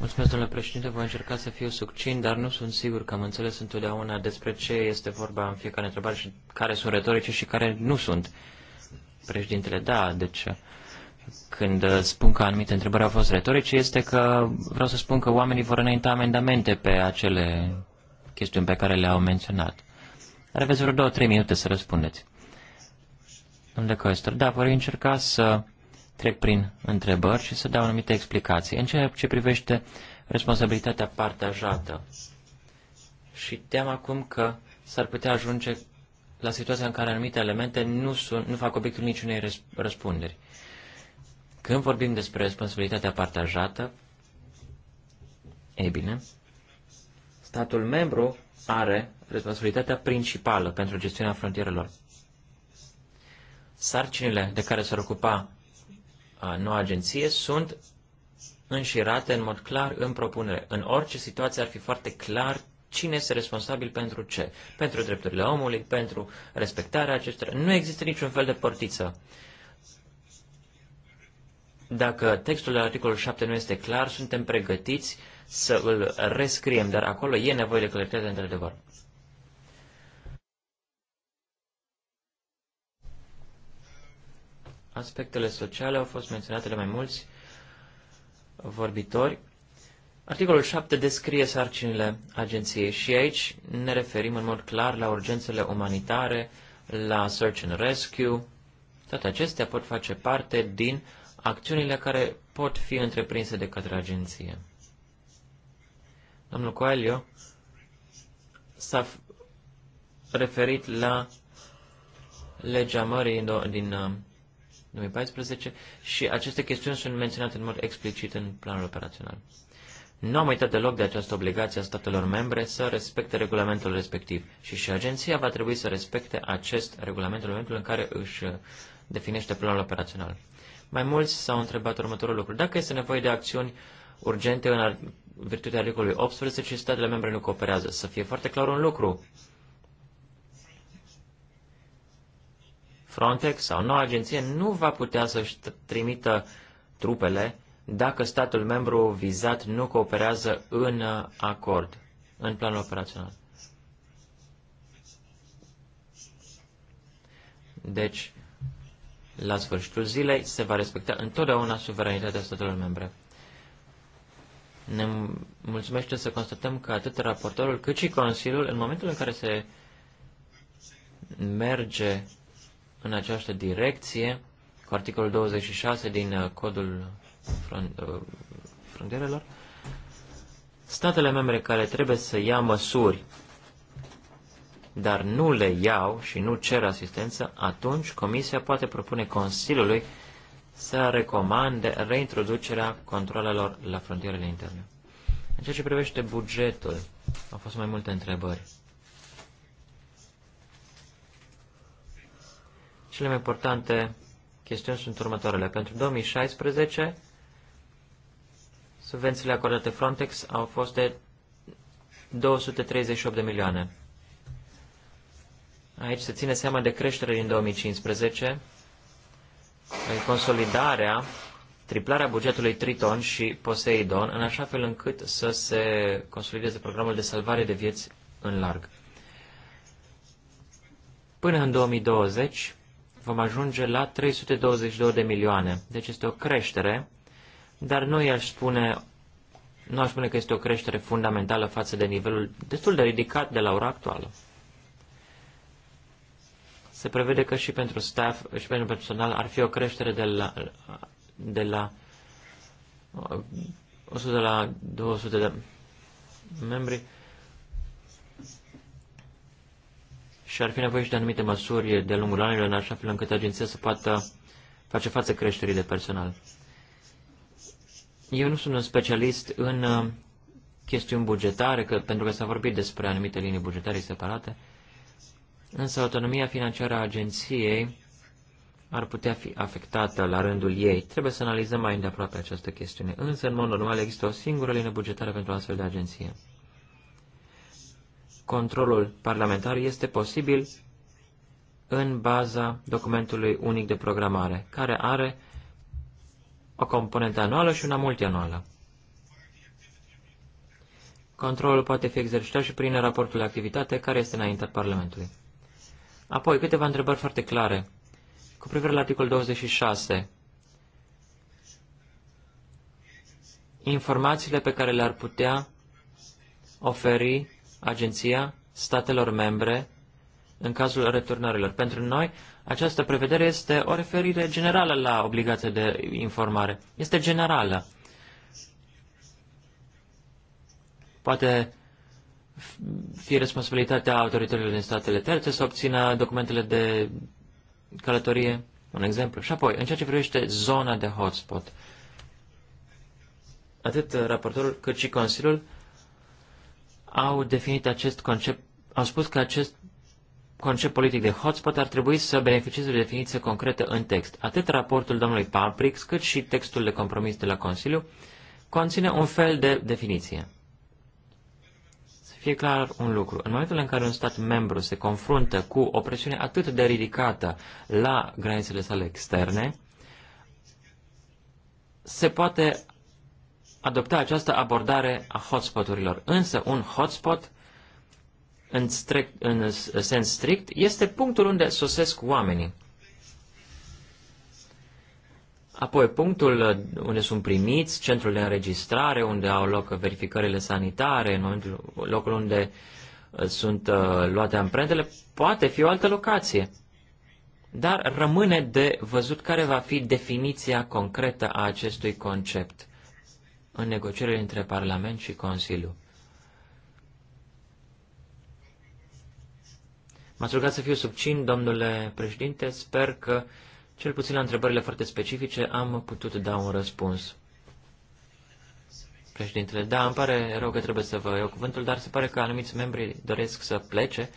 Mulțumesc, domnule președinte. Voi încerca să fiu succint, dar nu sunt sigur că am înțeles întotdeauna despre ce este vorba în fiecare întrebare și care sunt retorice și care nu sunt. Președintele, da, deci când spun că anumite întrebări au fost retorice, este că vreau să spun că oamenii vor înainta amendamente pe acele chestiuni pe care le-au menționat. Dar aveți vreo două, trei minute să răspundeți. Domnule Coester, da, voi încerca să trec prin întrebări și să dau anumite explicații. În ceea ce privește responsabilitatea partajată și team acum că s-ar putea ajunge la situația în care anumite elemente nu, sunt, nu fac obiectul niciunei răspunderi. Când vorbim despre responsabilitatea partajată, e bine, statul membru are responsabilitatea principală pentru gestiunea frontierelor. Sarcinile de care s-ar ocupa noua agenție sunt înșirate în mod clar în propunere. În orice situație ar fi foarte clar cine este responsabil pentru ce. Pentru drepturile omului, pentru respectarea acestora. Nu există niciun fel de portiță. Dacă textul de articolul 7 nu este clar, suntem pregătiți să îl rescriem, dar acolo e nevoie de claritate într-adevăr. Aspectele sociale au fost menționate de mai mulți vorbitori. Articolul 7 descrie sarcinile agenției și aici ne referim în mod clar la urgențele umanitare, la search and rescue. Toate acestea pot face parte din acțiunile care pot fi întreprinse de către agenție. Domnul Coelho s-a referit la legea mării din uh, uh, 2014 și aceste chestiuni sunt menționate în mod explicit în planul operațional. Nu am uitat deloc de această obligație a statelor membre să respecte regulamentul respectiv și și agenția va trebui să respecte acest regulament în momentul în care își definește planul operațional. Mai mulți s-au întrebat următorul lucru. Dacă este nevoie de acțiuni urgente în virtutea articolului 18 și statele membre nu cooperează, să fie foarte clar un lucru. Frontex sau noua agenție nu va putea să-și trimită trupele dacă statul membru vizat nu cooperează în uh, acord, în plan operațional. Deci, la sfârșitul zilei se va respecta întotdeauna suveranitatea statelor membre. Ne mulțumește să constatăm că atât raportorul cât și Consiliul, în momentul în care se merge în această direcție cu articolul 26 din uh, codul uh, frontierelor, statele membre care trebuie să ia măsuri, dar nu le iau și nu cer asistență, atunci Comisia poate propune Consiliului să recomande reintroducerea controlelor la frontierele interne. În ceea ce privește bugetul, au fost mai multe întrebări. Cele mai importante chestiuni sunt următoarele. Pentru 2016, subvențiile acordate Frontex au fost de 238 de milioane. Aici se ține seama de creștere din 2015, consolidarea, triplarea bugetului Triton și Poseidon, în așa fel încât să se consolideze programul de salvare de vieți în larg. Până în 2020, vom ajunge la 322 de milioane. Deci este o creștere, dar nu aș spune, nu aș spune că este o creștere fundamentală față de nivelul destul de ridicat de la ora actuală. Se prevede că și pentru staff și pentru personal ar fi o creștere de la, de la 100 la 200 de membri și ar fi nevoie și de anumite măsuri de lungul anilor, în așa fel încât agenția să poată face față creșterii de personal. Eu nu sunt un specialist în uh, chestiuni bugetare, că, pentru că s-a vorbit despre anumite linii bugetare separate, însă autonomia financiară a agenției ar putea fi afectată la rândul ei. Trebuie să analizăm mai îndeaproape această chestiune. Însă, în mod normal, există o singură linie bugetară pentru astfel de agenție controlul parlamentar este posibil în baza documentului unic de programare, care are o componentă anuală și una multianuală. Controlul poate fi exercitat și prin raportul de activitate care este înaintat Parlamentului. Apoi, câteva întrebări foarte clare. Cu privire la articolul 26, informațiile pe care le-ar putea oferi Agenția Statelor Membre în cazul returnărilor. Pentru noi, această prevedere este o referire generală la obligația de informare. Este generală. Poate fi responsabilitatea autorităților din statele terțe să obțină documentele de călătorie, un exemplu. Și apoi, în ceea ce privește zona de hotspot, atât raportorul cât și Consiliul au definit acest concept, au spus că acest concept politic de hotspot ar trebui să beneficieze de definiție concretă în text. Atât raportul domnului Paprix, cât și textul de compromis de la Consiliu conține un fel de definiție. Să fie clar un lucru. În momentul în care un stat membru se confruntă cu o presiune atât de ridicată la granițele sale externe, se poate adopta această abordare a hotspoturilor. Însă un hotspot, în, strict, în sens strict, este punctul unde sosesc oamenii. Apoi punctul uh, unde sunt primiți, centrul de înregistrare, unde au loc verificările sanitare, în momentul, locul unde uh, sunt uh, luate amprentele, poate fi o altă locație. Dar rămâne de văzut care va fi definiția concretă a acestui concept în negocierile între Parlament și Consiliu. M-ați rugat să fiu subțin, domnule președinte, sper că, cel puțin la întrebările foarte specifice, am putut da un răspuns. Președintele, da, îmi pare rău că trebuie să vă iau cuvântul, dar se pare că anumiți membri doresc să plece.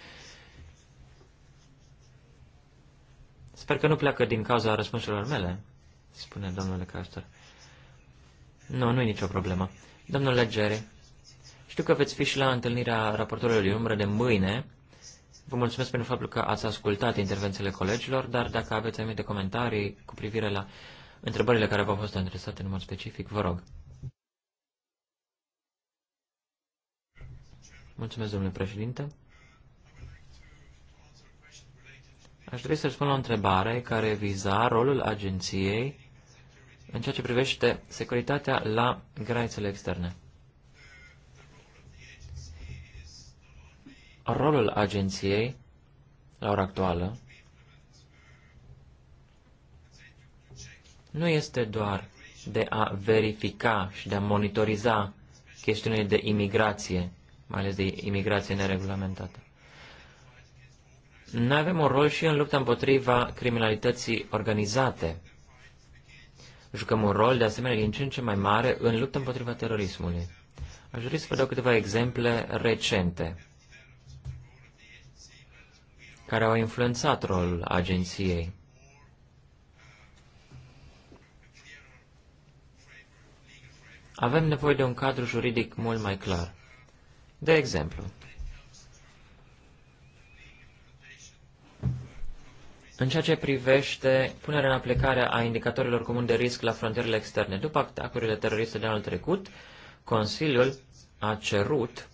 Sper că nu pleacă din cauza răspunsurilor mele, spune domnule Castor. Nu, nu e nicio problemă. Domnul Legere, știu că veți fi și la întâlnirea raportorului umbră de mâine. Vă mulțumesc pentru faptul că ați ascultat intervențiile colegilor, dar dacă aveți anumite comentarii cu privire la întrebările care v-au fost adresate în mod specific, vă rog. Mulțumesc, domnule președinte. Aș dori să răspund la o întrebare care viza rolul agenției în ceea ce privește securitatea la granițele externe. Rolul agenției, la ora actuală, nu este doar de a verifica și de a monitoriza chestiunile de imigrație, mai ales de imigrație neregulamentată. Noi avem un rol și în lupta împotriva criminalității organizate, jucăm un rol de asemenea din ce în ce mai mare în lupta împotriva terorismului. Aș dori să vă dau câteva exemple recente care au influențat rolul agenției. Avem nevoie de un cadru juridic mult mai clar. De exemplu, În ceea ce privește punerea în aplicare a indicatorilor comuni de risc la frontierele externe, după atacurile teroriste de anul trecut, Consiliul a cerut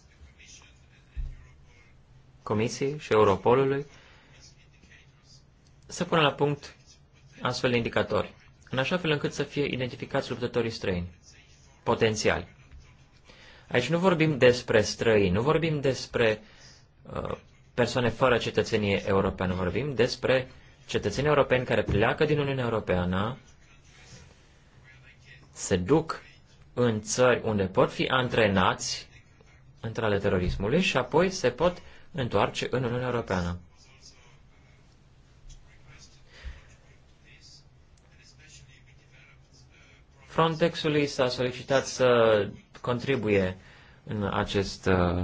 Comisiei și Europolului să pună la punct astfel de indicatori, în așa fel încât să fie identificați luptătorii străini, potențiali. Aici nu vorbim despre străini, nu vorbim despre uh, persoane fără cetățenie europeană, vorbim despre cetățenii europeni care pleacă din Uniunea Europeană se duc în țări unde pot fi antrenați între ale terorismului și apoi se pot întoarce în Uniunea Europeană. Frontexului s-a solicitat să contribuie în acest uh,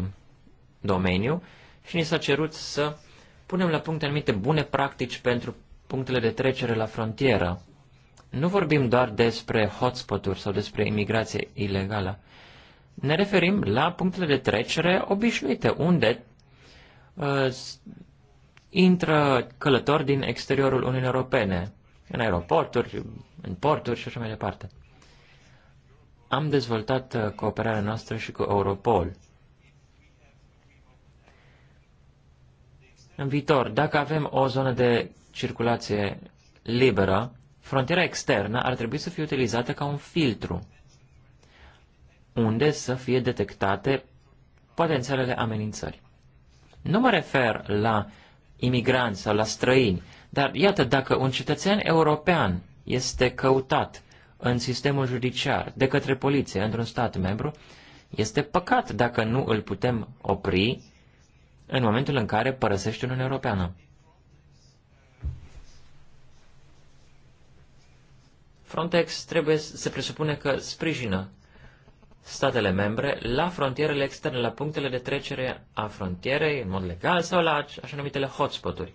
domeniu și ni s-a cerut să punem la punct anumite bune practici pentru punctele de trecere la frontieră. Nu vorbim doar despre hotspot-uri sau despre imigrație ilegală. Ne referim la punctele de trecere obișnuite, unde uh, intră călători din exteriorul Uniunii Europene, în aeroporturi, în porturi și așa mai departe. Am dezvoltat uh, cooperarea noastră și cu Europol. în viitor, dacă avem o zonă de circulație liberă, frontiera externă ar trebui să fie utilizată ca un filtru, unde să fie detectate potențialele amenințări. Nu mă refer la imigranți sau la străini, dar iată, dacă un cetățean european este căutat în sistemul judiciar de către poliție într-un stat membru, este păcat dacă nu îl putem opri în momentul în care părăsești Uniunea Europeană. Frontex trebuie se presupune că sprijină statele membre la frontierele externe, la punctele de trecere a frontierei, în mod legal, sau la așa numitele hotspoturi.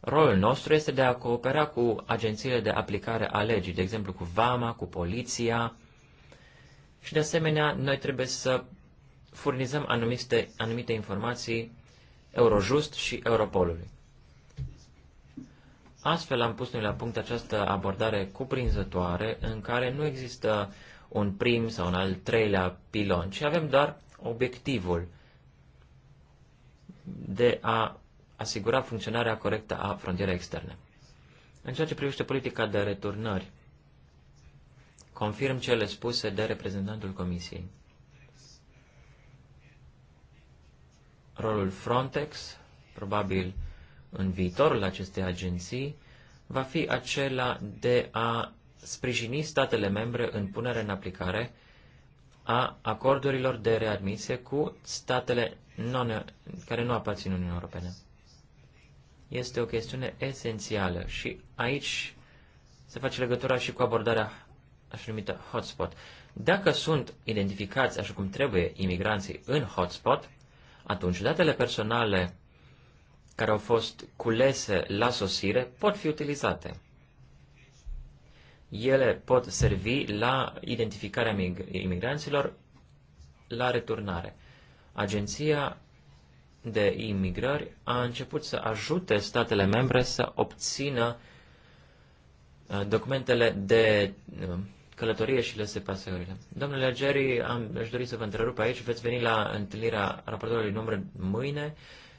Rolul nostru este de a coopera cu agențiile de aplicare a legii, de exemplu cu VAMA, cu poliția, și de asemenea, noi trebuie să furnizăm anumite, anumite informații Eurojust și Europolului. Astfel am pus noi la punct această abordare cuprinzătoare în care nu există un prim sau un al treilea pilon, ci avem doar obiectivul de a asigura funcționarea corectă a frontierei externe. În ceea ce privește politica de returnări, confirm cele spuse de reprezentantul Comisiei. rolul Frontex, probabil în viitorul acestei agenții, va fi acela de a sprijini statele membre în punere în aplicare a acordurilor de readmisie cu statele non, care nu aparțin Uniunii Europene. Este o chestiune esențială și aici se face legătura și cu abordarea așa numită hotspot. Dacă sunt identificați așa cum trebuie imigranții în hotspot, atunci datele personale care au fost culese la sosire pot fi utilizate. Ele pot servi la identificarea imigranților la returnare. Agenția de imigrări a început să ajute statele membre să obțină uh, documentele de uh, călătorie și le se pasările. Domnule Jerry, am, aș dori să vă întrerup aici. Veți veni la întâlnirea raportorului în mâine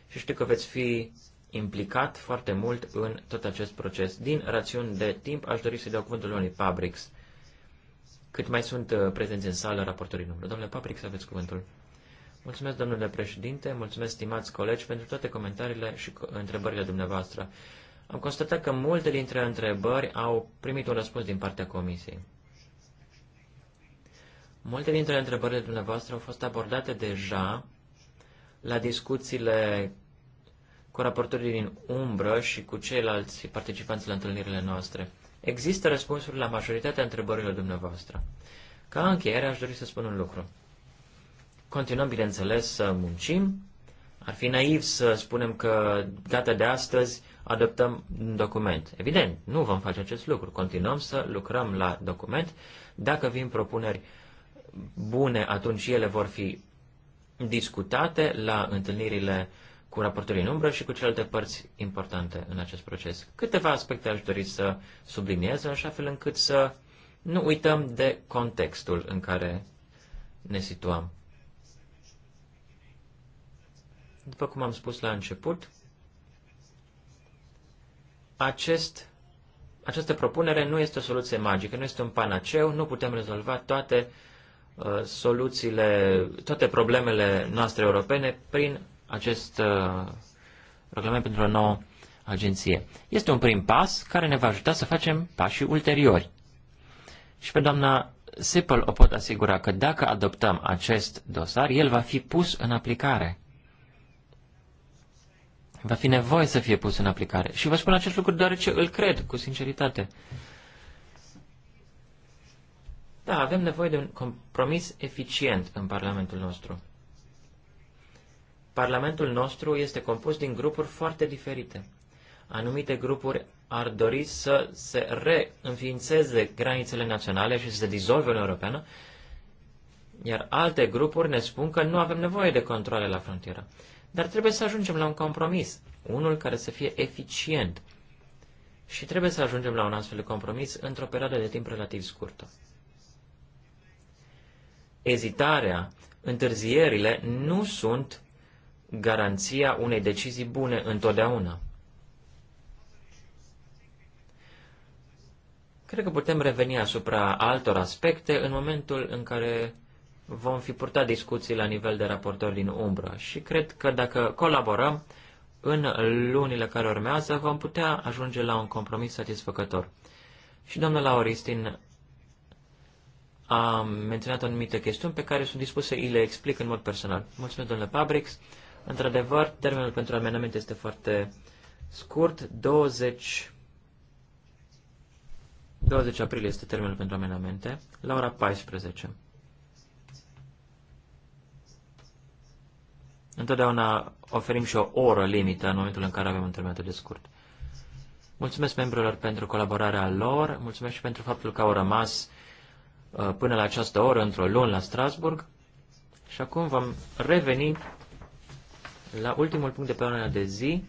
și știu că veți fi implicat foarte mult în tot acest proces. Din rațiuni de timp, aș dori să-i dau cuvântul unui Pabrix. Cât mai sunt uh, prezenți în sală raportorii numărul. Domnule Pabrix, aveți cuvântul. Mulțumesc, domnule președinte, mulțumesc, stimați colegi, pentru toate comentariile și întrebările dumneavoastră. Am constatat că multe dintre întrebări au primit un răspuns din partea comisiei. Multe dintre întrebările dumneavoastră au fost abordate deja la discuțiile cu raportorii din umbră și cu ceilalți participanți la întâlnirile noastre. Există răspunsuri la majoritatea întrebărilor dumneavoastră. Ca încheiere aș dori să spun un lucru. Continuăm, bineînțeles, să muncim. Ar fi naiv să spunem că data de astăzi adoptăm un document. Evident, nu vom face acest lucru. Continuăm să lucrăm la document. Dacă vin propuneri uh, bune, atunci ele vor fi discutate la întâlnirile cu raportorii în umbră și cu celelalte părți importante în acest proces. Câteva aspecte aș dori să subliniez, în așa fel încât să nu uităm de contextul în care ne situăm. După cum am spus la început, acest, această propunere nu este o soluție magică, nu este un panaceu, nu putem rezolva toate uh, Uh, soluțiile, toate problemele noastre europene prin acest uh, regulament pentru o nouă agenție. Este un prim pas care ne va ajuta să facem pașii ulteriori. Și pe doamna Sipel o pot asigura că dacă adoptăm acest dosar, el va fi pus în aplicare. Va fi nevoie să fie pus în aplicare. Și vă spun acest lucru deoarece îl cred cu sinceritate. Da, avem nevoie de un compromis eficient în Parlamentul nostru. Parlamentul nostru este compus din grupuri foarte diferite. Anumite grupuri ar dori să se reînființeze granițele naționale și să se dizolve în Europeană, iar alte grupuri ne spun că nu avem nevoie de controle la frontieră. Dar trebuie să ajungem la un compromis, unul care să fie eficient. Și trebuie să ajungem la un astfel de compromis într-o perioadă de timp relativ scurtă ezitarea, întârzierile nu sunt garanția unei decizii bune întotdeauna. Cred că putem reveni asupra altor aspecte în momentul în care vom fi purta discuții la nivel de raportori din umbră și cred că dacă colaborăm, în lunile care urmează vom putea ajunge la un compromis satisfăcător. Și domnul Lauristin am menționat anumite chestiuni pe care sunt dispus să îi le explic în mod personal. Mulțumesc, domnule Pabrix. Într-adevăr, termenul pentru amenament este foarte scurt. 20, 20 aprilie este termenul pentru amenamente, la ora 14. Întotdeauna oferim și o oră limită în momentul în care avem un termen atât de scurt. Mulțumesc membrilor pentru colaborarea lor, mulțumesc și pentru faptul că au rămas Uh, până la această oră, într-o lună la Strasburg. Și acum vom reveni la ultimul punct de pe ordinea de zi,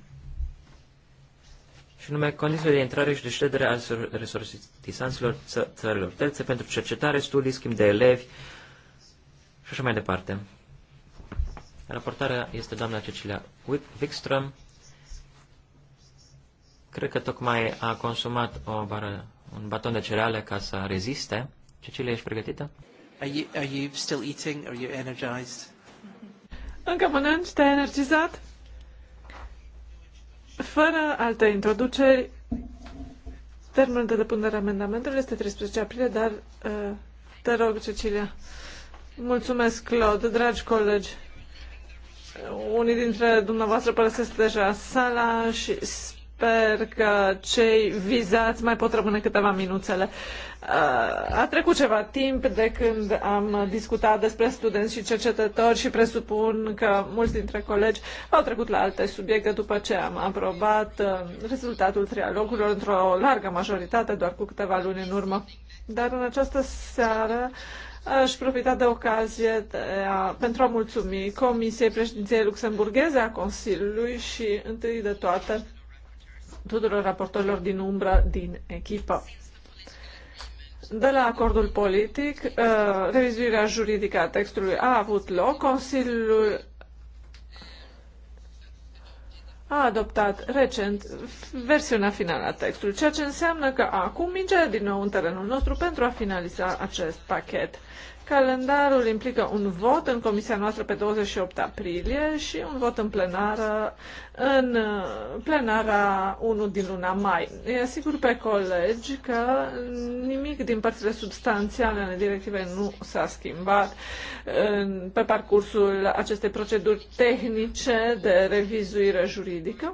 și nume condițiile de intrare și de ședere al resursitisanților țărilor terțe pentru cercetare, studii, schimb de elevi și așa mai departe. Raportarea este doamna Cecilia Wikström. Cred că tocmai a consumat o bară, un baton de cereale ca să reziste. Cecilia, ești pregătită? Are you, are you still eating? Are you energized? Încă mănânci? Te-ai energizat? Fără alte introduceri, termenul de depunere a amendamentului este 13 aprilie, dar uh, te rog, Cecilia. Mulțumesc, Claude, dragi colegi. Unii dintre dumneavoastră părăsesc deja sala și Sper că cei vizați mai pot rămâne câteva minuțele. A trecut ceva timp de când am discutat despre studenți și cercetători și presupun că mulți dintre colegi au trecut la alte subiecte după ce am aprobat uh, rezultatul trialogurilor într-o largă majoritate, doar cu câteva luni în urmă. Dar în această seară aș profita de ocazie de a, pentru a mulțumi Comisiei Președinției Luxemburgheze a Consiliului și întâi de toate tuturor raportorilor din umbră din echipă. De la acordul politic, uh, revizuirea juridică a textului a avut loc. Consiliul a adoptat recent versiunea finală a textului, ceea ce înseamnă că acum mingea din nou în terenul nostru pentru a finaliza acest pachet. Calendarul implică un vot în comisia noastră pe 28 aprilie și un vot în plenară în uh, plenara 1 din luna mai. E asigur pe colegi că nimic din părțile substanțiale ale directivei nu s-a schimbat pe parcursul acestei proceduri tehnice de revizuire juridică.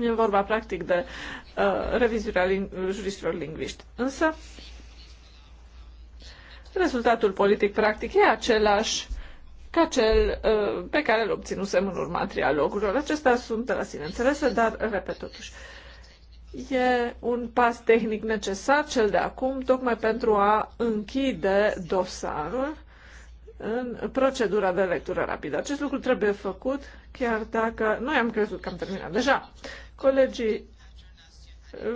E vorba practic de uh, revizuirea ling- juristilor lingviști. Însă, Rezultatul politic, practic, e același ca cel uh, pe care îl obținusem în urma trialogurilor. Acestea sunt de la sine înțelese, dar, repet totuși, e un pas tehnic necesar, cel de acum, tocmai pentru a închide dosarul în procedura de lectură rapidă. Acest lucru trebuie făcut, chiar dacă noi am crezut că am terminat deja. Colegii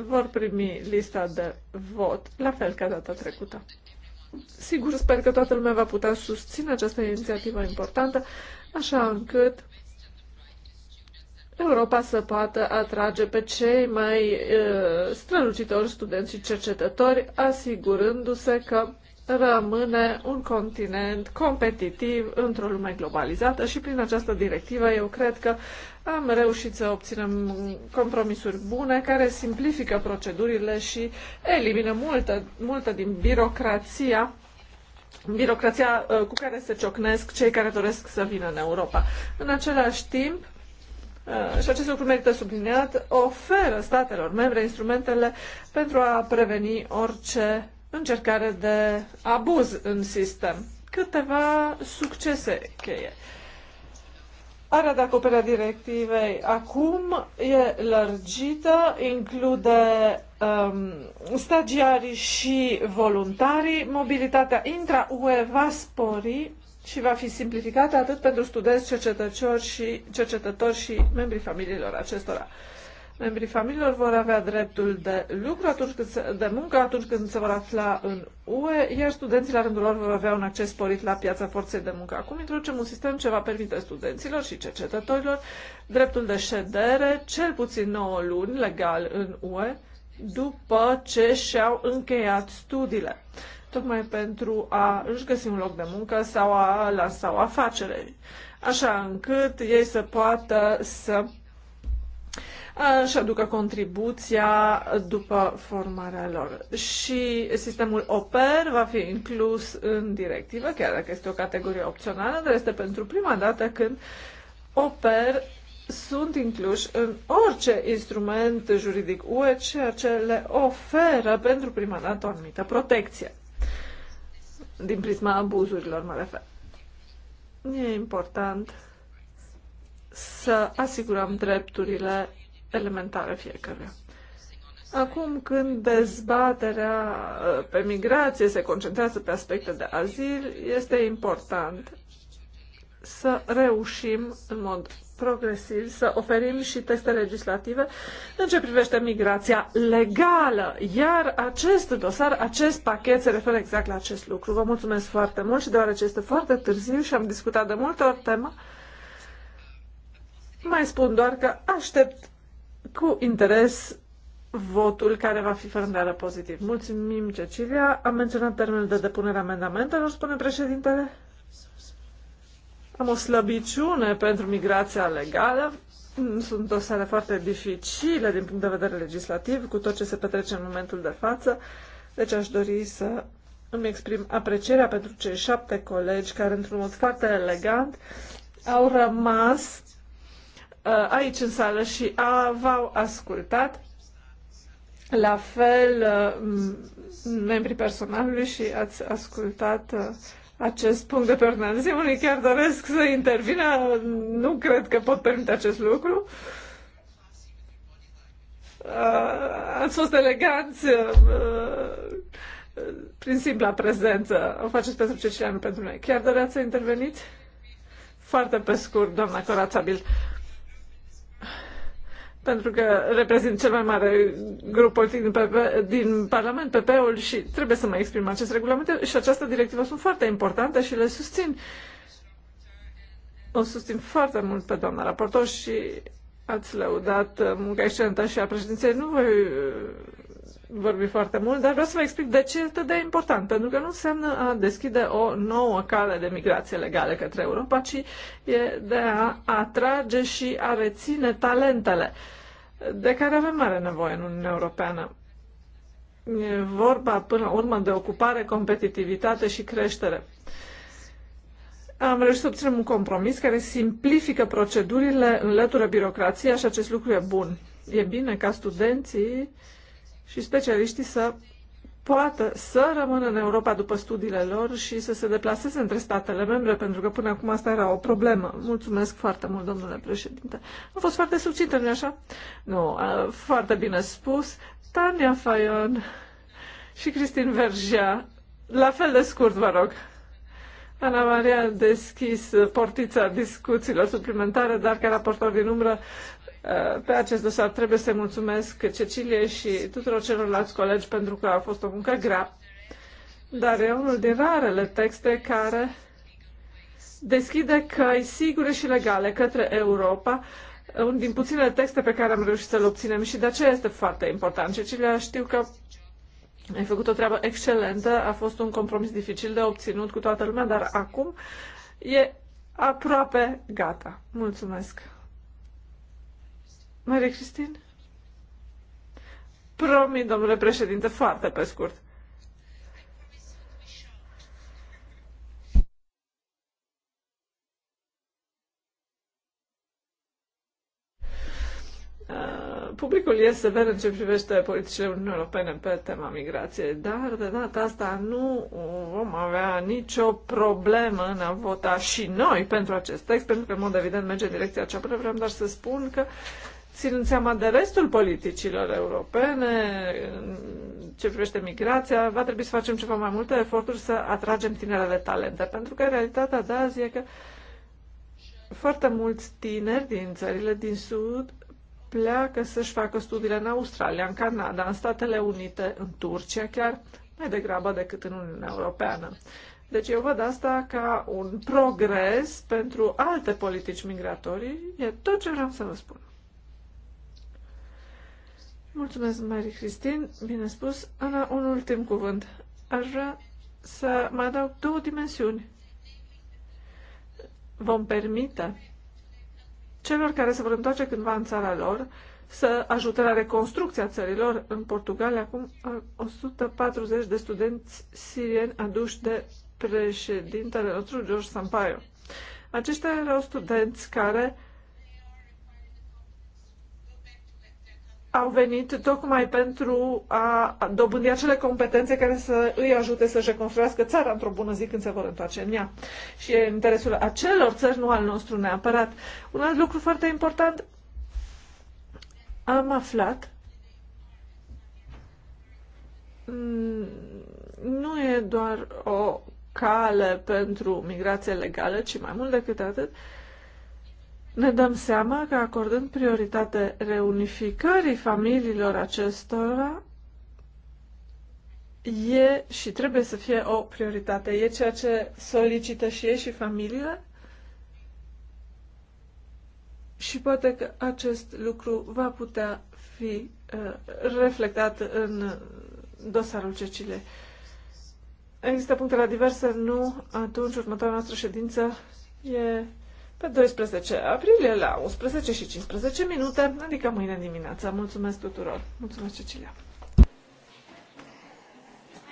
vor primi lista de vot, la fel ca data trecută. Sigur, sper că toată lumea va putea susține această inițiativă importantă, așa încât Europa să poată atrage pe cei mai uh, strălucitori studenți și cercetători, asigurându-se că rămâne un continent competitiv într-o lume globalizată și prin această directivă eu cred că am reușit să obținem compromisuri bune care simplifică procedurile și elimină multă, multă din birocrația birocrația uh, cu care se ciocnesc cei care doresc să vină în Europa. În același timp, uh, și acest lucru merită subliniat, oferă statelor membre instrumentele pentru a preveni orice încercare de abuz în sistem. Câteva succese cheie. Area de acoperire a directivei acum e lărgită, include um, stagiarii și voluntarii. Mobilitatea intra-UE va spori și va fi simplificată atât pentru studenți, cercetători și, cercetători și membrii familiilor acestora. Uh, Membrii familiilor vor avea dreptul de lucru atunci când se, de muncă atunci când se vor afla în UE, iar studenții la rândul lor vor avea un acces sporit la piața forței de muncă. Acum introducem un sistem ce va permite studenților și cercetătorilor dreptul de ședere cel puțin 9 luni legal în UE după ce și-au încheiat studiile, tocmai pentru a își găsi un loc de muncă sau a lansa o afacere, așa încât ei să poată să Eh, și aducă contribuția după formarea lor. Și sistemul OPER va fi inclus în directivă, chiar dacă este o categorie opțională, dar este pentru prima dată când OPER sunt incluși în orice instrument juridic UE, ceea ce le oferă pentru prima dată o anumită protecție. Din prisma abuzurilor, mă refer. E important să asigurăm drepturile elementare fiecare. Acum, când dezbaterea ă, pe migrație se concentrează pe aspecte de azil, este important să reușim în mod progresiv să oferim și teste legislative în ce privește migrația legală. Iar acest dosar, acest pachet se referă exact la acest lucru. Vă mulțumesc foarte mult și deoarece este foarte târziu și am discutat de multe ori tema, mai spun doar că aștept cu interes votul care va fi fără îndoială pozitiv. Mulțumim, Cecilia. Am menționat termenul de depunere a amendamentelor, spune președintele. Am o slăbiciune pentru migrația legală. Sunt o sare foarte dificile din punct de vedere legislativ, cu tot ce se petrece în momentul de față. Deci aș dori să îmi exprim aprecierea pentru cei șapte colegi care, într-un mod foarte elegant, au rămas Uh, aici în sală și v-au ascultat. La fel, uh, membrii personalului și ați ascultat uh, acest punct de pe ordinea de zi. Unii chiar doresc să intervină. Nu cred că pot permite acest lucru. Ați fost eleganți prin simpla prezență. O faceți pentru Cecilia, nu pentru noi. Chiar doreați să interveniți? Foarte pe scurt, doamna Corațabil pentru că reprezint cel mai mare grup politic din, PP, din Parlament, PP-ul, și trebuie să mă exprim acest regulament și această directivă sunt foarte importante și le susțin. O susțin foarte mult pe doamna raportor și ați lăudat uh, munca excelentă și a președinței. Nu voi uh, vorbi foarte mult, dar vreau să vă explic de ce este de important. Pentru că nu înseamnă a deschide o nouă cale de migrație legală către Europa, ci e de a atrage și a reține talentele de care avem mare nevoie în Uniunea Europeană. E vorba, până la urmă, de ocupare, competitivitate și creștere. Am reușit să obținem un compromis care simplifică procedurile, înlătură birocrația și acest lucru e bun. E bine ca studenții uh, și specialiștii să poată să rămână în Europa după studiile lor și să se deplaseze între statele membre, pentru că până acum asta era o problemă. Mulțumesc foarte mult, domnule președinte. A fost foarte subțită, nu așa? Nu, foarte bine spus. Tania Fayon și Cristin Vergea, la fel de scurt, vă rog. Ana Maria a deschis portița discuțiilor suplimentare, dar ca raportor din umbră Eh, pe acest dosar. Trebuie să mulțumesc Cecilie și tuturor celorlalți colegi pentru că a fost o muncă grea, dar e unul din rarele texte care deschide căi sigure și legale către Europa, unul din puținele texte pe care am reușit să le obținem și de aceea este foarte important. Cecilia, știu că ai făcut o treabă excelentă, a fost un compromis dificil de obținut cu toată lumea, dar acum e aproape gata. Mulțumesc! Marie Cristin? Promit, domnule președinte, foarte pe scurt. Uh, publicul este sever în ce privește politicile Uniunii Europene pe tema migrației, dar de data asta nu vom avea nicio problemă în a vota și noi pentru acest text, pentru că, în mod evident, merge în direcția cea până Vreau doar să spun că ținând seama de restul politicilor europene, ce privește migrația, va trebui să facem ceva mai multe eforturi să atragem tinerele talente, pentru că realitatea de azi e că foarte mulți tineri din țările din Sud pleacă să-și facă studiile în Australia, în Canada, în Statele Unite, în Turcia chiar, mai degrabă decât în Uniunea Europeană. Deci eu văd asta ca un progres pentru alte politici migratorii, e tot ce vreau să vă spun. Mulțumesc, Marie Cristin. Bine spus. Ana, un ultim cuvânt. Aș vrea să mă adaug două dimensiuni. Vom permite celor care se vor întoarce cândva în țara lor să ajute la reconstrucția țărilor. În Portugalia, acum 140 de studenți sirieni aduși de președintele nostru, George Sampaio. Aceștia erau studenți care au venit tocmai pentru a dobândi acele competențe care să îi ajute să-și reconstruiască țara într-o bună zi când se vor întoarce în ea. Și e interesul acelor țări, nu al nostru neapărat. Un alt lucru foarte important am aflat mm, nu e doar o cale pentru migrație legală, ci mai mult decât atât, uh, ne dăm seama că acordând prioritate reunificării familiilor acestora, e și trebuie să fie o prioritate. E ceea ce solicită și ei și familiile. Și poate că acest lucru va putea fi uh, reflectat în dosarul Cecile. Există puncte la diverse, nu? Atunci, următoarea noastră ședință e pe 12 aprilie la 11 și 15 minute, adică mâine dimineața. Mulțumesc tuturor! Mulțumesc, Cecilia!